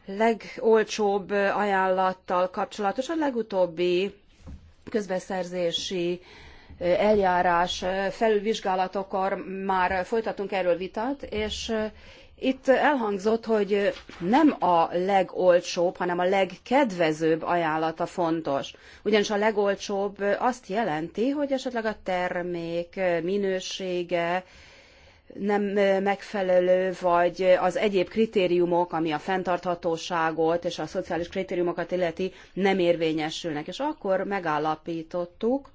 legolcsóbb ajánlattal kapcsolatos, a legutóbbi közbeszerzési eljárás felülvizsgálatokor már folytatunk erről vitát, és itt elhangzott, hogy nem a legolcsóbb, hanem a legkedvezőbb ajánlata fontos. Ugyanis a legolcsóbb azt jelenti, hogy esetleg a termék minősége nem megfelelő, vagy az egyéb kritériumok, ami a fenntarthatóságot és a szociális kritériumokat illeti, nem érvényesülnek. És akkor megállapítottuk,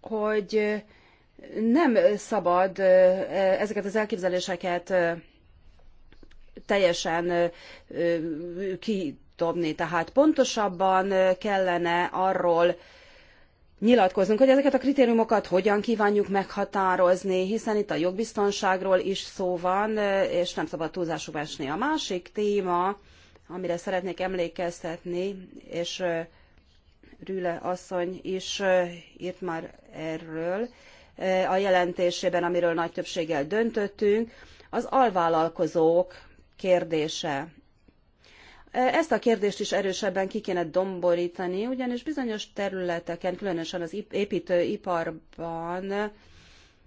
hogy nem szabad ezeket az elképzeléseket teljesen kidobni. Tehát pontosabban kellene arról nyilatkoznunk, hogy ezeket a kritériumokat hogyan kívánjuk meghatározni, hiszen itt a jogbiztonságról is szó van, és nem szabad túlzásuk esni. A másik téma, amire szeretnék emlékeztetni, és Rüle asszony is írt már erről, a jelentésében, amiről nagy többséggel döntöttünk, az alvállalkozók kérdése. Ezt a kérdést is erősebben ki kéne domborítani, ugyanis bizonyos területeken, különösen az építőiparban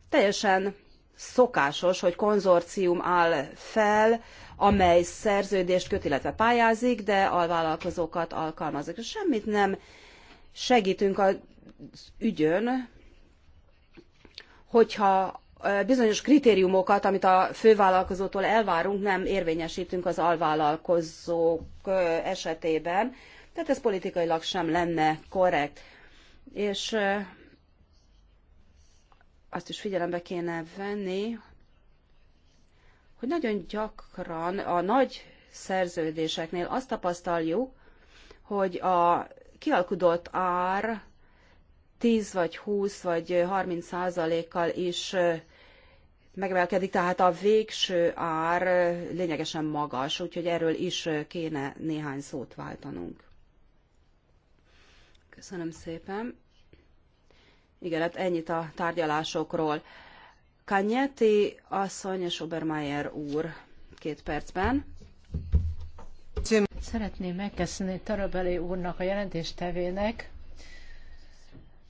teljesen szokásos, hogy konzorcium áll fel, amely szerződést köt, illetve pályázik, de alvállalkozókat alkalmazok. Semmit nem segítünk az ügyön, hogyha bizonyos kritériumokat, amit a fővállalkozótól elvárunk, nem érvényesítünk az alvállalkozók esetében. Tehát ez politikailag sem lenne korrekt. És azt is figyelembe kéne venni, hogy nagyon gyakran a nagy szerződéseknél azt tapasztaljuk, hogy a kialkudott ár 10 vagy 20 vagy 30 százalékkal is megemelkedik, tehát a végső ár lényegesen magas, úgyhogy erről is kéne néhány szót váltanunk. Köszönöm szépen. Igen, hát ennyit a tárgyalásokról. Kanyeti asszony és Obermeier úr két percben. Szeretném megköszönni Tarabeli úrnak a jelentéstevének,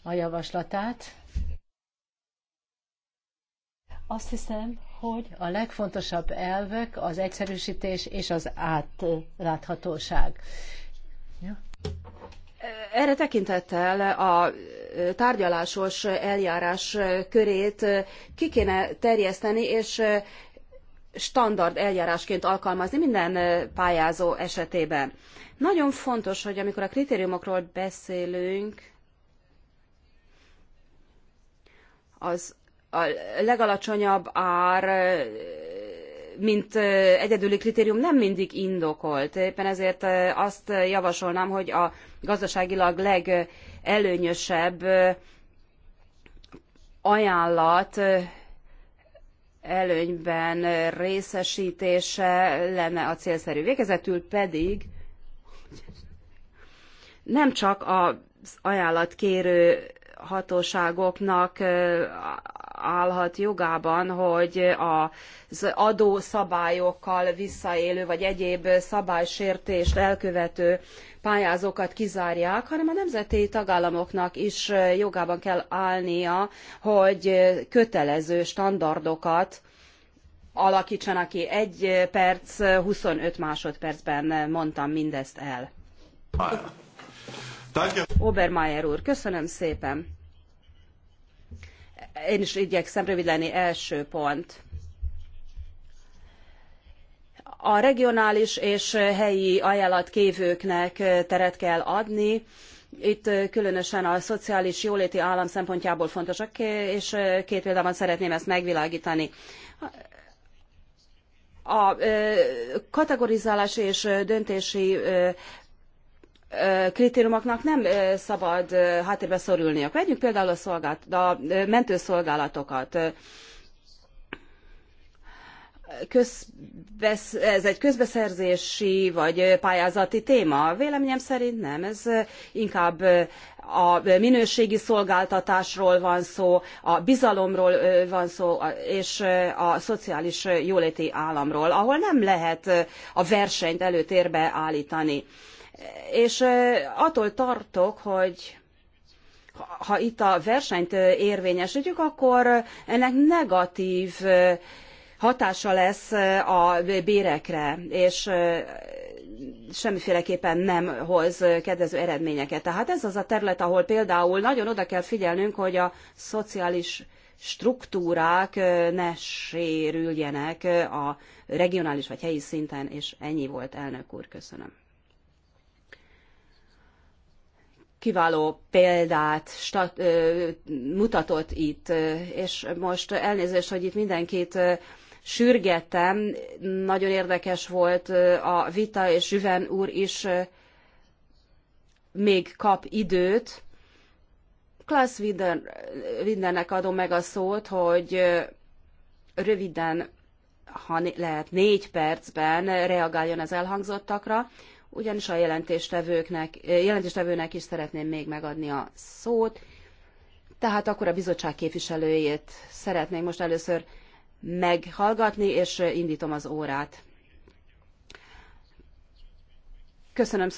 a javaslatát. Azt hiszem, hogy a legfontosabb elvek az egyszerűsítés és az átláthatóság. Ja. Erre tekintettel a tárgyalásos eljárás körét ki kéne terjeszteni, és standard eljárásként alkalmazni minden pályázó esetében. Nagyon fontos, hogy amikor a kritériumokról beszélünk, az a legalacsonyabb ár, mint egyedüli kritérium nem mindig indokolt. Éppen ezért azt javasolnám, hogy a gazdaságilag legelőnyösebb ajánlat előnyben részesítése lenne a célszerű. Végezetül pedig nem csak az ajánlatkérő hatóságoknak állhat jogában, hogy az adószabályokkal visszaélő vagy egyéb szabálysértést elkövető pályázókat kizárják, hanem a nemzeti tagállamoknak is jogában kell állnia, hogy kötelező standardokat alakítsanak ki. Egy perc, 25 másodpercben mondtam mindezt el. Obermeier úr, köszönöm szépen. Én is igyekszem rövid lenni első pont. A regionális és helyi ajánlatkévőknek teret kell adni. Itt különösen a szociális jóléti állam szempontjából fontosak, és két példában szeretném ezt megvilágítani. A kategorizálás és döntési kritériumoknak nem szabad háttérbe szorulniak. Vegyük például a, szolgált, a mentőszolgálatokat. Közbesz, ez egy közbeszerzési vagy pályázati téma? Véleményem szerint nem, ez inkább a minőségi szolgáltatásról van szó, a bizalomról van szó, és a szociális jóléti államról, ahol nem lehet a versenyt előtérbe állítani és attól tartok, hogy ha itt a versenyt érvényesítjük, akkor ennek negatív hatása lesz a bérekre, és semmiféleképpen nem hoz kedvező eredményeket. Tehát ez az a terület, ahol például nagyon oda kell figyelnünk, hogy a szociális struktúrák ne sérüljenek a regionális vagy helyi szinten, és ennyi volt, elnök úr, köszönöm. kiváló példát stat, ö, mutatott itt, és most elnézést, hogy itt mindenkit sürgettem, nagyon érdekes volt a vita, és Zsüven úr is még kap időt. Klasz Windernek adom meg a szót, hogy röviden, ha lehet négy percben reagáljon az elhangzottakra, ugyanis a jelentéstevőknek, jelentéstevőnek is szeretném még megadni a szót. Tehát akkor a bizottság képviselőjét szeretném most először meghallgatni, és indítom az órát. Köszönöm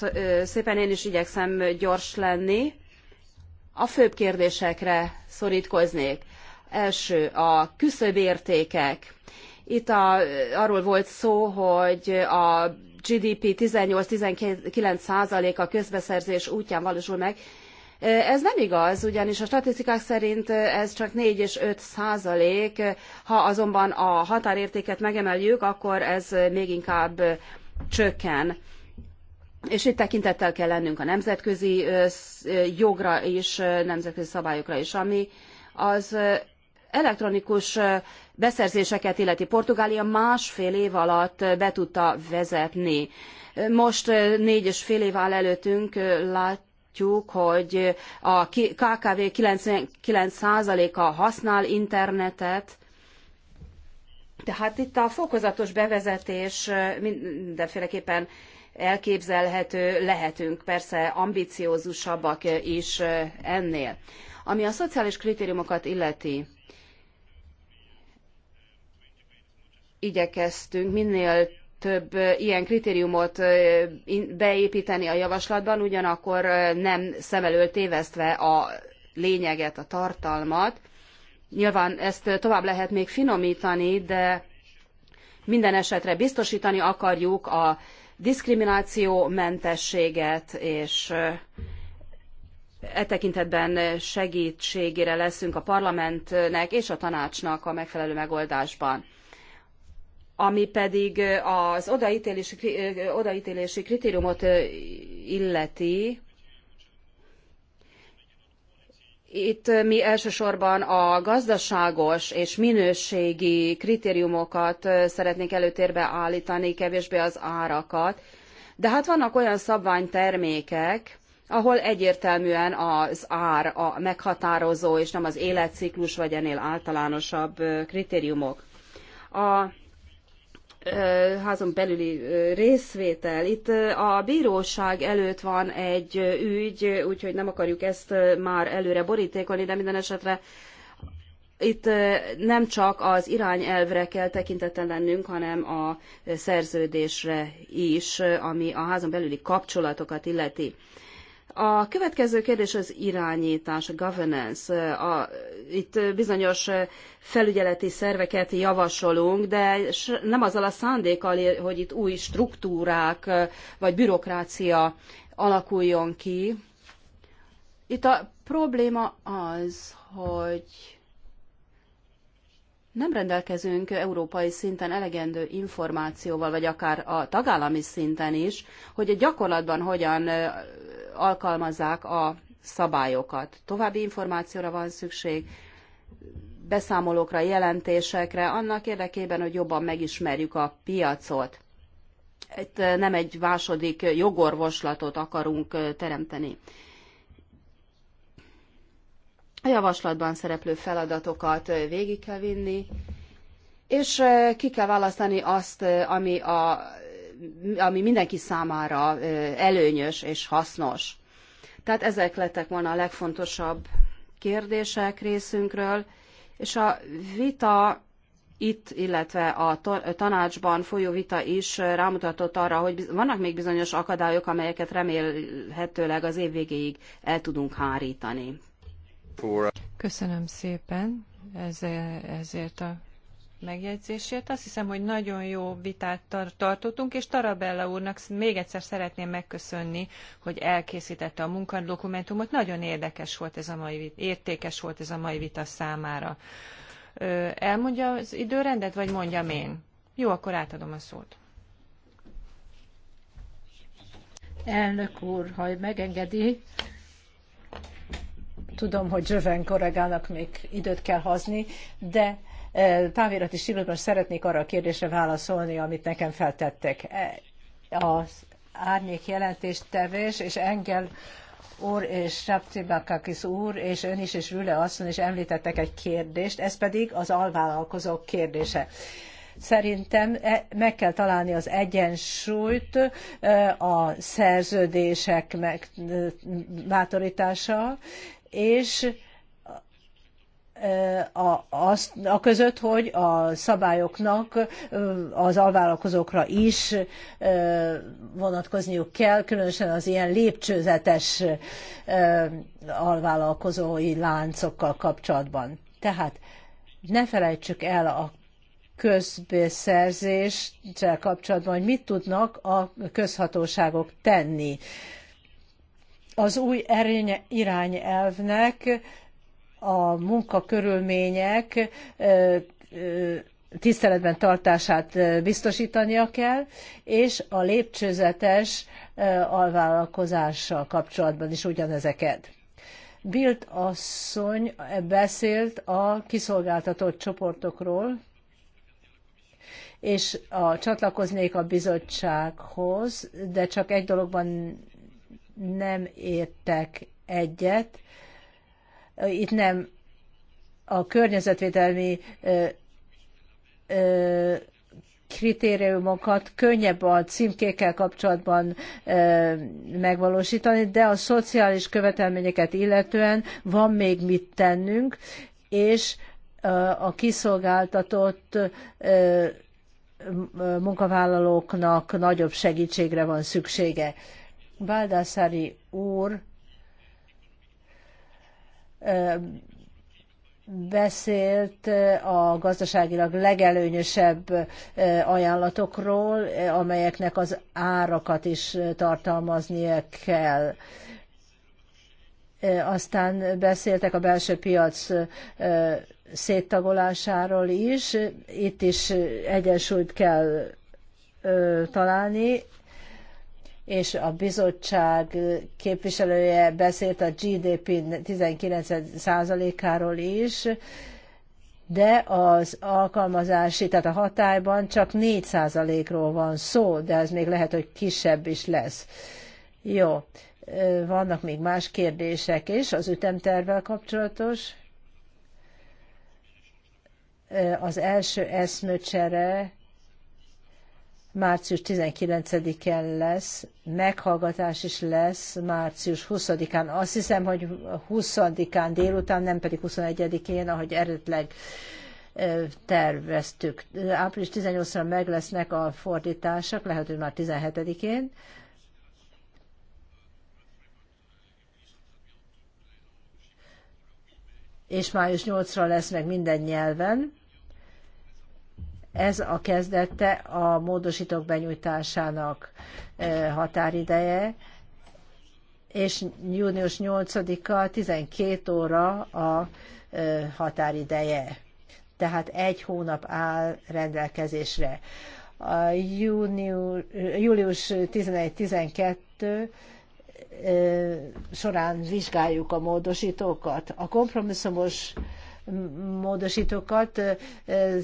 szépen, én is igyekszem gyors lenni. A főbb kérdésekre szorítkoznék. Első, a küszöbértékek. Itt a, arról volt szó, hogy a GDP 18-19 százaléka közbeszerzés útján valósul meg. Ez nem igaz, ugyanis a statisztikák szerint ez csak 4 és 5 százalék, ha azonban a határértéket megemeljük, akkor ez még inkább csökken. És itt tekintettel kell lennünk a nemzetközi jogra és nemzetközi szabályokra is, ami az elektronikus beszerzéseket illeti Portugália másfél év alatt be tudta vezetni. Most négy és fél év áll előttünk, lát, látjuk, hogy a KKV 99%-a használ internetet, tehát itt a fokozatos bevezetés mindenféleképpen elképzelhető, lehetünk persze ambiciózusabbak is ennél. Ami a szociális kritériumokat illeti, igyekeztünk minél több ilyen kritériumot beépíteni a javaslatban, ugyanakkor nem szem elől tévesztve a lényeget, a tartalmat. Nyilván ezt tovább lehet még finomítani, de minden esetre biztosítani akarjuk a diszkrimináció mentességet, és e tekintetben segítségére leszünk a parlamentnek és a tanácsnak a megfelelő megoldásban ami pedig az odaítélési, odaítélési kritériumot illeti, itt mi elsősorban a gazdaságos és minőségi kritériumokat szeretnénk előtérbe állítani, kevésbé az árakat. De hát vannak olyan szabványtermékek, ahol egyértelműen az ár a meghatározó, és nem az életciklus vagy ennél általánosabb kritériumok. A házon belüli részvétel. Itt a bíróság előtt van egy ügy, úgyhogy nem akarjuk ezt már előre borítékolni, de minden esetre itt nem csak az irányelvre kell tekintettel lennünk, hanem a szerződésre is, ami a házon belüli kapcsolatokat illeti. A következő kérdés az irányítás, a governance. A, itt bizonyos felügyeleti szerveket javasolunk, de nem azzal a szándékkal, hogy itt új struktúrák vagy bürokrácia alakuljon ki. Itt a probléma az, hogy nem rendelkezünk európai szinten elegendő információval, vagy akár a tagállami szinten is, hogy a gyakorlatban hogyan alkalmazzák a szabályokat. További információra van szükség, beszámolókra, jelentésekre, annak érdekében, hogy jobban megismerjük a piacot. Itt nem egy második jogorvoslatot akarunk teremteni. A javaslatban szereplő feladatokat végig kell vinni, és ki kell választani azt, ami a ami mindenki számára előnyös és hasznos. Tehát ezek lettek volna a legfontosabb kérdések részünkről, és a vita itt, illetve a tanácsban folyó vita is rámutatott arra, hogy vannak még bizonyos akadályok, amelyeket remélhetőleg az év végéig el tudunk hárítani. Köszönöm szépen ezért a megjegyzését. Azt hiszem, hogy nagyon jó vitát tar- tartottunk, és Tarabella úrnak még egyszer szeretném megköszönni, hogy elkészítette a munkadokumentumot. Nagyon érdekes volt ez a mai, értékes volt ez a mai vita számára. elmondja az időrendet, vagy mondjam én? Jó, akkor átadom a szót. Elnök úr, ha megengedi, tudom, hogy Zsöven kollégának még időt kell hazni, de távirati stílusban szeretnék arra a kérdésre válaszolni, amit nekem feltettek. E, az árnyék jelentéstevés és Engel úr és Sapcibakakis úr, és ön is, és Rüle asszony is említettek egy kérdést, ez pedig az alvállalkozók kérdése. Szerintem e, meg kell találni az egyensúlyt a szerződések megvátorítása, és a, az, a között, hogy a szabályoknak az alvállalkozókra is vonatkozniuk kell, különösen az ilyen lépcsőzetes alvállalkozói láncokkal kapcsolatban. Tehát ne felejtsük el a közbeszerzéssel kapcsolatban, hogy mit tudnak a közhatóságok tenni. Az új erény irányelvnek a munkakörülmények tiszteletben tartását biztosítania kell, és a lépcsőzetes alvállalkozással kapcsolatban is ugyanezeket. Bilt asszony beszélt a kiszolgáltatott csoportokról, és a, csatlakoznék a bizottsághoz, de csak egy dologban nem értek egyet, itt nem a környezetvédelmi kritériumokat könnyebb a címkékkel kapcsolatban ö, megvalósítani, de a szociális követelményeket illetően van még mit tennünk, és a kiszolgáltatott munkavállalóknak nagyobb segítségre van szüksége. Baldassari úr beszélt a gazdaságilag legelőnyösebb ajánlatokról, amelyeknek az árakat is tartalmaznia kell. Aztán beszéltek a belső piac széttagolásáról is, itt is egyensúlyt kell találni, és a bizottság képviselője beszélt a GDP 19%-áról is, de az alkalmazási, tehát a hatályban csak 4%-ról van szó, de ez még lehet, hogy kisebb is lesz. Jó, vannak még más kérdések is az ütemtervvel kapcsolatos. Az első eszmöcsere március 19-en lesz, meghallgatás is lesz március 20-án. Azt hiszem, hogy 20-án délután, nem pedig 21-én, ahogy eredetleg terveztük. Április 18-ra meg lesznek a fordítások, lehet, hogy már 17-én. És május 8-ra lesz meg minden nyelven ez a kezdete a módosítók benyújtásának e, határideje, és június 8-a 12 óra a e, határideje. Tehát egy hónap áll rendelkezésre. A június, július 11-12 e, során vizsgáljuk a módosítókat. A kompromisszumos módosítókat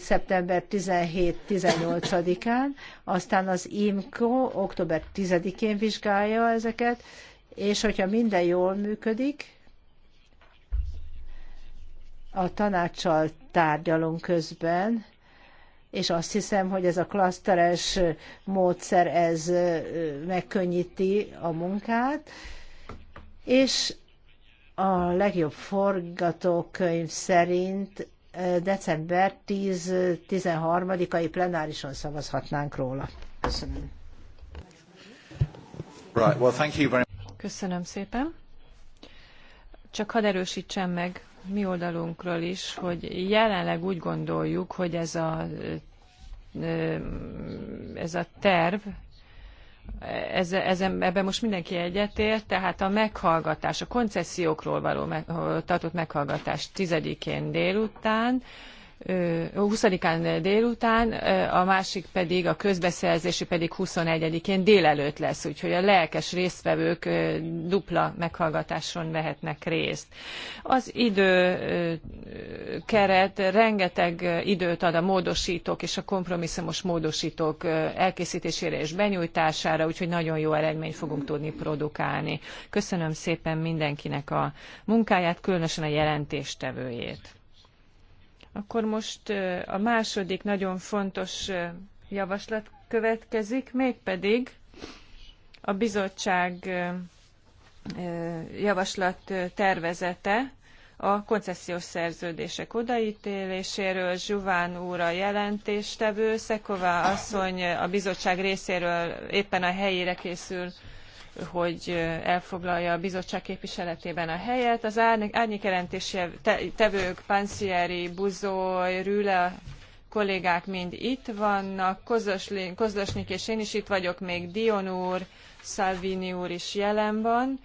szeptember 17-18-án, aztán az IMCO október 10-én vizsgálja ezeket, és hogyha minden jól működik, a tanácssal tárgyalunk közben, és azt hiszem, hogy ez a klaszteres módszer, ez megkönnyíti a munkát, és a legjobb forgatókönyv szerint december 10-13-ai plenárison szavazhatnánk róla. Köszönöm. Right, well, thank you very... Köszönöm szépen. Csak hadd erősítsem meg mi oldalunkról is, hogy jelenleg úgy gondoljuk, hogy ez a ez a terv ez, ez, ebben most mindenki egyetért, tehát a meghallgatás, a koncesziókról való meg, tartott meghallgatás én délután, 20-án délután, a másik pedig, a közbeszerzési pedig 21-én délelőtt lesz, úgyhogy a lelkes résztvevők dupla meghallgatáson vehetnek részt. Az időkeret rengeteg időt ad a módosítók és a kompromisszumos módosítók elkészítésére és benyújtására, úgyhogy nagyon jó eredményt fogunk tudni produkálni. Köszönöm szépen mindenkinek a munkáját, különösen a jelentéstevőjét. Akkor most a második nagyon fontos javaslat következik, mégpedig a bizottság javaslat tervezete a koncesziós szerződések odaítéléséről, Zsuván úr a jelentéstevő, Szeková asszony a bizottság részéről éppen a helyére készül hogy elfoglalja a bizottság képviseletében a helyet. Az árnyékjelentés tevők, Pansieri, Buzoy, Rüle kollégák mind itt vannak, Kozlosnik és én is itt vagyok, még Dion úr, Salvini úr is jelen van.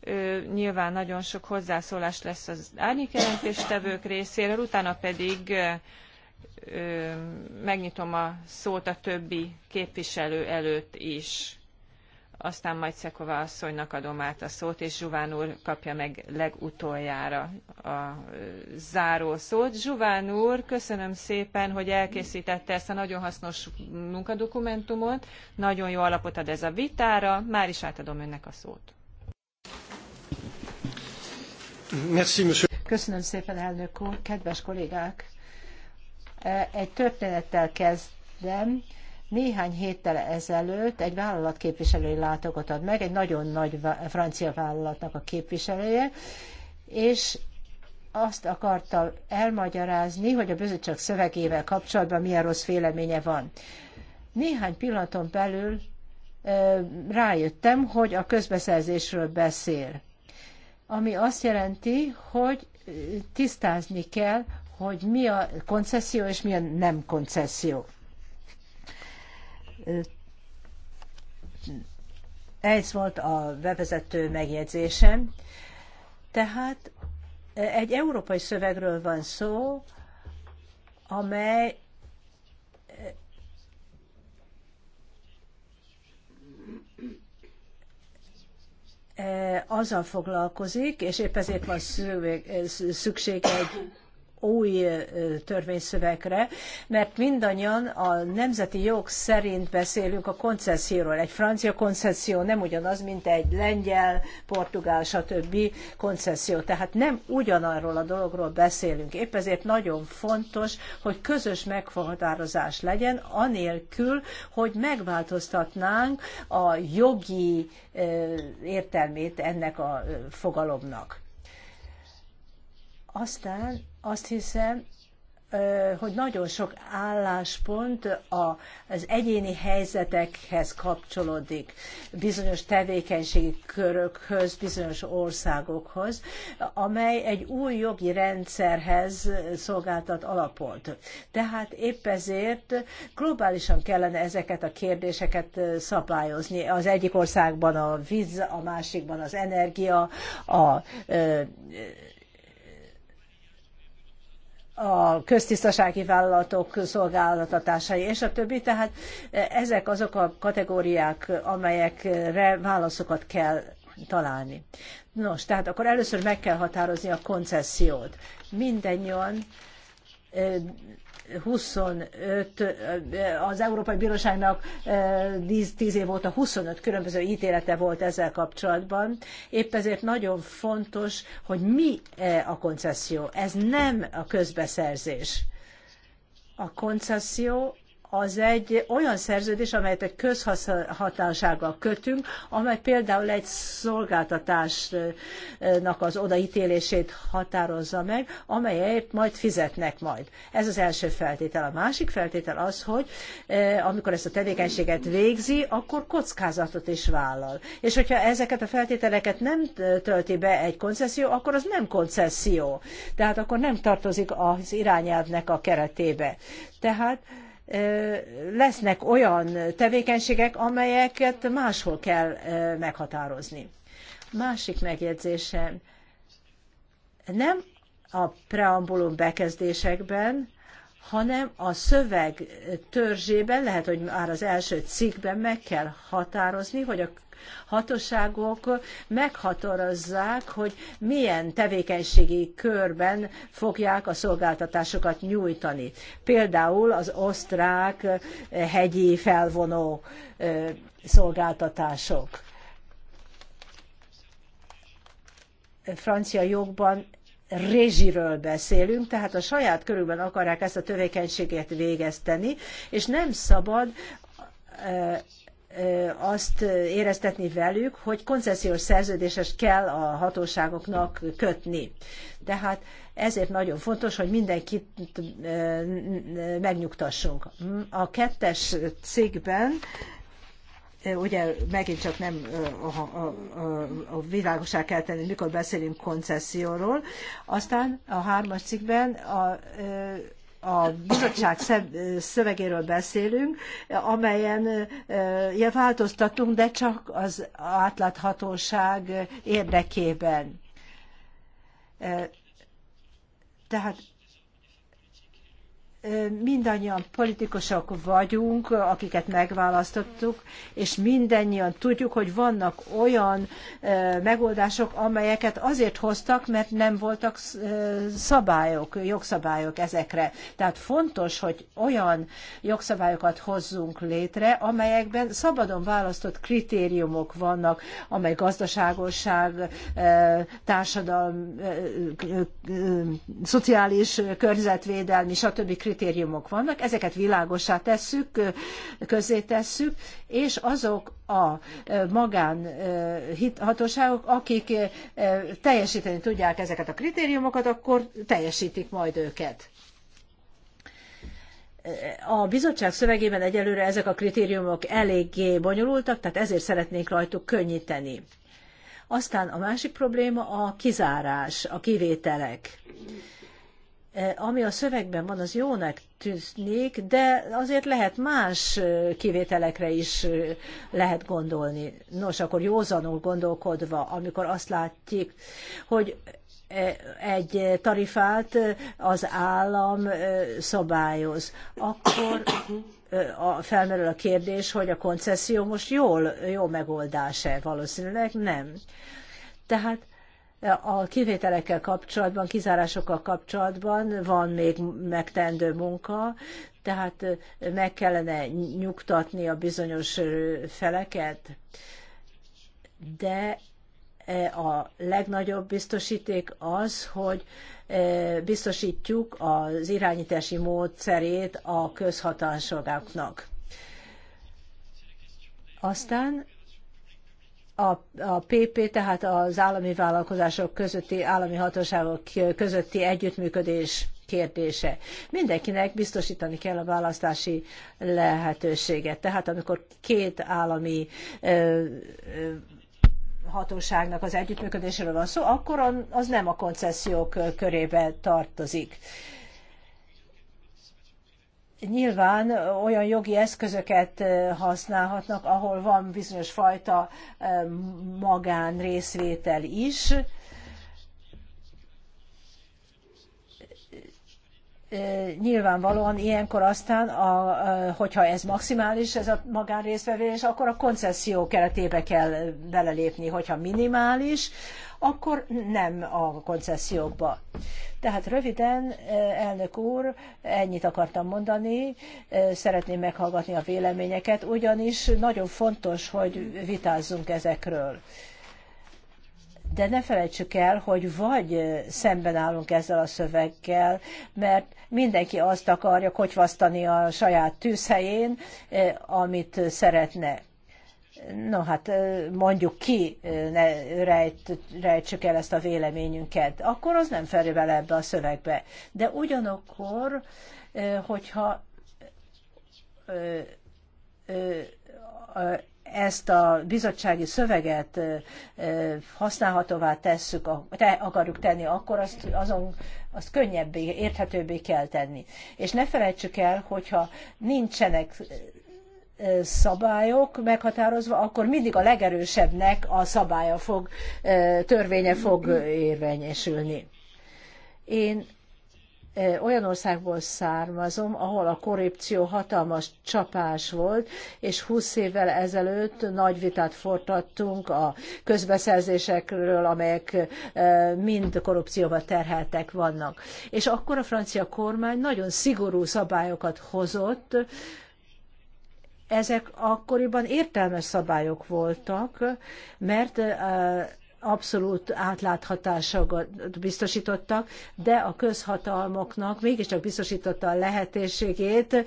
Ö, nyilván nagyon sok hozzászólás lesz az tevők részéről, utána pedig ö, ö, megnyitom a szót a többi képviselő előtt is aztán majd asszonynak adom át a szót, és Zsuván úr kapja meg legutoljára a záró szót. Zsuván úr, köszönöm szépen, hogy elkészítette ezt a nagyon hasznos munkadokumentumot, nagyon jó alapot ad ez a vitára, már is átadom önnek a szót. Köszönöm szépen, elnök úr, kedves kollégák! E, egy történettel kezdem néhány héttel ezelőtt egy vállalat képviselői látogatott meg, egy nagyon nagy francia vállalatnak a képviselője, és azt akarta elmagyarázni, hogy a bizottság szövegével kapcsolatban milyen rossz véleménye van. Néhány pillanaton belül rájöttem, hogy a közbeszerzésről beszél. Ami azt jelenti, hogy tisztázni kell, hogy mi a koncesszió és mi a nem koncesszió. Ez volt a bevezető megjegyzésem. Tehát egy európai szövegről van szó, amely azzal foglalkozik, és épp ezért van szükség egy új törvényszövegre, mert mindannyian a nemzeti jog szerint beszélünk a koncesszióról. Egy francia koncesszió nem ugyanaz, mint egy lengyel, portugál, stb. koncesszió. Tehát nem ugyanarról a dologról beszélünk. Épp ezért nagyon fontos, hogy közös meghatározás legyen, anélkül, hogy megváltoztatnánk a jogi értelmét ennek a fogalomnak. Aztán azt hiszem, hogy nagyon sok álláspont az egyéni helyzetekhez kapcsolódik, bizonyos tevékenységi körökhöz, bizonyos országokhoz, amely egy új jogi rendszerhez szolgáltat alapot. Tehát épp ezért globálisan kellene ezeket a kérdéseket szabályozni. Az egyik országban a víz, a másikban az energia, a a köztisztasági vállalatok szolgáltatásai, és a többi. Tehát ezek azok a kategóriák, amelyekre válaszokat kell találni. Nos, tehát akkor először meg kell határozni a koncesziót. Mindennyian 25, az Európai Bíróságnak 10, eh, 10 év óta 25 különböző ítélete volt ezzel kapcsolatban. Épp ezért nagyon fontos, hogy mi eh, a koncesszió. Ez nem a közbeszerzés. A koncesszió az egy olyan szerződés, amelyet egy közhatásággal kötünk, amely például egy szolgáltatásnak az odaítélését határozza meg, amelyért majd fizetnek majd. Ez az első feltétel. A másik feltétel az, hogy eh, amikor ezt a tevékenységet végzi, akkor kockázatot is vállal. És hogyha ezeket a feltételeket nem tölti be egy koncesszió, akkor az nem koncesszió. Tehát akkor nem tartozik az irányelvnek a keretébe. Tehát lesznek olyan tevékenységek, amelyeket máshol kell meghatározni. Másik megjegyzésem, nem a preambulum bekezdésekben, hanem a szöveg törzsében, lehet, hogy már az első cikkben meg kell határozni, hogy a hatóságok meghatározzák, hogy milyen tevékenységi körben fogják a szolgáltatásokat nyújtani. Például az osztrák eh, hegyi felvonó eh, szolgáltatások. Francia jogban rezsiről beszélünk, tehát a saját körülben akarják ezt a tevékenységet végezteni, és nem szabad eh, azt éreztetni velük, hogy koncesziós szerződéses kell a hatóságoknak kötni. Tehát ezért nagyon fontos, hogy mindenkit megnyugtassunk. A kettes cégben ugye megint csak nem a, a, a, a világosá kell tenni, mikor beszélünk koncesszióról. Aztán a hármas cikkben a, a a bizottság szövegéről beszélünk, amelyen ja, változtatunk, de csak az átláthatóság érdekében. Tehát mindannyian politikusok vagyunk, akiket megválasztottuk, és mindannyian tudjuk, hogy vannak olyan megoldások, amelyeket azért hoztak, mert nem voltak szabályok, jogszabályok ezekre. Tehát fontos, hogy olyan jogszabályokat hozzunk létre, amelyekben szabadon választott kritériumok vannak, amely gazdaságosság, társadalmi, szociális, környezetvédelmi, stb. kritériumok kritériumok vannak, ezeket világosá tesszük, közzé tesszük, és azok a magán hatóságok, akik teljesíteni tudják ezeket a kritériumokat, akkor teljesítik majd őket a bizottság szövegében egyelőre ezek a kritériumok eléggé bonyolultak, tehát ezért szeretnénk rajtuk könnyíteni. Aztán a másik probléma a kizárás, a kivételek. E, ami a szövegben van, az jónak tűnik, de azért lehet más e, kivételekre is e, lehet gondolni. Nos, akkor józanul gondolkodva, amikor azt látjuk, hogy egy tarifát az állam szabályoz, akkor felmerül a kérdés, hogy a koncesszió most jól, jó megoldás-e? Valószínűleg nem. Tehát a kivételekkel kapcsolatban, kizárásokkal kapcsolatban van még megtendő munka, tehát meg kellene nyugtatni a bizonyos feleket, de e, a legnagyobb biztosíték az, hogy e, biztosítjuk az irányítási módszerét a közhatásoknak. Aztán a, a PP, tehát az állami vállalkozások közötti, állami hatóságok közötti együttműködés kérdése. Mindenkinek biztosítani kell a választási lehetőséget. Tehát amikor két állami ö, ö, hatóságnak az együttműködéséről van szó, akkor az nem a koncesziók körébe tartozik. Ö, nyilván olyan jogi eszközöket használhatnak, ahol van bizonyos fajta magánrészvétel is. Nyilvánvalóan ilyenkor aztán, a, hogyha ez maximális, ez a magánrészvevés, akkor a koncesszió keretébe kell belelépni, hogyha minimális, akkor nem a koncessziókba. Tehát röviden, eh, elnök úr, ennyit akartam mondani, eh, szeretném meghallgatni a véleményeket, ugyanis nagyon fontos, hogy vitázzunk ezekről. De ne felejtsük el, hogy vagy eh, szemben állunk ezzel a szöveggel, mert mindenki azt akarja kotyvasztani a saját tűzhelyén, amit szeretne. Na hát mondjuk ki, ne rejt, rejtsük el ezt a véleményünket, akkor az nem felül bele ebbe a szövegbe. De ugyanakkor, hogyha ezt a bizottsági szöveget használhatóvá tesszük, te akarjuk tenni, akkor azt, azon, azt könnyebbé, érthetőbbé kell tenni. És ne felejtsük el, hogyha nincsenek szabályok meghatározva, akkor mindig a legerősebbnek a szabálya fog, törvénye fog érvényesülni. Én olyan országból származom, ahol a korrupció hatalmas csapás volt, és 20 évvel ezelőtt nagy vitát fortattunk a közbeszerzésekről, amelyek mind korrupcióval terheltek vannak. És akkor a francia kormány nagyon szigorú szabályokat hozott, ezek akkoriban értelmes szabályok voltak, mert abszolút átláthatásokat biztosítottak, de a közhatalmoknak mégiscsak biztosította a lehetőségét,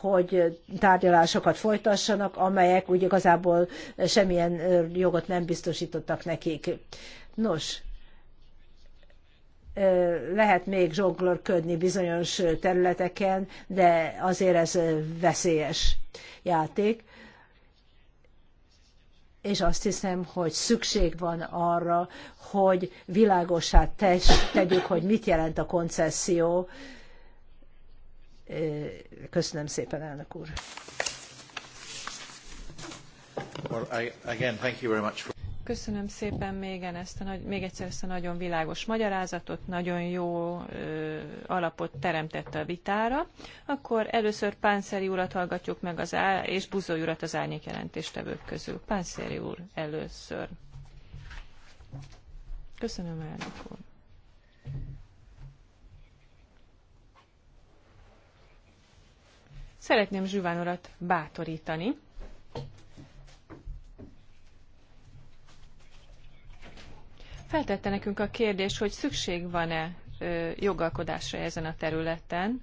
hogy tárgyalásokat folytassanak, amelyek úgy igazából semmilyen jogot nem biztosítottak nekik. Nos, lehet még zsonglőrködni bizonyos területeken, de azért ez veszélyes játék. És azt hiszem, hogy szükség van arra, hogy világosá tegyük, hogy mit jelent a koncesszió. Köszönöm szépen, elnök úr. Well, I, again, thank you very much for... Köszönöm szépen még, ezt a, még egyszer ezt a nagyon világos magyarázatot, nagyon jó ö, alapot teremtett a vitára. Akkor először Pánszeri urat hallgatjuk meg, az á, és Buzoly urat az árnyék jelentéstevők közül. Pánszeri úr először. Köszönöm, elnök úr. Szeretném Zsiván urat bátorítani, feltette nekünk a kérdés, hogy szükség van-e jogalkodásra ezen a területen.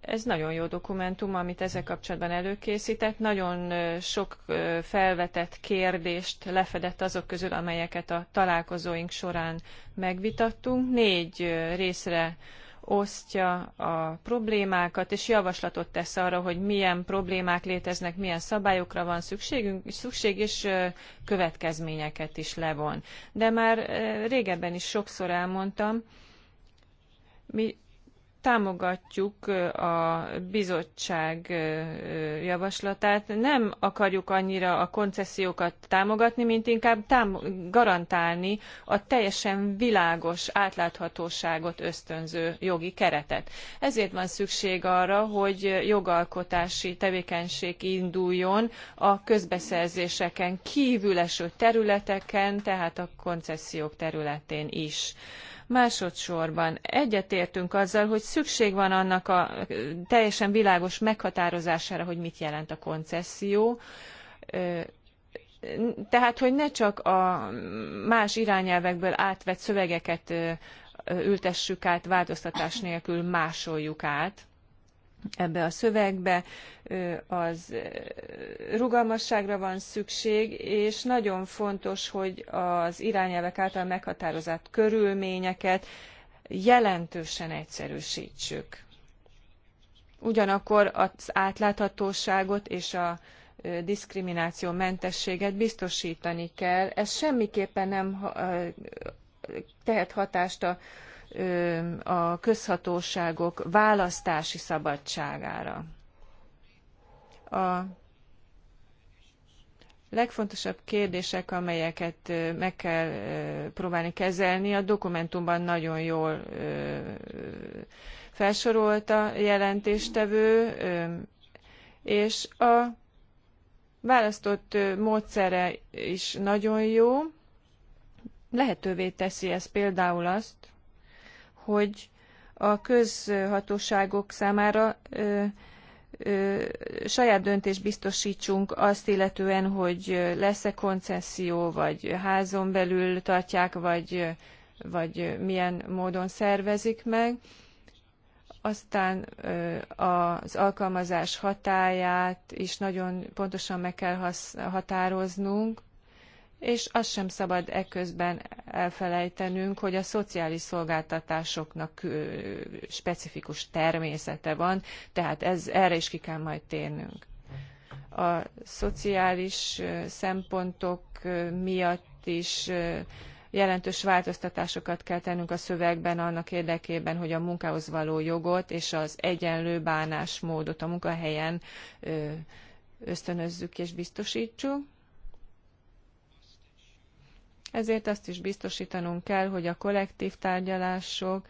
Ez nagyon jó dokumentum, amit ezzel kapcsolatban előkészített. Nagyon sok felvetett kérdést lefedett azok közül, amelyeket a találkozóink során megvitattunk. Négy részre osztja a problémákat, és javaslatot tesz arra, hogy milyen problémák léteznek, milyen szabályokra van szükségünk, szükség, és következményeket is levon. De már régebben is sokszor elmondtam, mi támogatjuk a bizottság javaslatát. Nem akarjuk annyira a koncesziókat támogatni, mint inkább tám- garantálni a teljesen világos átláthatóságot ösztönző jogi keretet. Ezért van szükség arra, hogy jogalkotási tevékenység induljon a közbeszerzéseken kívül eső területeken, tehát a koncesziók területén is Másodszorban egyetértünk azzal, hogy szükség van annak a teljesen világos meghatározására, hogy mit jelent a koncesszió. Tehát, hogy ne csak a más irányelvekből átvett szövegeket ültessük át változtatás nélkül, másoljuk át, ebbe a szövegbe, az rugalmasságra van szükség, és nagyon fontos, hogy az irányelvek által meghatározott körülményeket jelentősen egyszerűsítsük. Ugyanakkor az átláthatóságot és a diszkrimináció mentességet biztosítani kell. Ez semmiképpen nem tehet hatást a a közhatóságok választási szabadságára. A legfontosabb kérdések, amelyeket meg kell próbálni kezelni, a dokumentumban nagyon jól felsorolta jelentéstevő, és a választott módszere is nagyon jó. Lehetővé teszi ez például azt, hogy a közhatóságok számára ö, ö, saját döntést biztosítsunk azt illetően, hogy lesz-e koncesszió, vagy házon belül tartják, vagy, vagy milyen módon szervezik meg. Aztán ö, az alkalmazás hatáját is nagyon pontosan meg kell határoznunk, és azt sem szabad eközben elfelejtenünk, hogy a szociális szolgáltatásoknak specifikus természete van, tehát ez, erre is ki kell majd térnünk. A szociális szempontok miatt is jelentős változtatásokat kell tennünk a szövegben annak érdekében, hogy a munkához való jogot és az egyenlő bánásmódot a munkahelyen ösztönözzük és biztosítsuk ezért azt is biztosítanunk kell, hogy a kollektív tárgyalások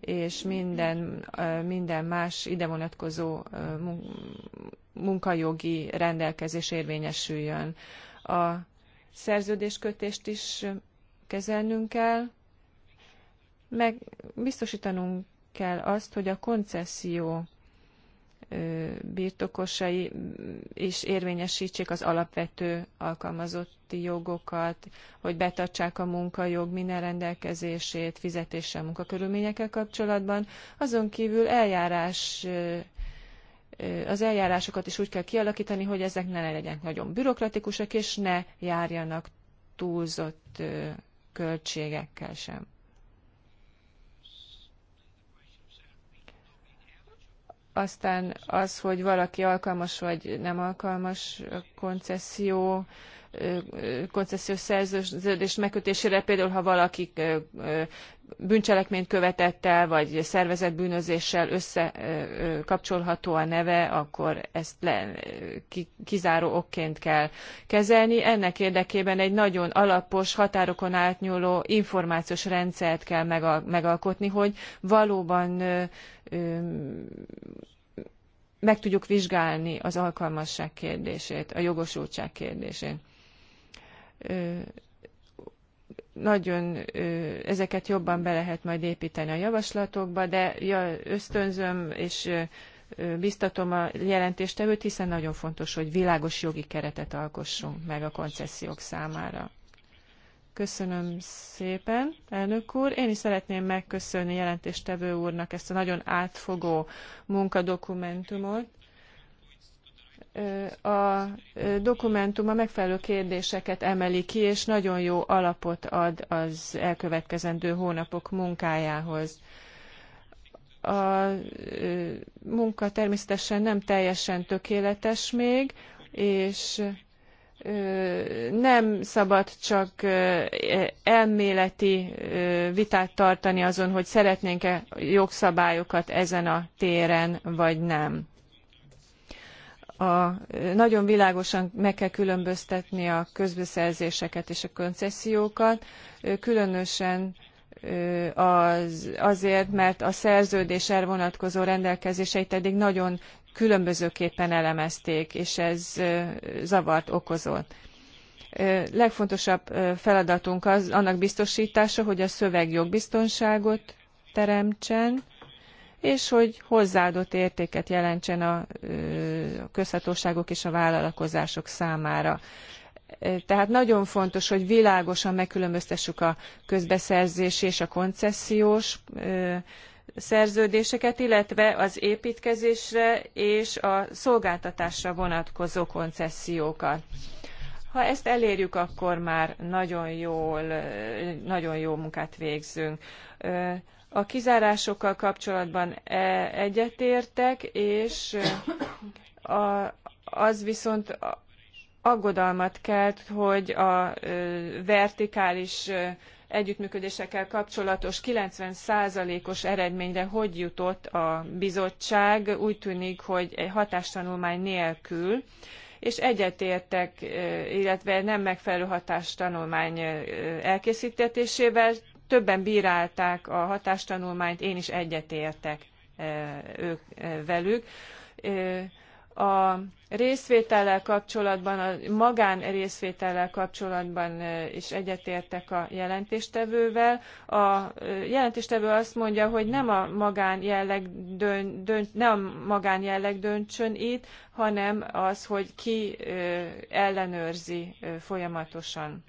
és minden, minden más ide vonatkozó munkajogi rendelkezés érvényesüljön. A szerződéskötést is kezelnünk kell, meg biztosítanunk kell azt, hogy a koncesszió birtokosai is érvényesítsék az alapvető alkalmazotti jogokat, hogy betartsák a munkajog minden rendelkezését, fizetéssel, munkakörülményekkel kapcsolatban. Azon kívül eljárás az eljárásokat is úgy kell kialakítani, hogy ezek ne legyenek nagyon bürokratikusak, és ne járjanak túlzott költségekkel sem. aztán az, hogy valaki alkalmas vagy nem alkalmas koncesszió, koncesziós szerződés megkötésére, például ha valaki bűncselekményt követett el, vagy szervezett bűnözéssel összekapcsolható a neve, akkor ezt le, kizáró okként kell kezelni. Ennek érdekében egy nagyon alapos, határokon átnyúló információs rendszert kell megalkotni, hogy valóban meg tudjuk vizsgálni az alkalmasság kérdését, a jogosultság kérdését. Nagyon ezeket jobban be lehet majd építeni a javaslatokba, de ösztönzöm és biztatom a jelentéstevőt, hiszen nagyon fontos, hogy világos jogi keretet alkossunk meg a koncesziók számára. Köszönöm szépen, elnök úr. Én is szeretném megköszönni jelentéstevő úrnak ezt a nagyon átfogó munkadokumentumot. A dokumentum a megfelelő kérdéseket emeli ki, és nagyon jó alapot ad az elkövetkezendő hónapok munkájához a munka természetesen nem teljesen tökéletes még, és nem szabad csak elméleti vitát tartani azon, hogy szeretnénk-e jogszabályokat ezen a téren, vagy nem. A, nagyon világosan meg kell különböztetni a közbeszerzéseket és a koncesziókat, különösen az, azért, mert a szerződés elvonatkozó rendelkezéseit eddig nagyon különbözőképpen elemezték, és ez zavart okozott. Legfontosabb feladatunk az annak biztosítása, hogy a szöveg jogbiztonságot teremtsen, és hogy hozzáadott értéket jelentsen a közhatóságok és a vállalkozások számára. Tehát nagyon fontos, hogy világosan megkülönböztessük a közbeszerzési és a koncesziós szerződéseket, illetve az építkezésre és a szolgáltatásra vonatkozó koncesziókat. Ha ezt elérjük, akkor már nagyon, jól, nagyon jó munkát végzünk. A kizárásokkal kapcsolatban e, egyetértek, és az viszont aggodalmat kelt, hogy a vertikális együttműködésekkel kapcsolatos 90%-os eredményre hogy jutott a bizottság, úgy tűnik, hogy egy hatástanulmány nélkül, és egyetértek, illetve nem megfelelő hatástanulmány elkésztésével Többen bírálták a hatástanulmányt, én is egyetértek velük a részvétellel kapcsolatban, a magán részvétellel kapcsolatban is egyetértek a jelentéstevővel. A jelentéstevő azt mondja, hogy nem a magán jelleg dönt, nem a magán jelleg döntsön itt, hanem az, hogy ki ellenőrzi folyamatosan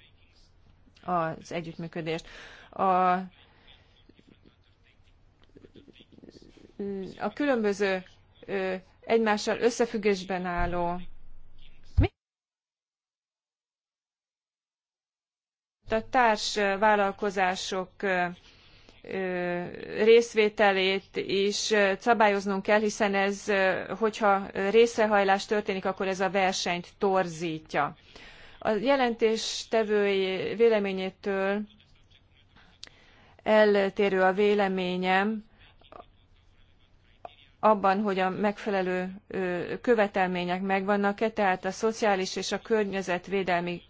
az együttműködést. A, a különböző egymással összefüggésben álló a társ vállalkozások részvételét is szabályoznunk kell, hiszen ez, hogyha részrehajlás történik, akkor ez a versenyt torzítja. A jelentéstevői véleményétől eltérő a véleményem, abban, hogy a megfelelő követelmények megvannak-e, tehát a szociális és a környezetvédelmi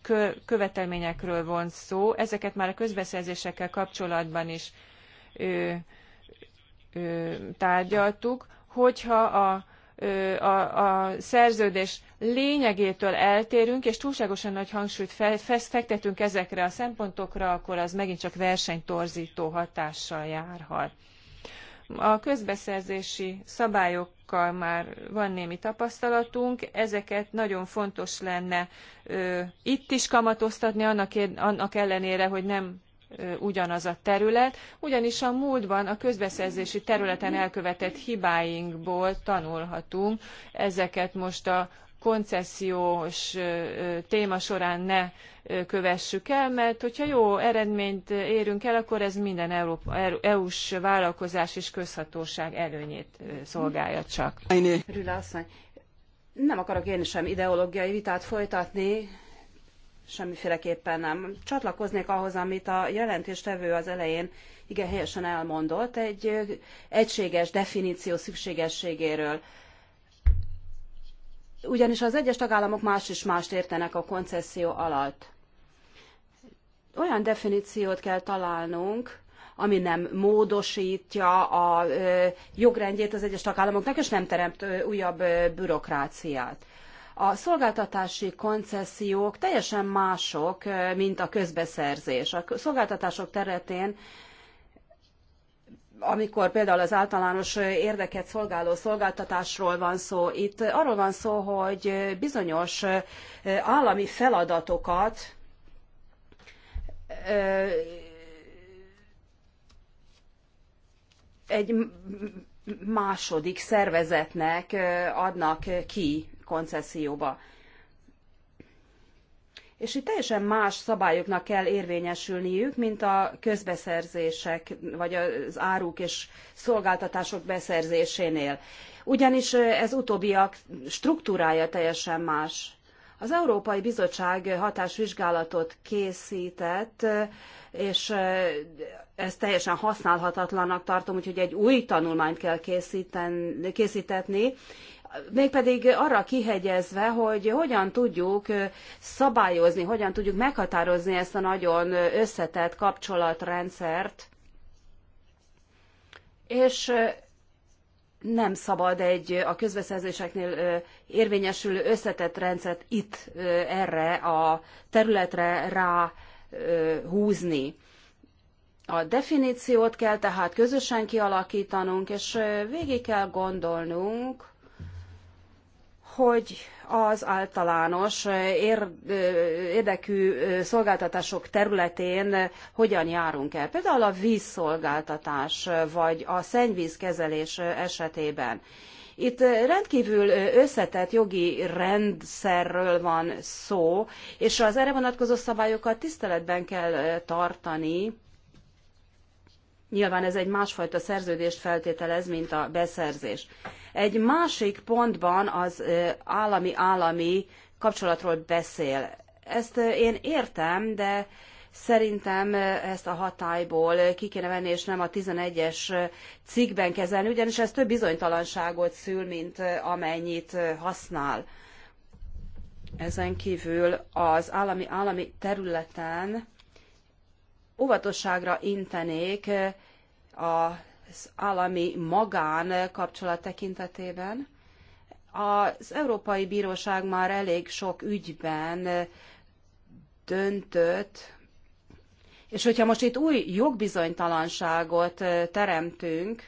követelményekről van szó, ezeket már a közbeszerzésekkel kapcsolatban is tárgyaltuk, hogyha a, a, a szerződés lényegétől eltérünk, és túlságosan nagy hangsúlyt fektetünk ezekre a szempontokra, akkor az megint csak versenytorzító hatással járhat a közbeszerzési szabályokkal már van némi tapasztalatunk, ezeket nagyon fontos lenne ö, itt is kamatoztatni, annak, annak ellenére, hogy nem ugyanaz a terület, ugyanis a múltban a közbeszerzési területen elkövetett hibáinkból tanulhatunk, ezeket most a koncesziós téma során ne kövessük el, mert hogyha jó eredményt érünk el, akkor ez minden EU-s e vállalkozás és közhatóság előnyét szolgálja csak. nem akarok én sem ideológiai vitát folytatni, semmiféleképpen nem. Csatlakoznék ahhoz, amit a jelentéstevő az elején igen helyesen elmondott, egy egységes definíció szükségességéről ugyanis az egyes tagállamok más is mást értenek a koncesszió alatt. Olyan definíciót kell találnunk, ami nem módosítja a jogrendjét az egyes tagállamoknak, és nem teremt újabb bürokráciát. A szolgáltatási koncesziók teljesen mások, mint a közbeszerzés. A szolgáltatások területén amikor például az általános érdeket szolgáló szolgáltatásról van szó, itt arról van szó, hogy bizonyos állami feladatokat egy második szervezetnek adnak ki koncesszióba. És itt teljesen más szabályoknak kell érvényesülniük, mint a közbeszerzések, vagy az áruk és szolgáltatások beszerzésénél. Ugyanis ez utóbbiak struktúrája teljesen más. Az Európai Bizottság hatásvizsgálatot készített, és ezt teljesen használhatatlannak tartom, úgyhogy egy új tanulmányt kell készíteni mégpedig arra kihegyezve, hogy hogyan tudjuk szabályozni, hogyan tudjuk meghatározni ezt a nagyon összetett kapcsolatrendszert, és nem szabad egy a közbeszerzéseknél érvényesülő összetett rendszert itt erre a területre rá húzni. A definíciót kell tehát közösen kialakítanunk, és végig kell gondolnunk, hogy az általános eh, eh, érdekű eh, szolgáltatások területén hogyan járunk el. Például a vízszolgáltatás vagy a szennyvízkezelés esetében. Itt rendkívül összetett jogi rendszerről van szó, és az erre vonatkozó szabályokat tiszteletben kell tartani, Nyilván ez egy másfajta szerződést feltételez, mint a beszerzés. Egy másik pontban az állami-állami kapcsolatról beszél. Ezt én értem, de szerintem ezt a hatályból ki kéne venni, és nem a 11-es cikkben kezelni, ugyanis ez több bizonytalanságot szül, mint amennyit használ. Ezen kívül az állami-állami területen óvatosságra intenék eh, az állami magán kapcsolat tekintetében. Az Európai Bíróság már elég sok ügyben eh, döntött, és hogyha most itt új jogbizonytalanságot eh, teremtünk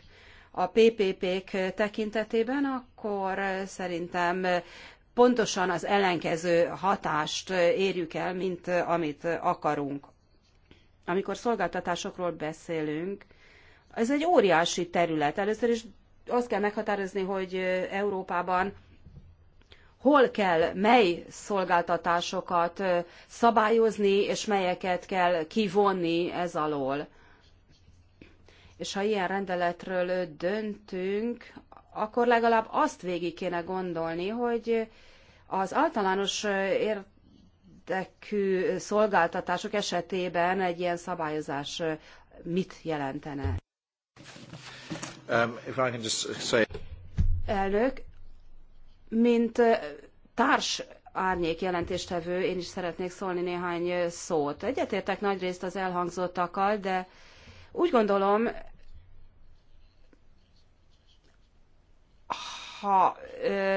a PPP-k tekintetében, akkor szerintem pontosan az ellenkező hatást érjük el, mint amit akarunk amikor szolgáltatásokról beszélünk, ez egy óriási terület. Először is azt kell meghatározni, hogy Európában hol kell mely szolgáltatásokat szabályozni, és melyeket kell kivonni ez alól. És ha ilyen rendeletről döntünk, akkor legalább azt végig kéne gondolni, hogy az általános ért érdekű szolgáltatások esetében egy ilyen szabályozás mit jelentene? Um, if I can just say... Elnök, mint társ árnyék jelentéstevő, én is szeretnék szólni néhány szót. Egyetértek részt az elhangzottakkal, de úgy gondolom, ha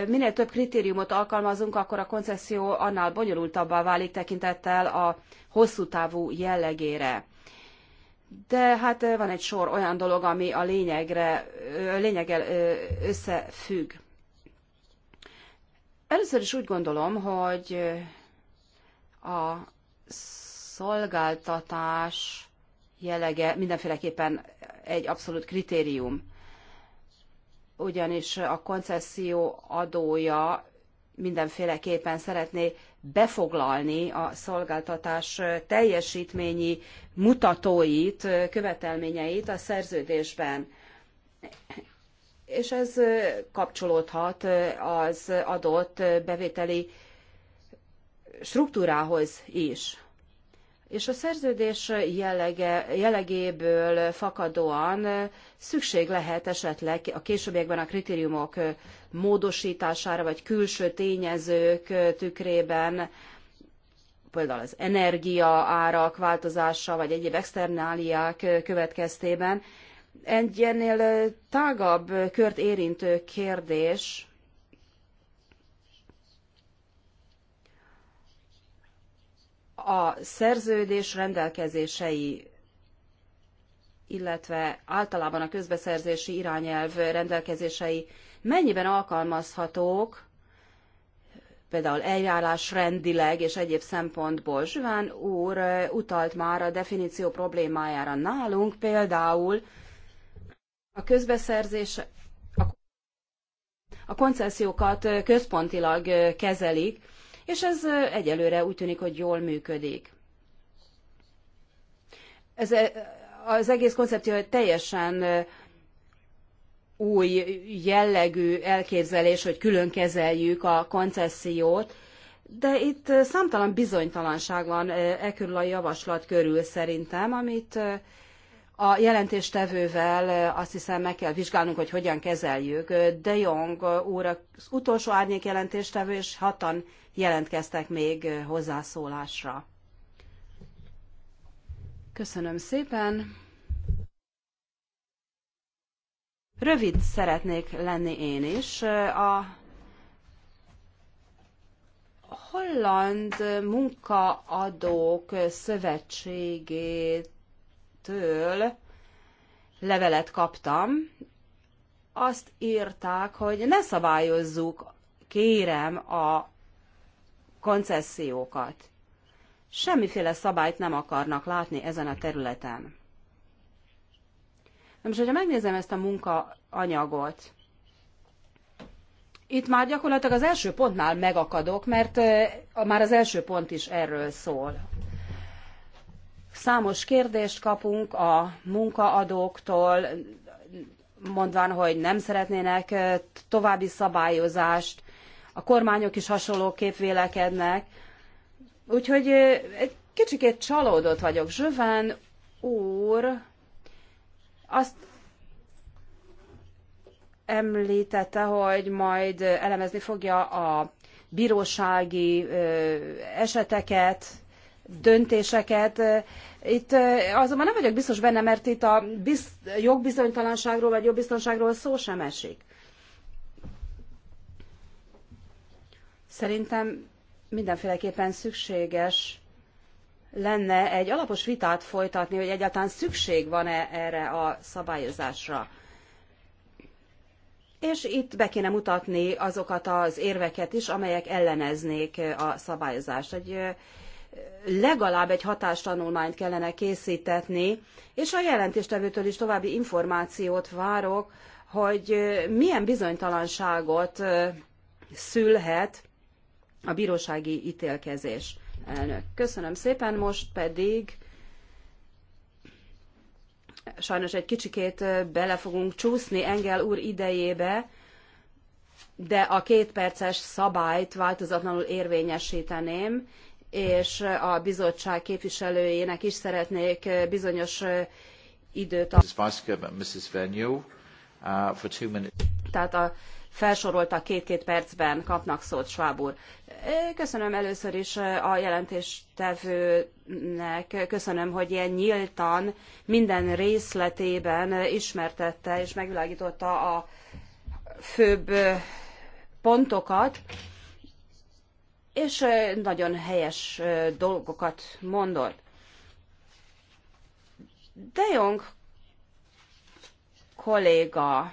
minél több kritériumot alkalmazunk, akkor a koncesszió annál bonyolultabbá válik tekintettel a hosszú távú jellegére. De hát van egy sor olyan dolog, ami a lényegre, lényeggel összefügg. Először is úgy gondolom, hogy a szolgáltatás jellege mindenféleképpen egy abszolút kritérium ugyanis a koncesszió adója mindenféleképpen szeretné befoglalni a szolgáltatás teljesítményi mutatóit, követelményeit a szerződésben. És ez kapcsolódhat az adott bevételi struktúrához is. És a szerződés jellege, jellegéből fakadóan szükség lehet esetleg a későbbiekben a kritériumok módosítására, vagy külső tényezők tükrében, például az energia árak változása, vagy egyéb externáliák következtében. Egy ennél tágabb kört érintő kérdés, a szerződés rendelkezései, illetve általában a közbeszerzési irányelv rendelkezései mennyiben alkalmazhatók, például eljárás rendileg és egyéb szempontból. Zsiván úr utalt már a definíció problémájára nálunk, például a közbeszerzés a koncesziókat központilag kezelik, és ez egyelőre úgy tűnik, hogy jól működik. Ez az egész koncepció teljesen új jellegű elképzelés, hogy külön kezeljük a koncesziót, de itt számtalan bizonytalanság van e körül a javaslat körül szerintem, amit a jelentéstevővel azt hiszem meg kell vizsgálnunk, hogy hogyan kezeljük. De Jong úr az utolsó árnyék jelentéstevő, és hatan jelentkeztek még hozzászólásra. Köszönöm szépen. Rövid szeretnék lenni én is. A Holland Munkaadók Szövetségétől levelet kaptam. Azt írták, hogy ne szabályozzuk, kérem, a koncesziókat. Semmiféle szabályt nem akarnak látni ezen a területen. Na most, hogyha megnézem ezt a munkaanyagot, itt már gyakorlatilag az első pontnál megakadok, mert már az első pont is erről szól. Számos kérdést kapunk a munkaadóktól, mondván, hogy nem szeretnének további szabályozást, a kormányok is hasonlóképp vélekednek. Úgyhogy egy kicsikét csalódott vagyok. Zsöven úr azt említette, hogy majd elemezni fogja a bírósági eseteket, döntéseket. Itt azonban nem vagyok biztos benne, mert itt a jogbizonytalanságról vagy jogbiztonságról szó sem esik. Szerintem mindenféleképpen szükséges lenne egy alapos vitát folytatni, hogy egyáltalán szükség van-e erre a szabályozásra. És itt be kéne mutatni azokat az érveket is, amelyek elleneznék a szabályozást. Egy, legalább egy hatástanulmányt kellene készítetni, és a jelentéstevőtől is további információt várok, hogy milyen bizonytalanságot szülhet a bírósági ítélkezés elnök. Köszönöm szépen, most pedig sajnos egy kicsikét bele fogunk csúszni Engel úr idejébe, de a két perces szabályt változatlanul érvényesíteném, és a bizottság képviselőjének is szeretnék bizonyos időt uh, minutes. Tehát a Felsorolta két-két percben kapnak szót, Schwab úr. Köszönöm először is a jelentéstevőnek, köszönöm, hogy ilyen nyíltan minden részletében ismertette és megvilágította a főbb pontokat, és nagyon helyes dolgokat mondott. De Jong kolléga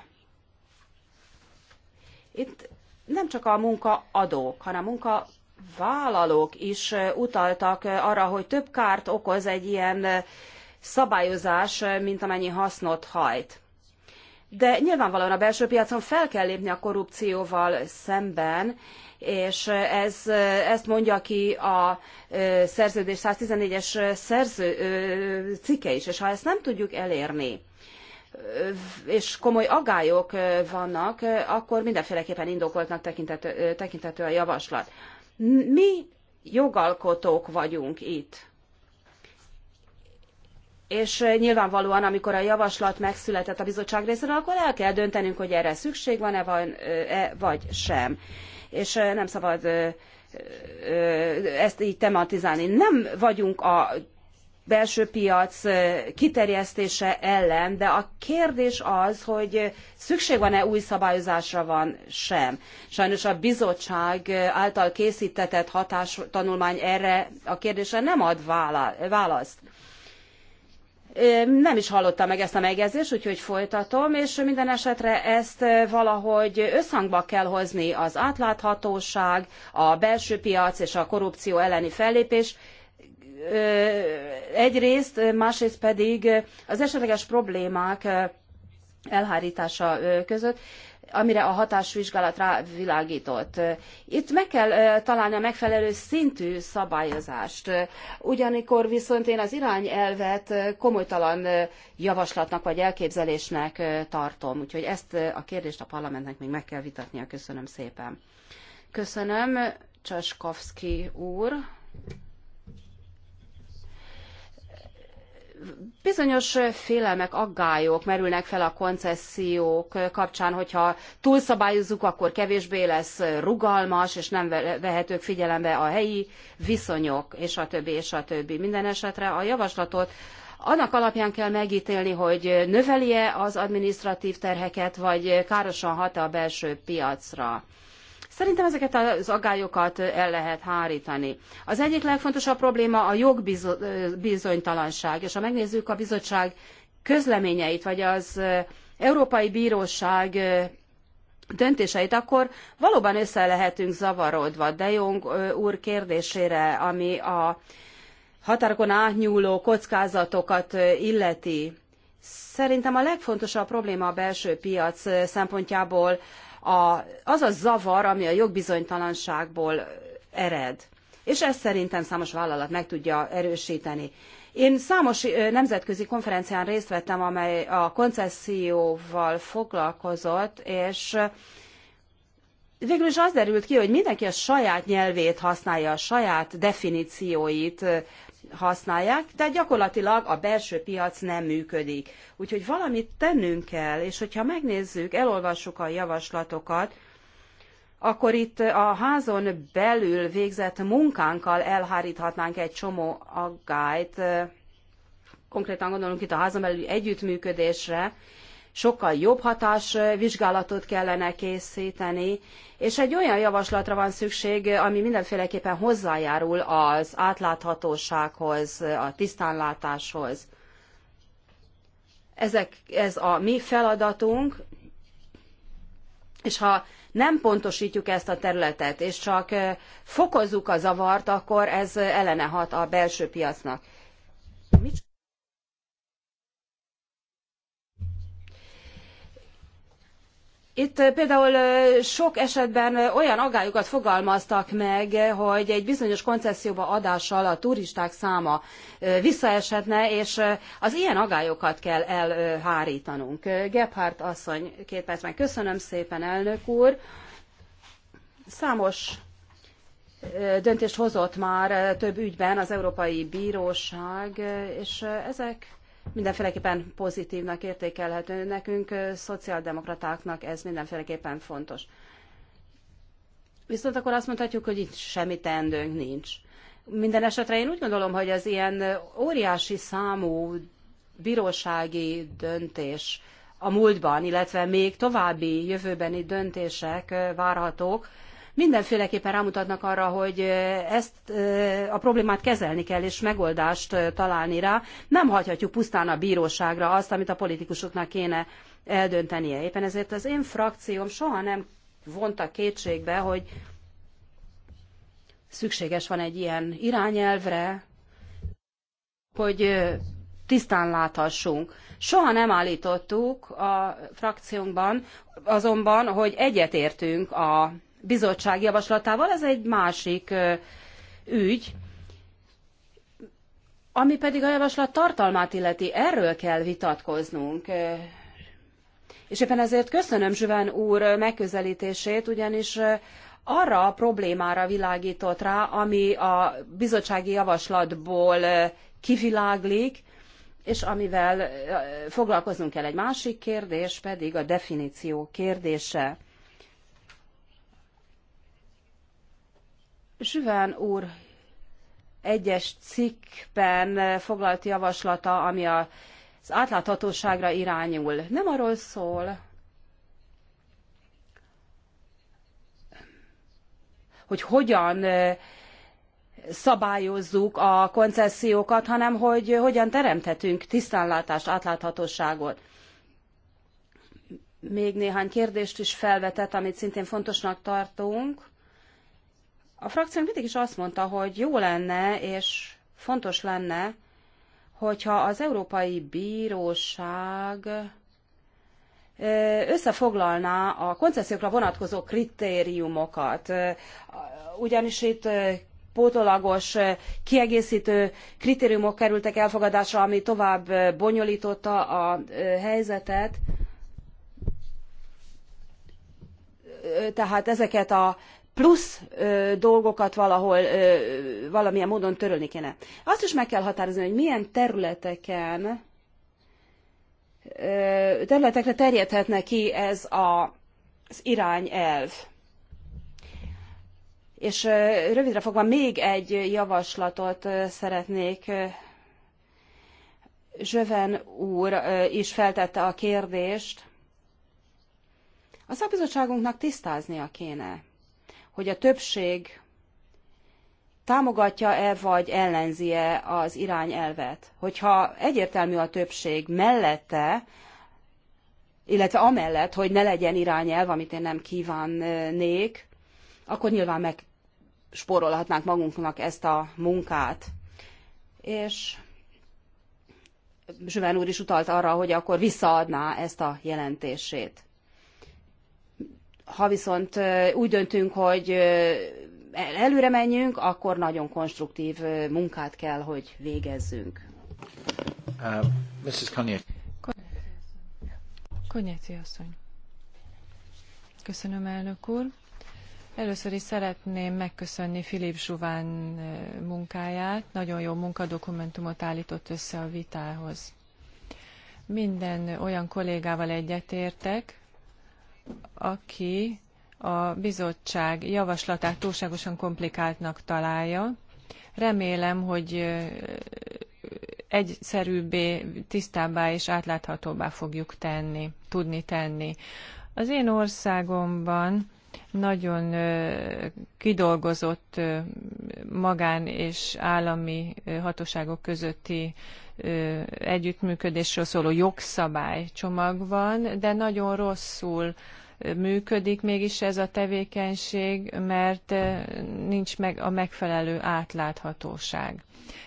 itt nem csak a munkaadók, hanem a munka vállalók is utaltak arra, hogy több kárt okoz egy ilyen szabályozás, mint amennyi hasznot hajt. De nyilvánvalóan a belső piacon fel kell lépni a korrupcióval szemben, és ez, ezt mondja ki a szerződés 114-es szerző, cikke is, és ha ezt nem tudjuk elérni, és komoly agályok vannak, akkor mindenféleképpen indokoltnak tekintető, a javaslat. Mi jogalkotók vagyunk itt. És nyilvánvalóan, amikor a javaslat megszületett a bizottság részéről, akkor el kell döntenünk, hogy erre szükség van-e van, -e, vagy sem. És nem szabad ezt így tematizálni. Nem vagyunk a belső piac kiterjesztése ellen, de a kérdés az, hogy szükség van-e új szabályozásra van sem. Sajnos a bizottság által készítetett hatástanulmány erre a kérdésre nem ad választ. Nem is hallottam meg ezt a megjegyzést, úgyhogy folytatom, és minden esetre ezt valahogy összhangba kell hozni az átláthatóság, a belső piac és a korrupció elleni fellépés, egyrészt, másrészt pedig az esetleges problémák elhárítása között, amire a hatásvizsgálat rávilágított. Itt meg kell találni a megfelelő szintű szabályozást. Ugyanikor viszont én az irányelvet komolytalan javaslatnak vagy elképzelésnek tartom. Úgyhogy ezt a kérdést a parlamentnek még meg kell vitatnia. Köszönöm szépen. Köszönöm, Csaskovszki úr. Bizonyos félelmek, aggályok merülnek fel a koncesziók kapcsán, hogyha túlszabályozzuk, akkor kevésbé lesz rugalmas, és nem vehetők figyelembe a helyi viszonyok, és a többi, és a többi. Minden esetre a javaslatot annak alapján kell megítélni, hogy növeli-e az administratív terheket, vagy károsan hat a belső piacra. Szerintem ezeket az agályokat el lehet hárítani. Az egyik legfontosabb probléma a jogbizonytalanság, és ha megnézzük a bizottság közleményeit, vagy az Európai Bíróság döntéseit, akkor valóban össze lehetünk zavarodva. De Jong úr kérdésére, ami a határokon átnyúló kockázatokat illeti. Szerintem a legfontosabb probléma a belső piac szempontjából a, az a zavar, ami a jogbizonytalanságból ered. És ezt szerintem számos vállalat meg tudja erősíteni. Én számos nemzetközi konferencián részt vettem, amely a koncesszióval foglalkozott, és végül is az derült ki, hogy mindenki a saját nyelvét használja, a saját definícióit használják, de gyakorlatilag a belső piac nem működik. Úgyhogy valamit tennünk kell, és hogyha megnézzük, elolvassuk a javaslatokat, akkor itt a házon belül végzett munkánkkal elháríthatnánk egy csomó aggályt. Konkrétan gondolunk itt a házon belüli együttműködésre, sokkal jobb hatás vizsgálatot kellene készíteni, és egy olyan javaslatra van szükség, ami mindenféleképpen hozzájárul az átláthatósághoz, a tisztánlátáshoz. Ezek, ez a mi feladatunk, és ha nem pontosítjuk ezt a területet, és csak fokozzuk a zavart, akkor ez ellene hat a belső piacnak. Micsoda? Itt például sok esetben olyan agályokat fogalmaztak meg, hogy egy bizonyos koncesszióba adással a turisták száma visszaeshetne, és az ilyen agályokat kell elhárítanunk. Gebhardt asszony, két percben köszönöm szépen, elnök úr. Számos döntést hozott már több ügyben az Európai Bíróság, és ezek mindenféleképpen pozitívnak értékelhető. Nekünk, szociáldemokratáknak ez mindenféleképpen fontos. Viszont akkor azt mondhatjuk, hogy itt semmi teendőnk nincs. Minden esetre én úgy gondolom, hogy az ilyen óriási számú bírósági döntés a múltban, illetve még további jövőbeni döntések várhatók, mindenféleképpen rámutatnak arra, hogy ezt a problémát kezelni kell, és megoldást találni rá. Nem hagyhatjuk pusztán a bíróságra azt, amit a politikusoknak kéne eldöntenie. Éppen ezért az én frakcióm soha nem vonta kétségbe, hogy szükséges van egy ilyen irányelvre, hogy tisztán láthassunk. Soha nem állítottuk a frakciónkban, azonban, hogy egyetértünk a bizottság javaslatával, ez egy másik ügy, ami pedig a javaslat tartalmát illeti, erről kell vitatkoznunk. És éppen ezért köszönöm Zsüven úr megközelítését, ugyanis arra a problémára világított rá, ami a bizottsági javaslatból kiviláglik, és amivel foglalkoznunk kell. Egy másik kérdés pedig a definíció kérdése. Zsüven úr egyes cikkben foglalt javaslata, ami az átláthatóságra irányul, nem arról szól, hogy hogyan szabályozzuk a koncesziókat, hanem hogy hogyan teremthetünk tisztánlátást, átláthatóságot. Még néhány kérdést is felvetett, amit szintén fontosnak tartunk. A frakciónk mindig is azt mondta, hogy jó lenne és fontos lenne, hogyha az Európai Bíróság összefoglalná a koncesziókra vonatkozó kritériumokat. Ugyanis itt pótolagos kiegészítő kritériumok kerültek elfogadásra, ami tovább bonyolította a helyzetet. Tehát ezeket a plusz ö, dolgokat valahol ö, valamilyen módon törölni kéne. Azt is meg kell határozni, hogy milyen területeken ö, területekre terjedhetne ki ez a, az irányelv. És ö, rövidre fogva még egy javaslatot ö, szeretnék Zsöven úr is feltette a kérdést. A szakbizottságunknak tisztáznia kéne, hogy a többség támogatja-e vagy ellenzi-e az irányelvet. Hogyha egyértelmű a többség mellette, illetve amellett, hogy ne legyen irányelv, amit én nem kívánnék, akkor nyilván megspórolhatnánk magunknak ezt a munkát. És Zsüven úr is utalt arra, hogy akkor visszaadná ezt a jelentését. Ha viszont úgy döntünk, hogy előre menjünk, akkor nagyon konstruktív munkát kell, hogy végezzünk. Uh, Mrs. Konyet. asszony. Köszönöm, elnök úr. Először is szeretném megköszönni Filip Zsuván munkáját. Nagyon jó munkadokumentumot állított össze a vitához. Minden olyan kollégával egyetértek, aki a bizottság javaslatát túlságosan komplikáltnak találja. Remélem, hogy egyszerűbbé, tisztábbá és átláthatóbbá fogjuk tenni, tudni tenni. Az én országomban nagyon kidolgozott magán és állami hatóságok közötti együttműködésről szóló jogszabálycsomag van, de nagyon rosszul működik mégis ez a tevékenység, mert nincs meg a megfelelő átláthatóság.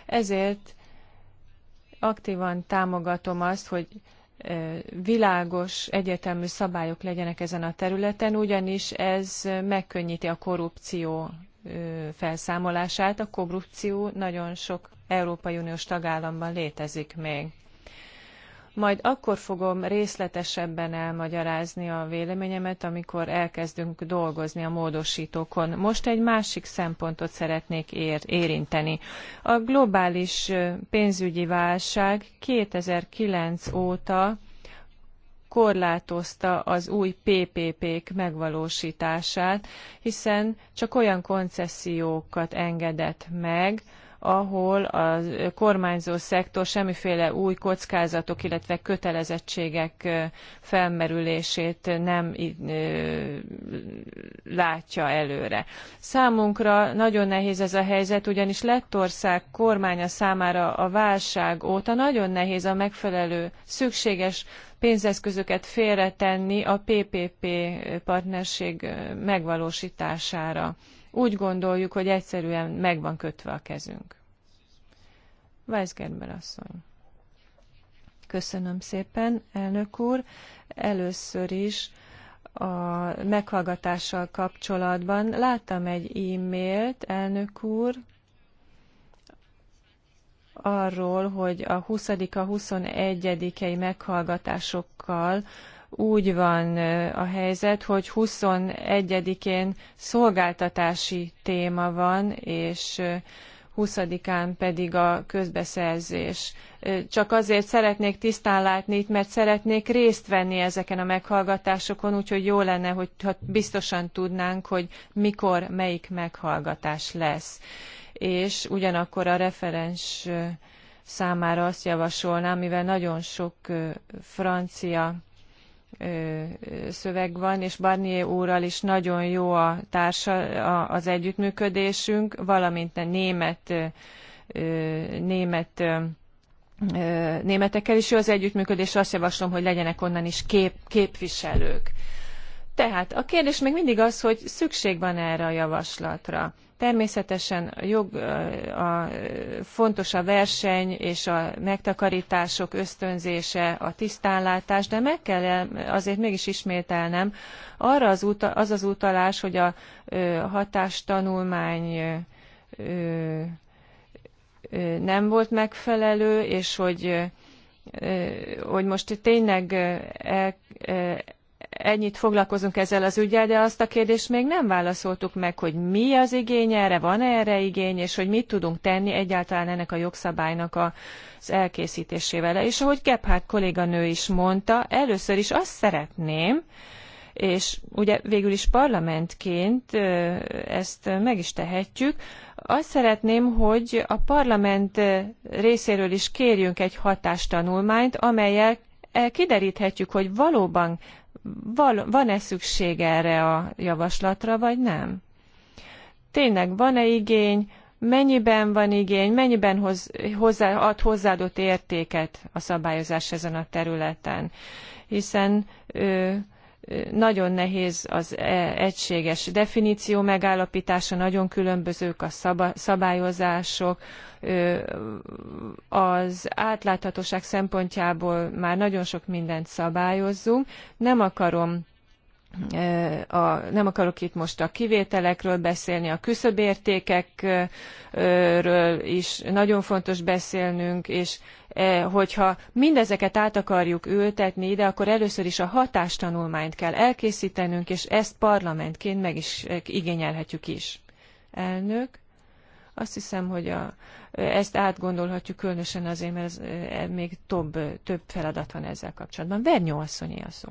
Ezért aktívan támogatom azt, hogy világos, egyetemű szabályok legyenek ezen a területen, ugyanis ez megkönnyíti a korrupció felszámolását. A korrupció nagyon sok Európai Uniós tagállamban létezik még. Majd akkor fogom részletesebben elmagyarázni a véleményemet, amikor elkezdünk dolgozni a módosítókon. Most egy másik szempontot szeretnék ér- érinteni. A globális pénzügyi válság 2009 óta korlátozta az új PPP-k megvalósítását, hiszen csak olyan koncesziókat engedett meg, ahol a kormányzó szektor semmiféle új kockázatok, illetve kötelezettségek felmerülését nem látja előre. Számunkra nagyon nehéz ez a helyzet, ugyanis Lettország kormánya számára a válság óta nagyon nehéz a megfelelő szükséges pénzeszközöket félretenni a PPP partnerség megvalósítására úgy gondoljuk, hogy egyszerűen meg van kötve a kezünk. Weisgerber asszony. Köszönöm szépen, elnök úr. Először is a meghallgatással kapcsolatban láttam egy e-mailt, elnök úr, arról, hogy a 20 a 21-i meghallgatásokkal úgy van a helyzet, hogy 21-én szolgáltatási téma van, és 20-án pedig a közbeszerzés. Csak azért szeretnék tisztán látni itt, mert szeretnék részt venni ezeken a meghallgatásokon, úgyhogy jó lenne, hogy ha biztosan tudnánk, hogy mikor melyik meghallgatás lesz. És ugyanakkor a referens számára azt javasolnám, mivel nagyon sok francia szöveg van, és Barnier úrral is nagyon jó a társa, a, az együttműködésünk, valamint a német, német németekkel is jó az együttműködés, azt javaslom, hogy legyenek onnan is kép, képviselők. Tehát a kérdés még mindig az, hogy szükség van erre a javaslatra. Természetesen a jog, a, fontos a verseny és a megtakarítások ösztönzése, a tisztánlátás, de meg kell azért mégis ismételnem, arra az, uta, az, az utalás, hogy a hatástanulmány nem volt megfelelő, és hogy hogy most tényleg el, ennyit foglalkozunk ezzel az ügyel, de azt a kérdést még nem válaszoltuk meg, hogy mi az igény erre, van -e erre igény, és hogy mit tudunk tenni egyáltalán ennek a jogszabálynak az elkészítésével. És ahogy Gebhardt kolléganő is mondta, először is azt szeretném, és ugye végül is parlamentként ezt meg is tehetjük. Azt szeretném, hogy a parlament részéről is kérjünk egy hatástanulmányt, amellyel kideríthetjük, hogy valóban van-e szükség erre a javaslatra, vagy nem? Tényleg van-e igény, mennyiben van igény, mennyiben hoz, hozzá, ad hozzáadott értéket a szabályozás ezen a területen? Hiszen ö, nagyon nehéz az e, egységes definíció megállapítása, nagyon különbözők a szabályozások, az átláthatóság szempontjából már nagyon sok mindent szabályozzunk. Nem akarom a, nem akarok itt most a kivételekről beszélni, a küszöbértékekről is nagyon fontos beszélnünk, és Eh, hogyha mindezeket át akarjuk ültetni ide, akkor először is a hatástanulmányt kell elkészítenünk, és ezt parlamentként meg is eh, igényelhetjük is. Elnök, azt hiszem, hogy a, eh, ezt átgondolhatjuk különösen azért, mert ez, még több, több feladat van ezzel kapcsolatban. Vernyó asszonyi a szó.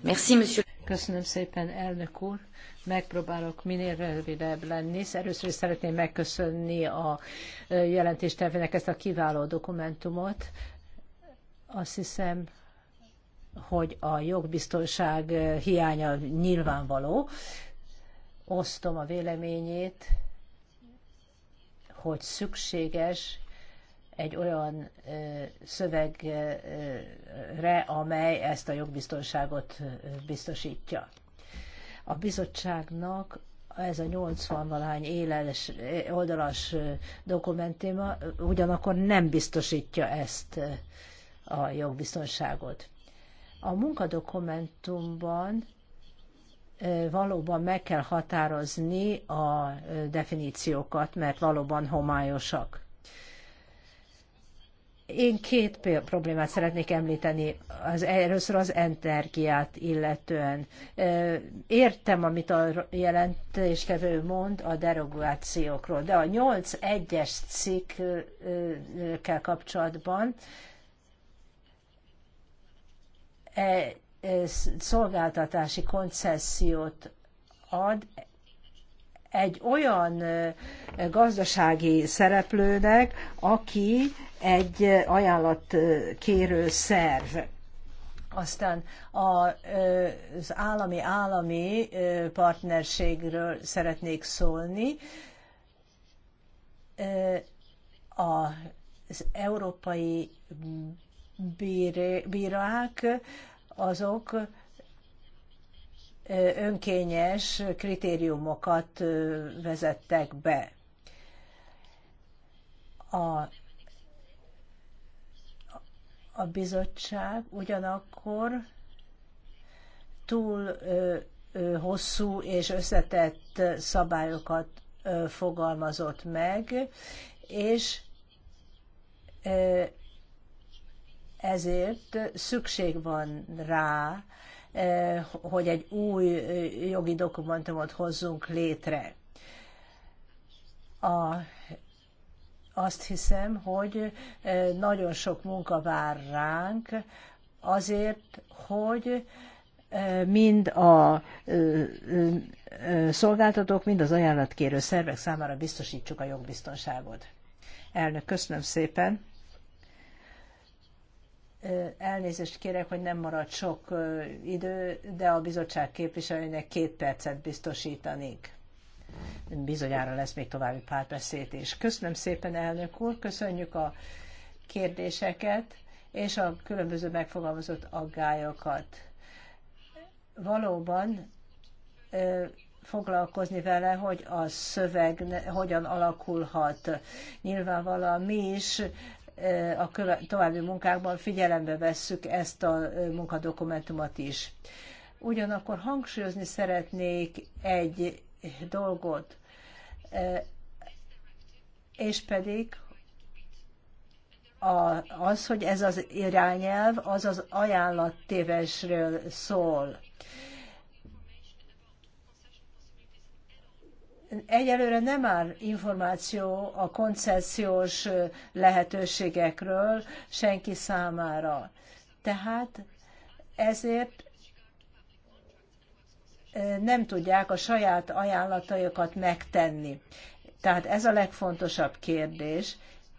Merci, monsieur. Köszönöm szépen, elnök úr. Megpróbálok minél rövidebb lenni. Először is szeretném megköszönni a jelentéstevőnek ezt a kiváló dokumentumot. Azt hiszem, hogy a jogbiztonság hiánya nyilvánvaló. Osztom a véleményét, hogy szükséges egy olyan szövegre, amely ezt a jogbiztonságot biztosítja. A bizottságnak ez a 80-valahány éles, oldalas dokumentuma ugyanakkor nem biztosítja ezt a jogbiztonságot. A munkadokumentumban valóban meg kell határozni a definíciókat, mert valóban homályosak. Én két problémát szeretnék említeni. Az először az energiát illetően. Értem, amit a jelentéstevő mond a derogációkról, de a 8.1-es cikkkel kapcsolatban e, e, szolgáltatási koncesziót ad egy olyan gazdasági szereplőnek, aki egy ajánlatkérő szerv. Aztán az állami-állami partnerségről szeretnék szólni. Az európai bírák azok, önkényes kritériumokat vezettek be. A, a bizottság ugyanakkor túl ö, ö, hosszú és összetett szabályokat ö, fogalmazott meg, és ö, ezért szükség van rá, Eh, hogy egy új eh, jogi dokumentumot hozzunk létre. A, azt hiszem, hogy eh, nagyon sok munka vár ránk azért, hogy mind a szolgáltatók, mind az ajánlatkérő szervek számára biztosítsuk a jogbiztonságot. Elnök, köszönöm szépen. Elnézést kérek, hogy nem marad sok idő, de a bizottság képviselőnek két percet biztosítanék. Bizonyára lesz még további párbeszéd is. Köszönöm szépen, elnök úr, köszönjük a kérdéseket és a különböző megfogalmazott aggályokat. Valóban foglalkozni vele, hogy a szöveg hogyan alakulhat. Nyilvánvalóan mi is a további munkákban figyelembe vesszük ezt a munkadokumentumot is. Ugyanakkor hangsúlyozni szeretnék egy dolgot, és pedig az, hogy ez az irányelv, az az ajánlattévesről szól egyelőre nem áll információ a koncepciós lehetőségekről senki számára. Tehát ezért nem tudják a saját ajánlataikat megtenni. Tehát ez a legfontosabb kérdés.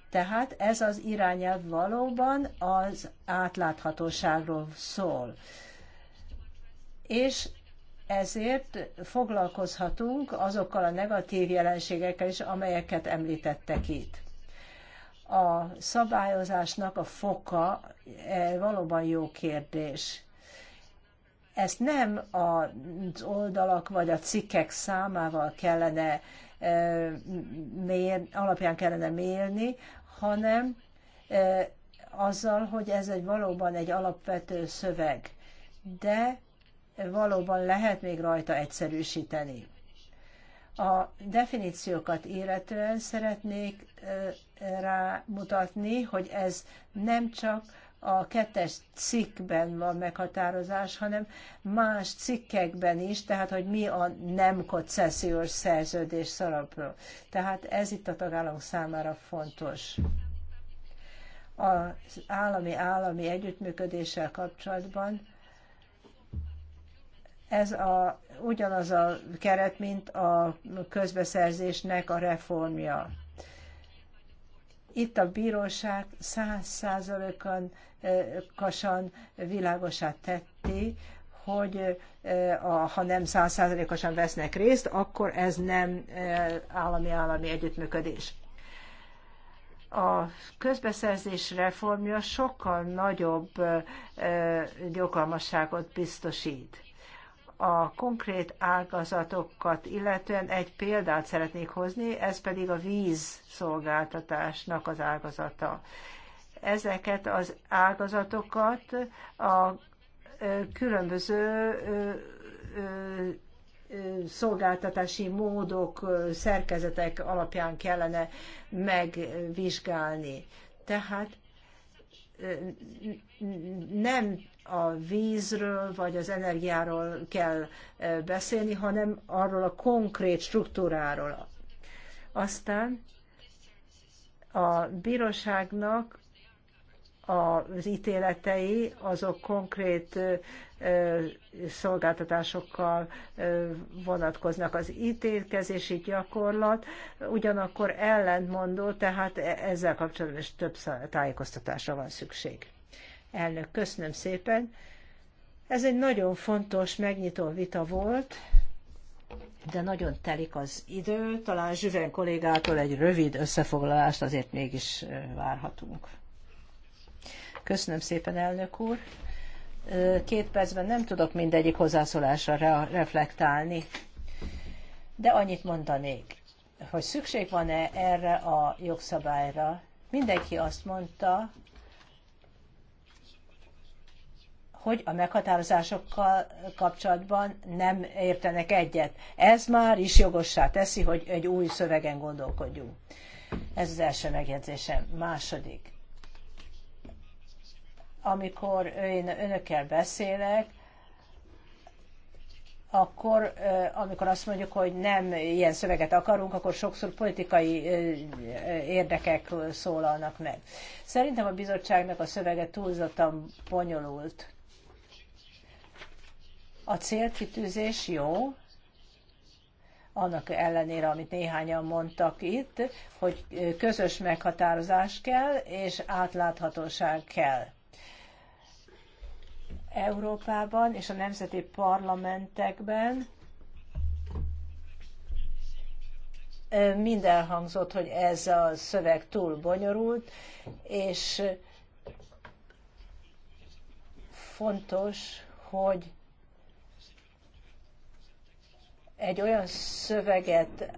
Tehát ez az irányelv valóban az átláthatóságról szól. És ezért foglalkozhatunk azokkal a negatív jelenségekkel is, amelyeket említettek itt. A szabályozásnak a foka e, valóban jó kérdés. Ezt nem az oldalak vagy a cikkek számával kellene e, mér, alapján kellene mérni, hanem e, azzal, hogy ez egy valóban egy alapvető szöveg. De valóban lehet még rajta egyszerűsíteni. A definíciókat illetően szeretnék rámutatni, hogy ez nem csak a kettes cikkben van meghatározás, hanem más cikkekben is, tehát hogy mi a nem koncesziós szerződés szarapról. Tehát ez itt a tagállamok számára fontos. Az állami-állami együttműködéssel kapcsolatban ez a, ugyanaz a keret, mint a közbeszerzésnek a reformja. Itt a bíróság száz százalékosan világosát tetti, hogy ha nem százszázalékosan vesznek részt, akkor ez nem állami-állami együttműködés. A közbeszerzés reformja sokkal nagyobb gyokalmasságot biztosít a konkrét ágazatokat illetően egy példát szeretnék hozni, ez pedig a vízszolgáltatásnak az ágazata. Ezeket az ágazatokat a különböző szolgáltatási módok, szerkezetek alapján kellene megvizsgálni. Tehát nem a vízről vagy az energiáról kell beszélni, hanem arról a konkrét struktúráról. Aztán a bíróságnak az ítéletei azok konkrét szolgáltatásokkal vonatkoznak. Az ítélkezési gyakorlat ugyanakkor ellentmondó, tehát e-, ezzel kapcsolatban is több tájékoztatásra van szükség. Elnök, köszönöm szépen. Ez egy nagyon fontos, megnyitó vita volt, de nagyon telik az idő. Talán Zsüven kollégától egy rövid összefoglalást azért mégis várhatunk. Köszönöm szépen, elnök úr. Két percben nem tudok mindegyik hozzászólásra re- reflektálni, de annyit mondanék, hogy szükség van-e erre a jogszabályra. Mindenki azt mondta, hogy a meghatározásokkal kapcsolatban nem értenek egyet. Ez már is jogossá teszi, hogy egy új szövegen gondolkodjunk. Ez az első megjegyzésem. Második. Amikor én önökkel beszélek, akkor, amikor azt mondjuk, hogy nem ilyen szöveget akarunk, akkor sokszor politikai érdekek szólalnak meg. Szerintem a bizottságnak a szövege túlzottan bonyolult. A célkitűzés jó, annak ellenére, amit néhányan mondtak itt, hogy közös meghatározás kell, és átláthatóság kell. Európában és a nemzeti parlamentekben mind elhangzott, hogy ez a szöveg túl bonyolult, és fontos, hogy egy olyan szöveget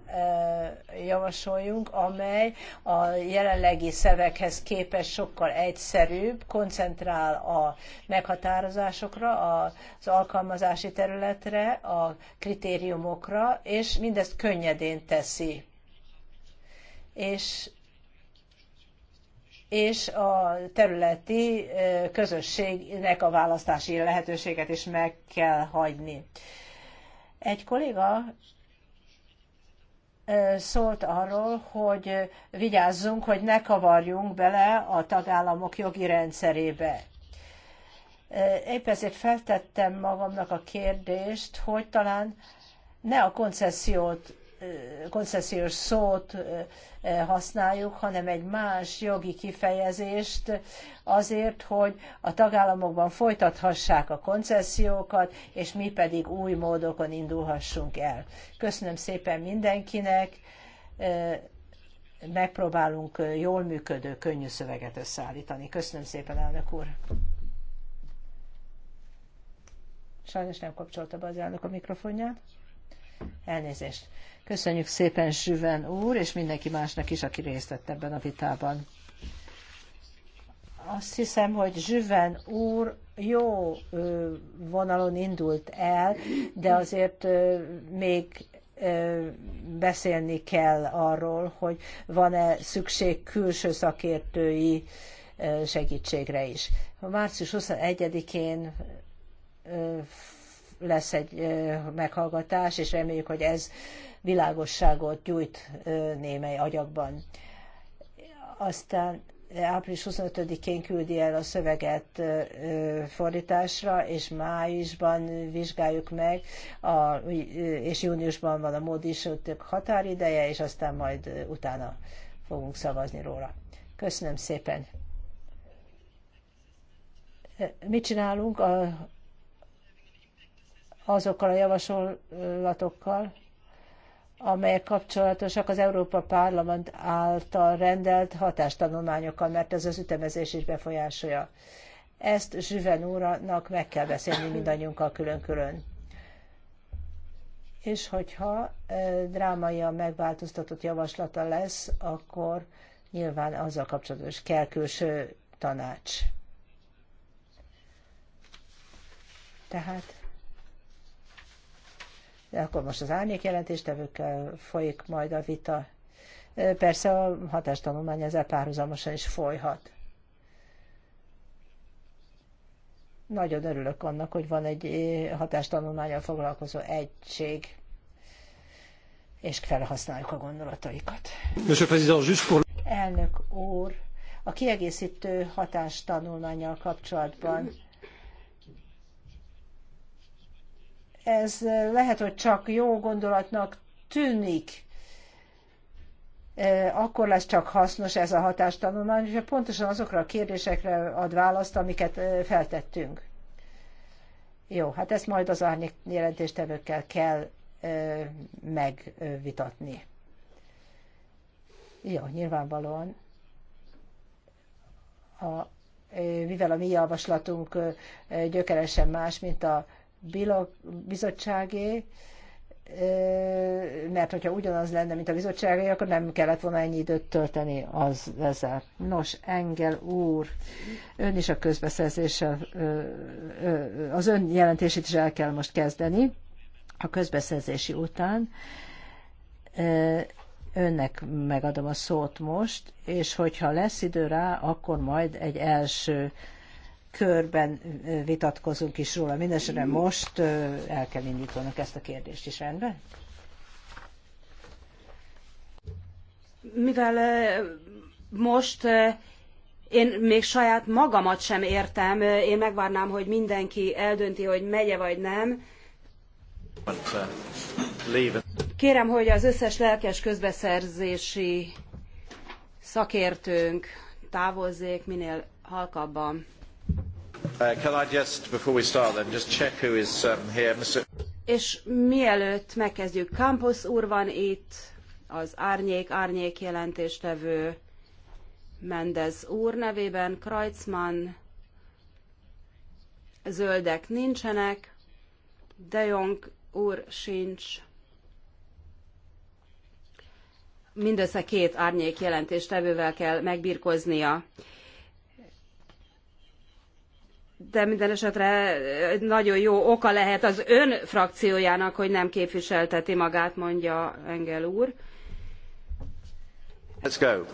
javasoljunk, amely a jelenlegi szöveghez képest sokkal egyszerűbb, koncentrál a meghatározásokra, az alkalmazási területre, a kritériumokra, és mindezt könnyedén teszi. És és a területi közösségnek a választási lehetőséget is meg kell hagyni. Egy kolléga szólt arról, hogy vigyázzunk, hogy ne kavarjunk bele a tagállamok jogi rendszerébe. Épp ezért feltettem magamnak a kérdést, hogy talán ne a koncesziót koncesziós szót használjuk, hanem egy más jogi kifejezést azért, hogy a tagállamokban folytathassák a koncesziókat, és mi pedig új módokon indulhassunk el. Köszönöm szépen mindenkinek, megpróbálunk jól működő, könnyű szöveget összeállítani. Köszönöm szépen, elnök úr! Sajnos nem kapcsolta be az elnök a mikrofonját. Elnézést. Köszönjük szépen Zsüven úr, és mindenki másnak is, aki részt vett ebben a vitában. Azt hiszem, hogy Zsüven úr jó vonalon indult el, de azért még beszélni kell arról, hogy van-e szükség külső szakértői segítségre is. Március 21-én lesz egy meghallgatás, és reméljük, hogy ez világosságot gyújt némely agyakban. Aztán április 25-én küldi el a szöveget fordításra, és májusban vizsgáljuk meg, a, és júniusban van a módisítók határideje, és aztán majd utána fogunk szavazni róla. Köszönöm szépen! Mit csinálunk a azokkal a javasolatokkal, amelyek kapcsolatosak az Európa Parlament által rendelt hatástanulmányokkal, mert ez az ütemezés is befolyásolja. Ezt Zsüven úrnak meg kell beszélni mindannyiunkkal külön-külön. És hogyha e, drámaian megváltoztatott javaslata lesz, akkor nyilván azzal kapcsolatos is kell külső tanács. Tehát akkor most az árnyék jelentéstevőkkel folyik majd a vita. Persze a hatástanulmány ezzel párhuzamosan is folyhat. Nagyon örülök annak, hogy van egy hatástanulmányal foglalkozó egység, és felhasználjuk a gondolataikat. Elnök úr, a kiegészítő hatástanulmányjal kapcsolatban Ez lehet, hogy csak jó gondolatnak tűnik, eh, akkor lesz csak hasznos ez a hatástanulmány, és pontosan azokra a kérdésekre ad választ, amiket eh, feltettünk. Jó, hát ezt majd az árnyék jelentéstevőkkel kell eh, megvitatni. Jó, nyilvánvalóan, a, mivel a mi javaslatunk gyökeresen más, mint a bizottságé, mert hogyha ugyanaz lenne, mint a bizottságé, akkor nem kellett volna ennyi időt tölteni az ezzel. Nos, Engel úr, ön is a közbeszerzéssel, az ön jelentését is el kell most kezdeni a közbeszerzési után önnek megadom a szót most, és hogyha lesz idő rá, akkor majd egy első körben vitatkozunk is róla. Mindenesetre most el kell indítanunk ezt a kérdést is, rendben? Mivel most én még saját magamat sem értem, én megvárnám, hogy mindenki eldönti, hogy megye vagy nem. Kérem, hogy az összes lelkes közbeszerzési szakértőnk távozzék minél halkabban. És mielőtt megkezdjük, Campos úr van itt, az árnyék, árnyék jelentéstevő Mendez úr nevében, Kreutzmann, zöldek nincsenek, De Jong úr sincs. Mindössze két árnyék jelentéstevővel kell megbirkoznia de minden esetre nagyon jó oka lehet az ön frakciójának, hogy nem képviselteti magát, mondja Engel úr. Let's go.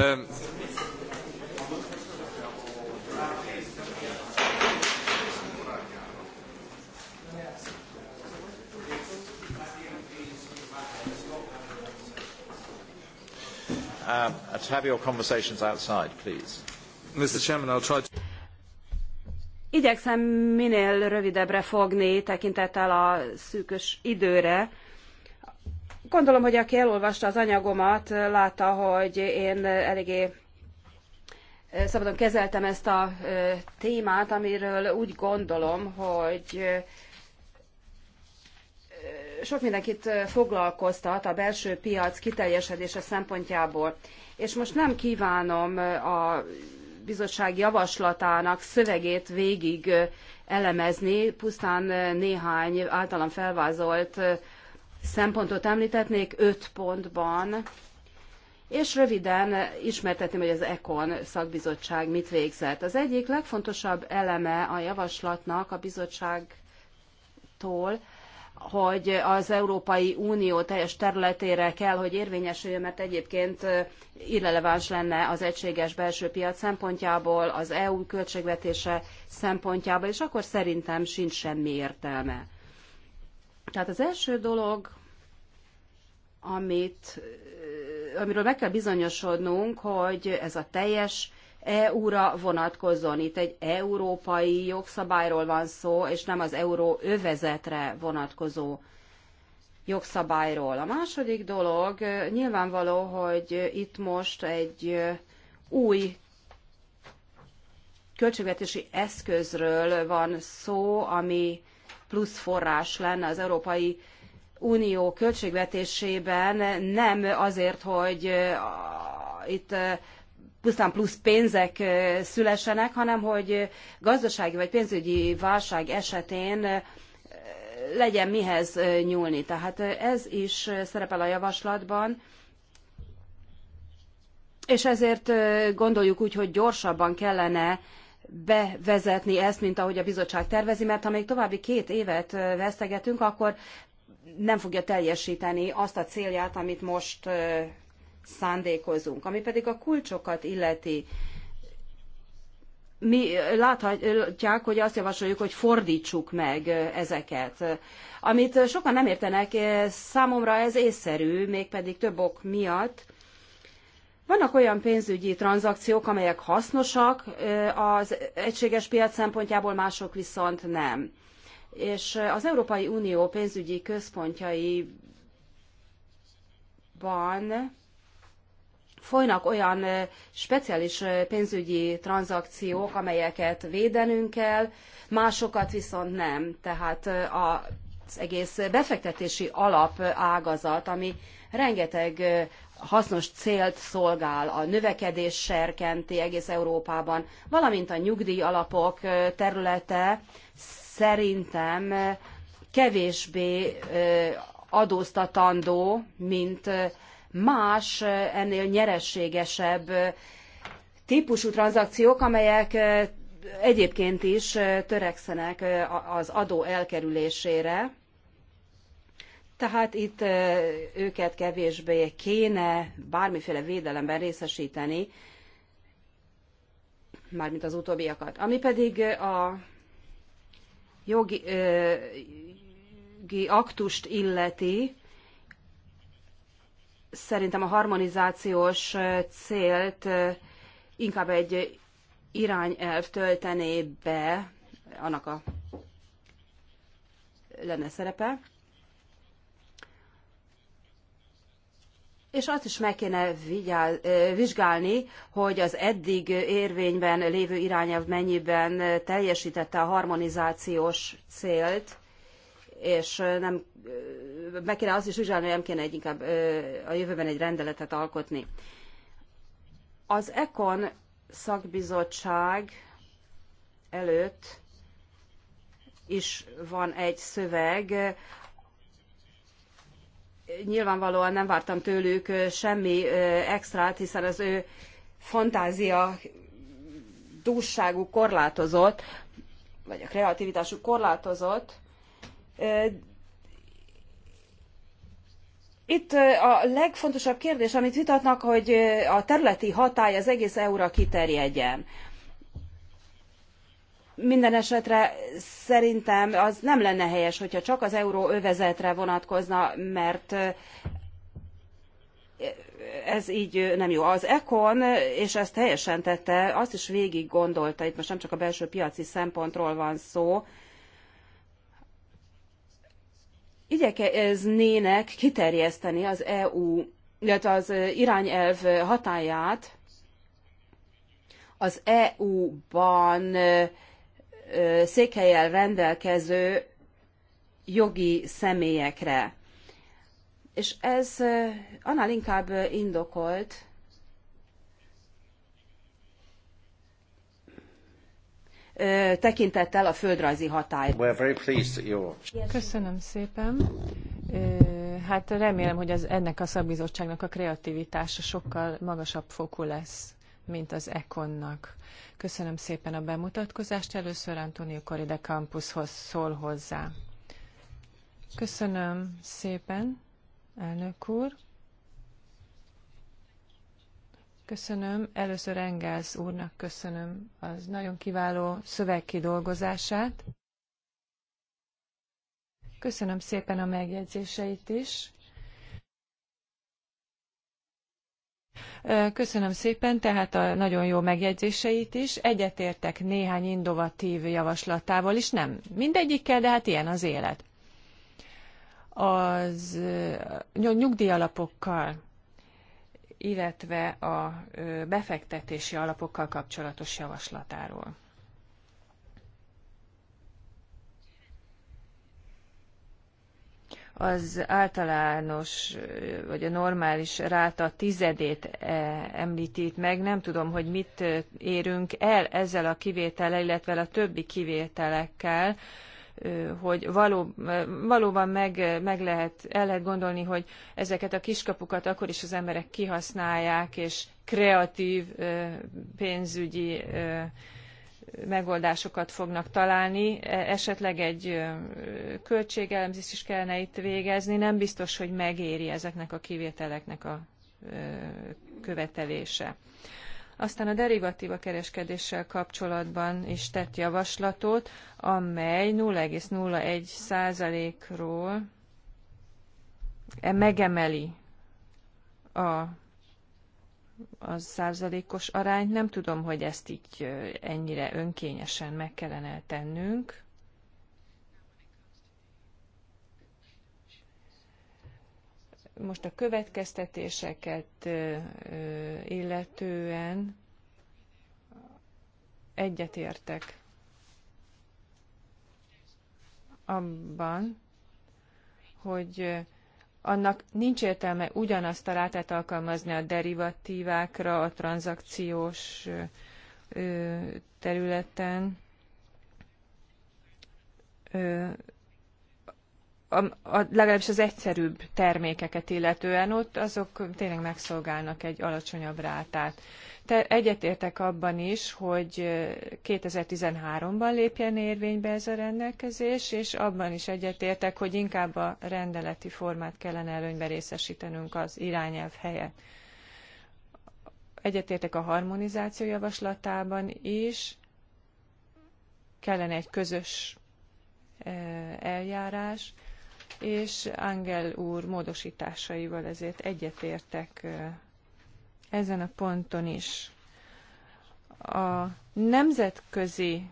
Um. um, to have your conversations outside, please. Mr. Chairman, I'll try to... Igyekszem minél rövidebbre fogni tekintettel a szűkös időre. Gondolom, hogy aki elolvasta az anyagomat, látta, hogy én eléggé szabadon kezeltem ezt a témát, amiről úgy gondolom, hogy sok mindenkit foglalkoztat a belső piac kiteljesedése szempontjából. És most nem kívánom a bizottság javaslatának szövegét végig elemezni, pusztán néhány általam felvázolt szempontot említetnék öt pontban, és röviden ismertetném, hogy az ECON szakbizottság mit végzett. Az egyik legfontosabb eleme a javaslatnak a bizottságtól hogy az Európai Unió teljes területére kell, hogy érvényesüljön, mert egyébként irreleváns lenne az egységes belső piac szempontjából, az EU költségvetése szempontjából, és akkor szerintem sincs semmi értelme. Tehát az első dolog, amit, amiről meg kell bizonyosodnunk, hogy ez a teljes EU-ra vonatkozzon. Itt egy európai jogszabályról van szó, és nem az euró övezetre vonatkozó jogszabályról. A második dolog nyilvánvaló, hogy itt most egy új költségvetési eszközről van szó, ami plusz forrás lenne az Európai Unió költségvetésében, nem azért, hogy itt pusztán plusz pénzek szülessenek, hanem hogy gazdasági vagy pénzügyi válság esetén legyen mihez nyúlni. Tehát ez is szerepel a javaslatban, és ezért gondoljuk úgy, hogy gyorsabban kellene bevezetni ezt, mint ahogy a bizottság tervezi, mert ha még további két évet vesztegetünk, akkor nem fogja teljesíteni azt a célját, amit most szándékozunk. Ami pedig a kulcsokat illeti, mi láthatják, hogy azt javasoljuk, hogy fordítsuk meg ezeket. Amit sokan nem értenek, számomra ez észszerű, mégpedig több ok miatt. Vannak olyan pénzügyi tranzakciók, amelyek hasznosak az egységes piac szempontjából, mások viszont nem. És az Európai Unió pénzügyi központjaiban folynak olyan speciális pénzügyi tranzakciók, amelyeket védenünk kell, másokat viszont nem. Tehát az egész befektetési alapágazat, ami rengeteg hasznos célt szolgál, a növekedés serkenti egész Európában, valamint a nyugdíj alapok területe szerintem kevésbé adóztatandó, mint más, ennél nyerességesebb típusú tranzakciók, amelyek egyébként is törekszenek az adó elkerülésére. Tehát itt őket kevésbé kéne bármiféle védelemben részesíteni, mármint az utóbbiakat. Ami pedig a jogi, ö, jogi aktust illeti, szerintem a harmonizációs célt inkább egy irányelv töltené be, annak a lenne szerepe. És azt is meg kéne vigyál, vizsgálni, hogy az eddig érvényben lévő irányelv mennyiben teljesítette a harmonizációs célt, és nem, meg kéne azt is vizsgálni, hogy nem kéne egy inkább a jövőben egy rendeletet alkotni. Az ECON szakbizottság előtt is van egy szöveg. Nyilvánvalóan nem vártam tőlük semmi extrát, hiszen az ő fantázia dússáguk korlátozott, vagy a kreativitásuk korlátozott, itt a legfontosabb kérdés, amit vitatnak, hogy a területi hatály az egész EU-ra kiterjedjen. Minden esetre szerintem az nem lenne helyes, hogyha csak az euróövezetre vonatkozna, mert ez így nem jó. Az Econ, és ezt teljesen tette, azt is végig gondolta, itt most nem csak a belső piaci szempontról van szó, igyekeznének kiterjeszteni az EU, illetve az irányelv hatáját az EU-ban székhelyel rendelkező jogi személyekre. És ez annál inkább indokolt, tekintettel a földrajzi hatályra. Köszönöm szépen. Hát remélem, hogy az, ennek a szakbizottságnak a kreativitása sokkal magasabb fokú lesz, mint az Ekonnak. Köszönöm szépen a bemutatkozást. Először Antonio Corrida Campushoz szól hozzá. Köszönöm szépen, elnök úr. Köszönöm. Először Engels úrnak köszönöm az nagyon kiváló szövegkidolgozását. Köszönöm szépen a megjegyzéseit is. Köszönöm szépen, tehát a nagyon jó megjegyzéseit is. Egyetértek néhány innovatív javaslatával is, nem mindegyikkel, de hát ilyen az élet. Az nyugdíjalapokkal illetve a befektetési alapokkal kapcsolatos javaslatáról. az általános, vagy a normális ráta tizedét e, említít meg. Nem tudom, hogy mit érünk el ezzel a kivétellel, illetve a többi kivételekkel hogy való, valóban meg, meg lehet, el lehet gondolni, hogy ezeket a kiskapukat akkor is az emberek kihasználják, és kreatív pénzügyi megoldásokat fognak találni. E, esetleg egy költségelemzést is kellene itt végezni. Nem biztos, hogy megéri ezeknek a kivételeknek a követelése. Aztán a derivatíva kereskedéssel kapcsolatban is tett javaslatot, amely 0,01%-ról megemeli a a százalékos arányt. Nem tudom, hogy ezt így ennyire önkényesen meg kellene tennünk. Most a következtetéseket illetően egyetértek abban, hogy annak nincs értelme ugyanazt a rátát alkalmazni a derivatívákra, a tranzakciós területen, a, a, legalábbis az egyszerűbb termékeket illetően ott azok tényleg megszolgálnak egy alacsonyabb rátát. Te egyetértek abban is, hogy 2013-ban lépjen érvénybe ez a rendelkezés, és abban is egyetértek, hogy inkább a rendeleti formát kellene előnybe részesítenünk az irányelv helyett. Egyetértek a harmonizáció javaslatában is, kellene egy közös eh, eljárás, és Angel úr módosításaival ezért egyetértek ezen a ponton is. A nemzetközi,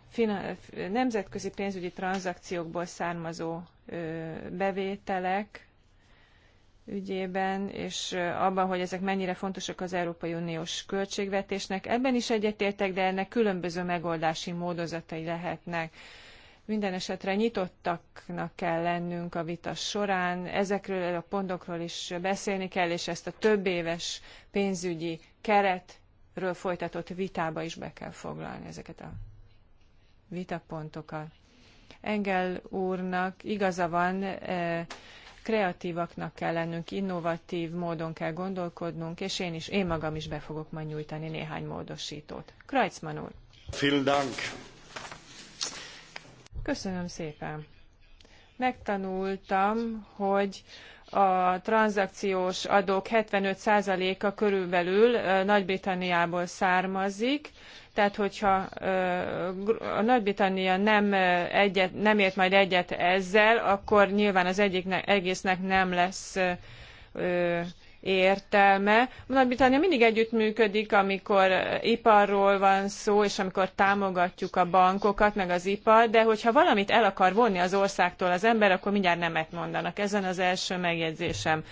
nemzetközi pénzügyi tranzakciókból származó bevételek ügyében, és abban, hogy ezek mennyire fontosak az Európai Uniós költségvetésnek. Ebben is egyetértek, de ennek különböző megoldási módozatai lehetnek minden esetre nyitottaknak kell lennünk a vita során, ezekről a pontokról is beszélni kell, és ezt a több éves pénzügyi keretről folytatott vitába is be kell foglalni ezeket a vitapontokat. Engel úrnak igaza van, e, kreatívaknak kell lennünk, innovatív módon kell gondolkodnunk, és én is, én magam is be fogok majd nyújtani néhány módosítót. Krajcman úr! Vielen Dank! Köszönöm szépen. Megtanultam, hogy a tranzakciós adók 75%-a körülbelül Nagy-Britanniából származik, tehát hogyha a Nagy-Britannia nem, egyet, nem ért majd egyet ezzel, akkor nyilván az egyik egésznek nem lesz értelme. Nagy-Britannia mindig együttműködik, amikor eh, iparról van szó, és amikor támogatjuk a bankokat, meg az ipar, de hogyha valamit el akar vonni az országtól az ember, akkor mindjárt nemet mondanak. Ezen az első megjegyzésem.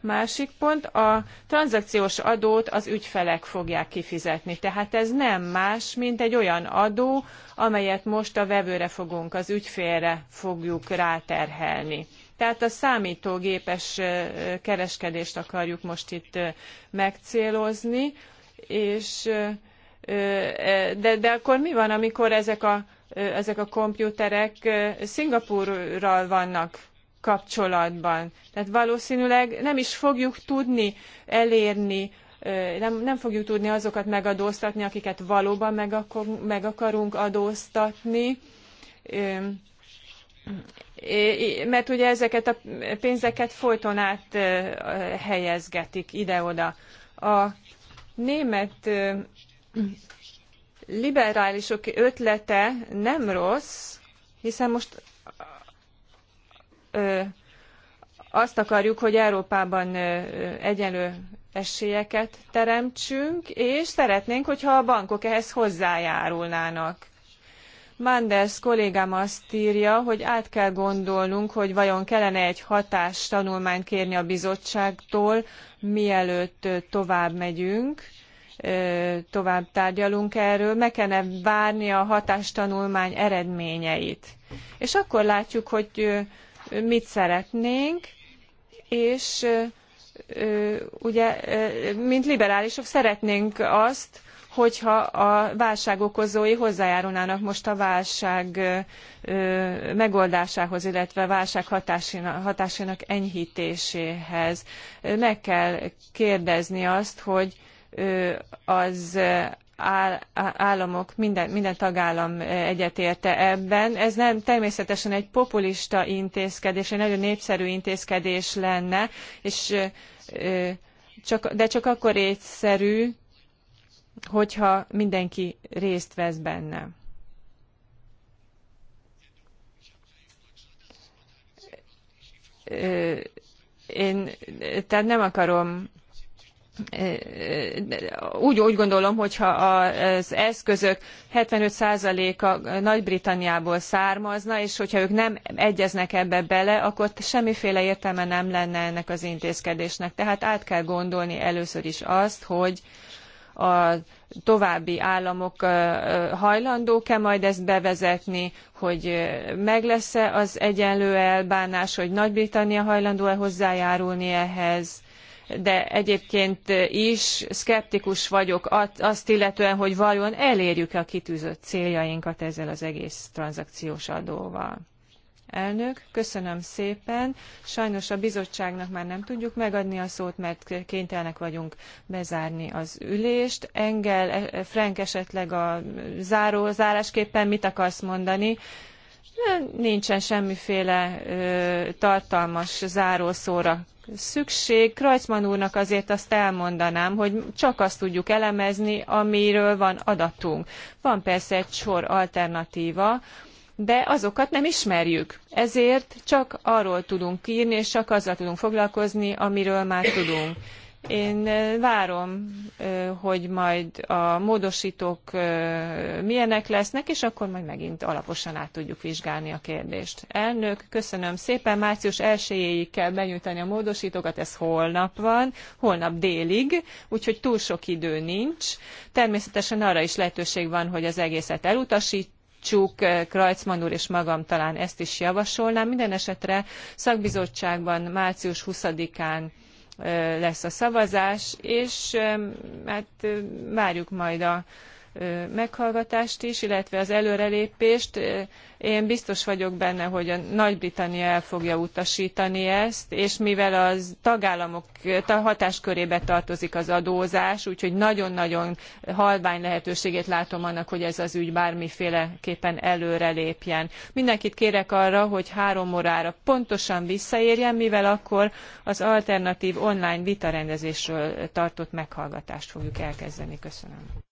Másik pont, a tranzakciós adót az ügyfelek fogják kifizetni. Tehát ez nem más, mint egy olyan adó, amelyet most a vevőre fogunk, az ügyfélre fogjuk ráterhelni tehát a számítógépes kereskedést akarjuk most itt megcélozni, és e, de, de akkor mi van, amikor ezek a, ezek a komputerek Szingapúrral vannak kapcsolatban? Tehát valószínűleg nem is fogjuk tudni elérni nem, nem fogjuk tudni azokat megadóztatni, akiket valóban meg, akar, meg akarunk adóztatni mert ugye ezeket a pénzeket folyton át helyezgetik ide-oda. A német liberálisok ötlete nem rossz, hiszen most azt akarjuk, hogy Európában egyenlő esélyeket teremtsünk, és szeretnénk, hogyha a bankok ehhez hozzájárulnának. Manders kollégám azt írja, hogy át kell gondolnunk, hogy vajon kellene egy hatástanulmányt kérni a bizottságtól, mielőtt tovább megyünk tovább tárgyalunk erről, meg kellene várni a hatástanulmány eredményeit. És akkor látjuk, hogy mit szeretnénk, és ugye, mint liberálisok szeretnénk azt, hogyha a válság okozói hozzájárulnának most a válság megoldásához, illetve a válság hatásának, enyhítéséhez. Meg kell kérdezni azt, hogy az államok, minden, minden tagállam egyetérte ebben. Ez nem természetesen egy populista intézkedés, egy nagyon népszerű intézkedés lenne, és, csak, de csak akkor észszerű, hogyha mindenki részt vesz benne. Én tehát nem akarom úgy, úgy gondolom, hogyha az eszközök 75%-a Nagy-Britanniából származna, és hogyha ők nem egyeznek ebbe bele, akkor semmiféle értelme nem lenne ennek az intézkedésnek. Tehát át kell gondolni először is azt, hogy a további államok hajlandók-e majd ezt bevezetni, hogy meg lesz-e az egyenlő elbánás, hogy Nagy-Britannia hajlandó-e hozzájárulni ehhez de egyébként is szkeptikus vagyok azt illetően, hogy vajon elérjük-e a kitűzött céljainkat ezzel az egész tranzakciós adóval. Elnök, köszönöm szépen. Sajnos a bizottságnak már nem tudjuk megadni a szót, mert kénytelenek vagyunk bezárni az ülést. Engel, e, e, Frank esetleg a záró, zárásképpen mit akarsz mondani? E, nincsen semmiféle ö, tartalmas zárószóra szükség. Krajcman úrnak azért azt elmondanám, hogy csak azt tudjuk elemezni, amiről van adatunk. Van persze egy sor alternatíva, de azokat nem ismerjük. Ezért csak arról tudunk írni, és csak azzal tudunk foglalkozni, amiről már tudunk. Én várom, hogy majd a módosítók milyenek lesznek, és akkor majd megint alaposan át tudjuk vizsgálni a kérdést. Elnök, köszönöm szépen. Március 1 ig kell benyújtani a módosítókat, ez holnap van, holnap délig, úgyhogy túl sok idő nincs. Természetesen arra is lehetőség van, hogy az egészet elutasít, Csúk, eh, Krajcman úr és magam talán ezt is javasolnám. Minden esetre szakbizottságban március 20-án eh, lesz a szavazás, és eh, hát várjuk majd a meghallgatást is, illetve az előrelépést. Én biztos vagyok benne, hogy a Nagy-Britannia el fogja utasítani ezt, és mivel az tagállamok hatáskörébe tartozik az adózás, úgyhogy nagyon-nagyon halvány lehetőségét látom annak, hogy ez az ügy bármiféleképpen előrelépjen. Mindenkit kérek arra, hogy három órára pontosan visszaérjen, mivel akkor az alternatív online vitarendezésről tartott meghallgatást fogjuk elkezdeni. Köszönöm.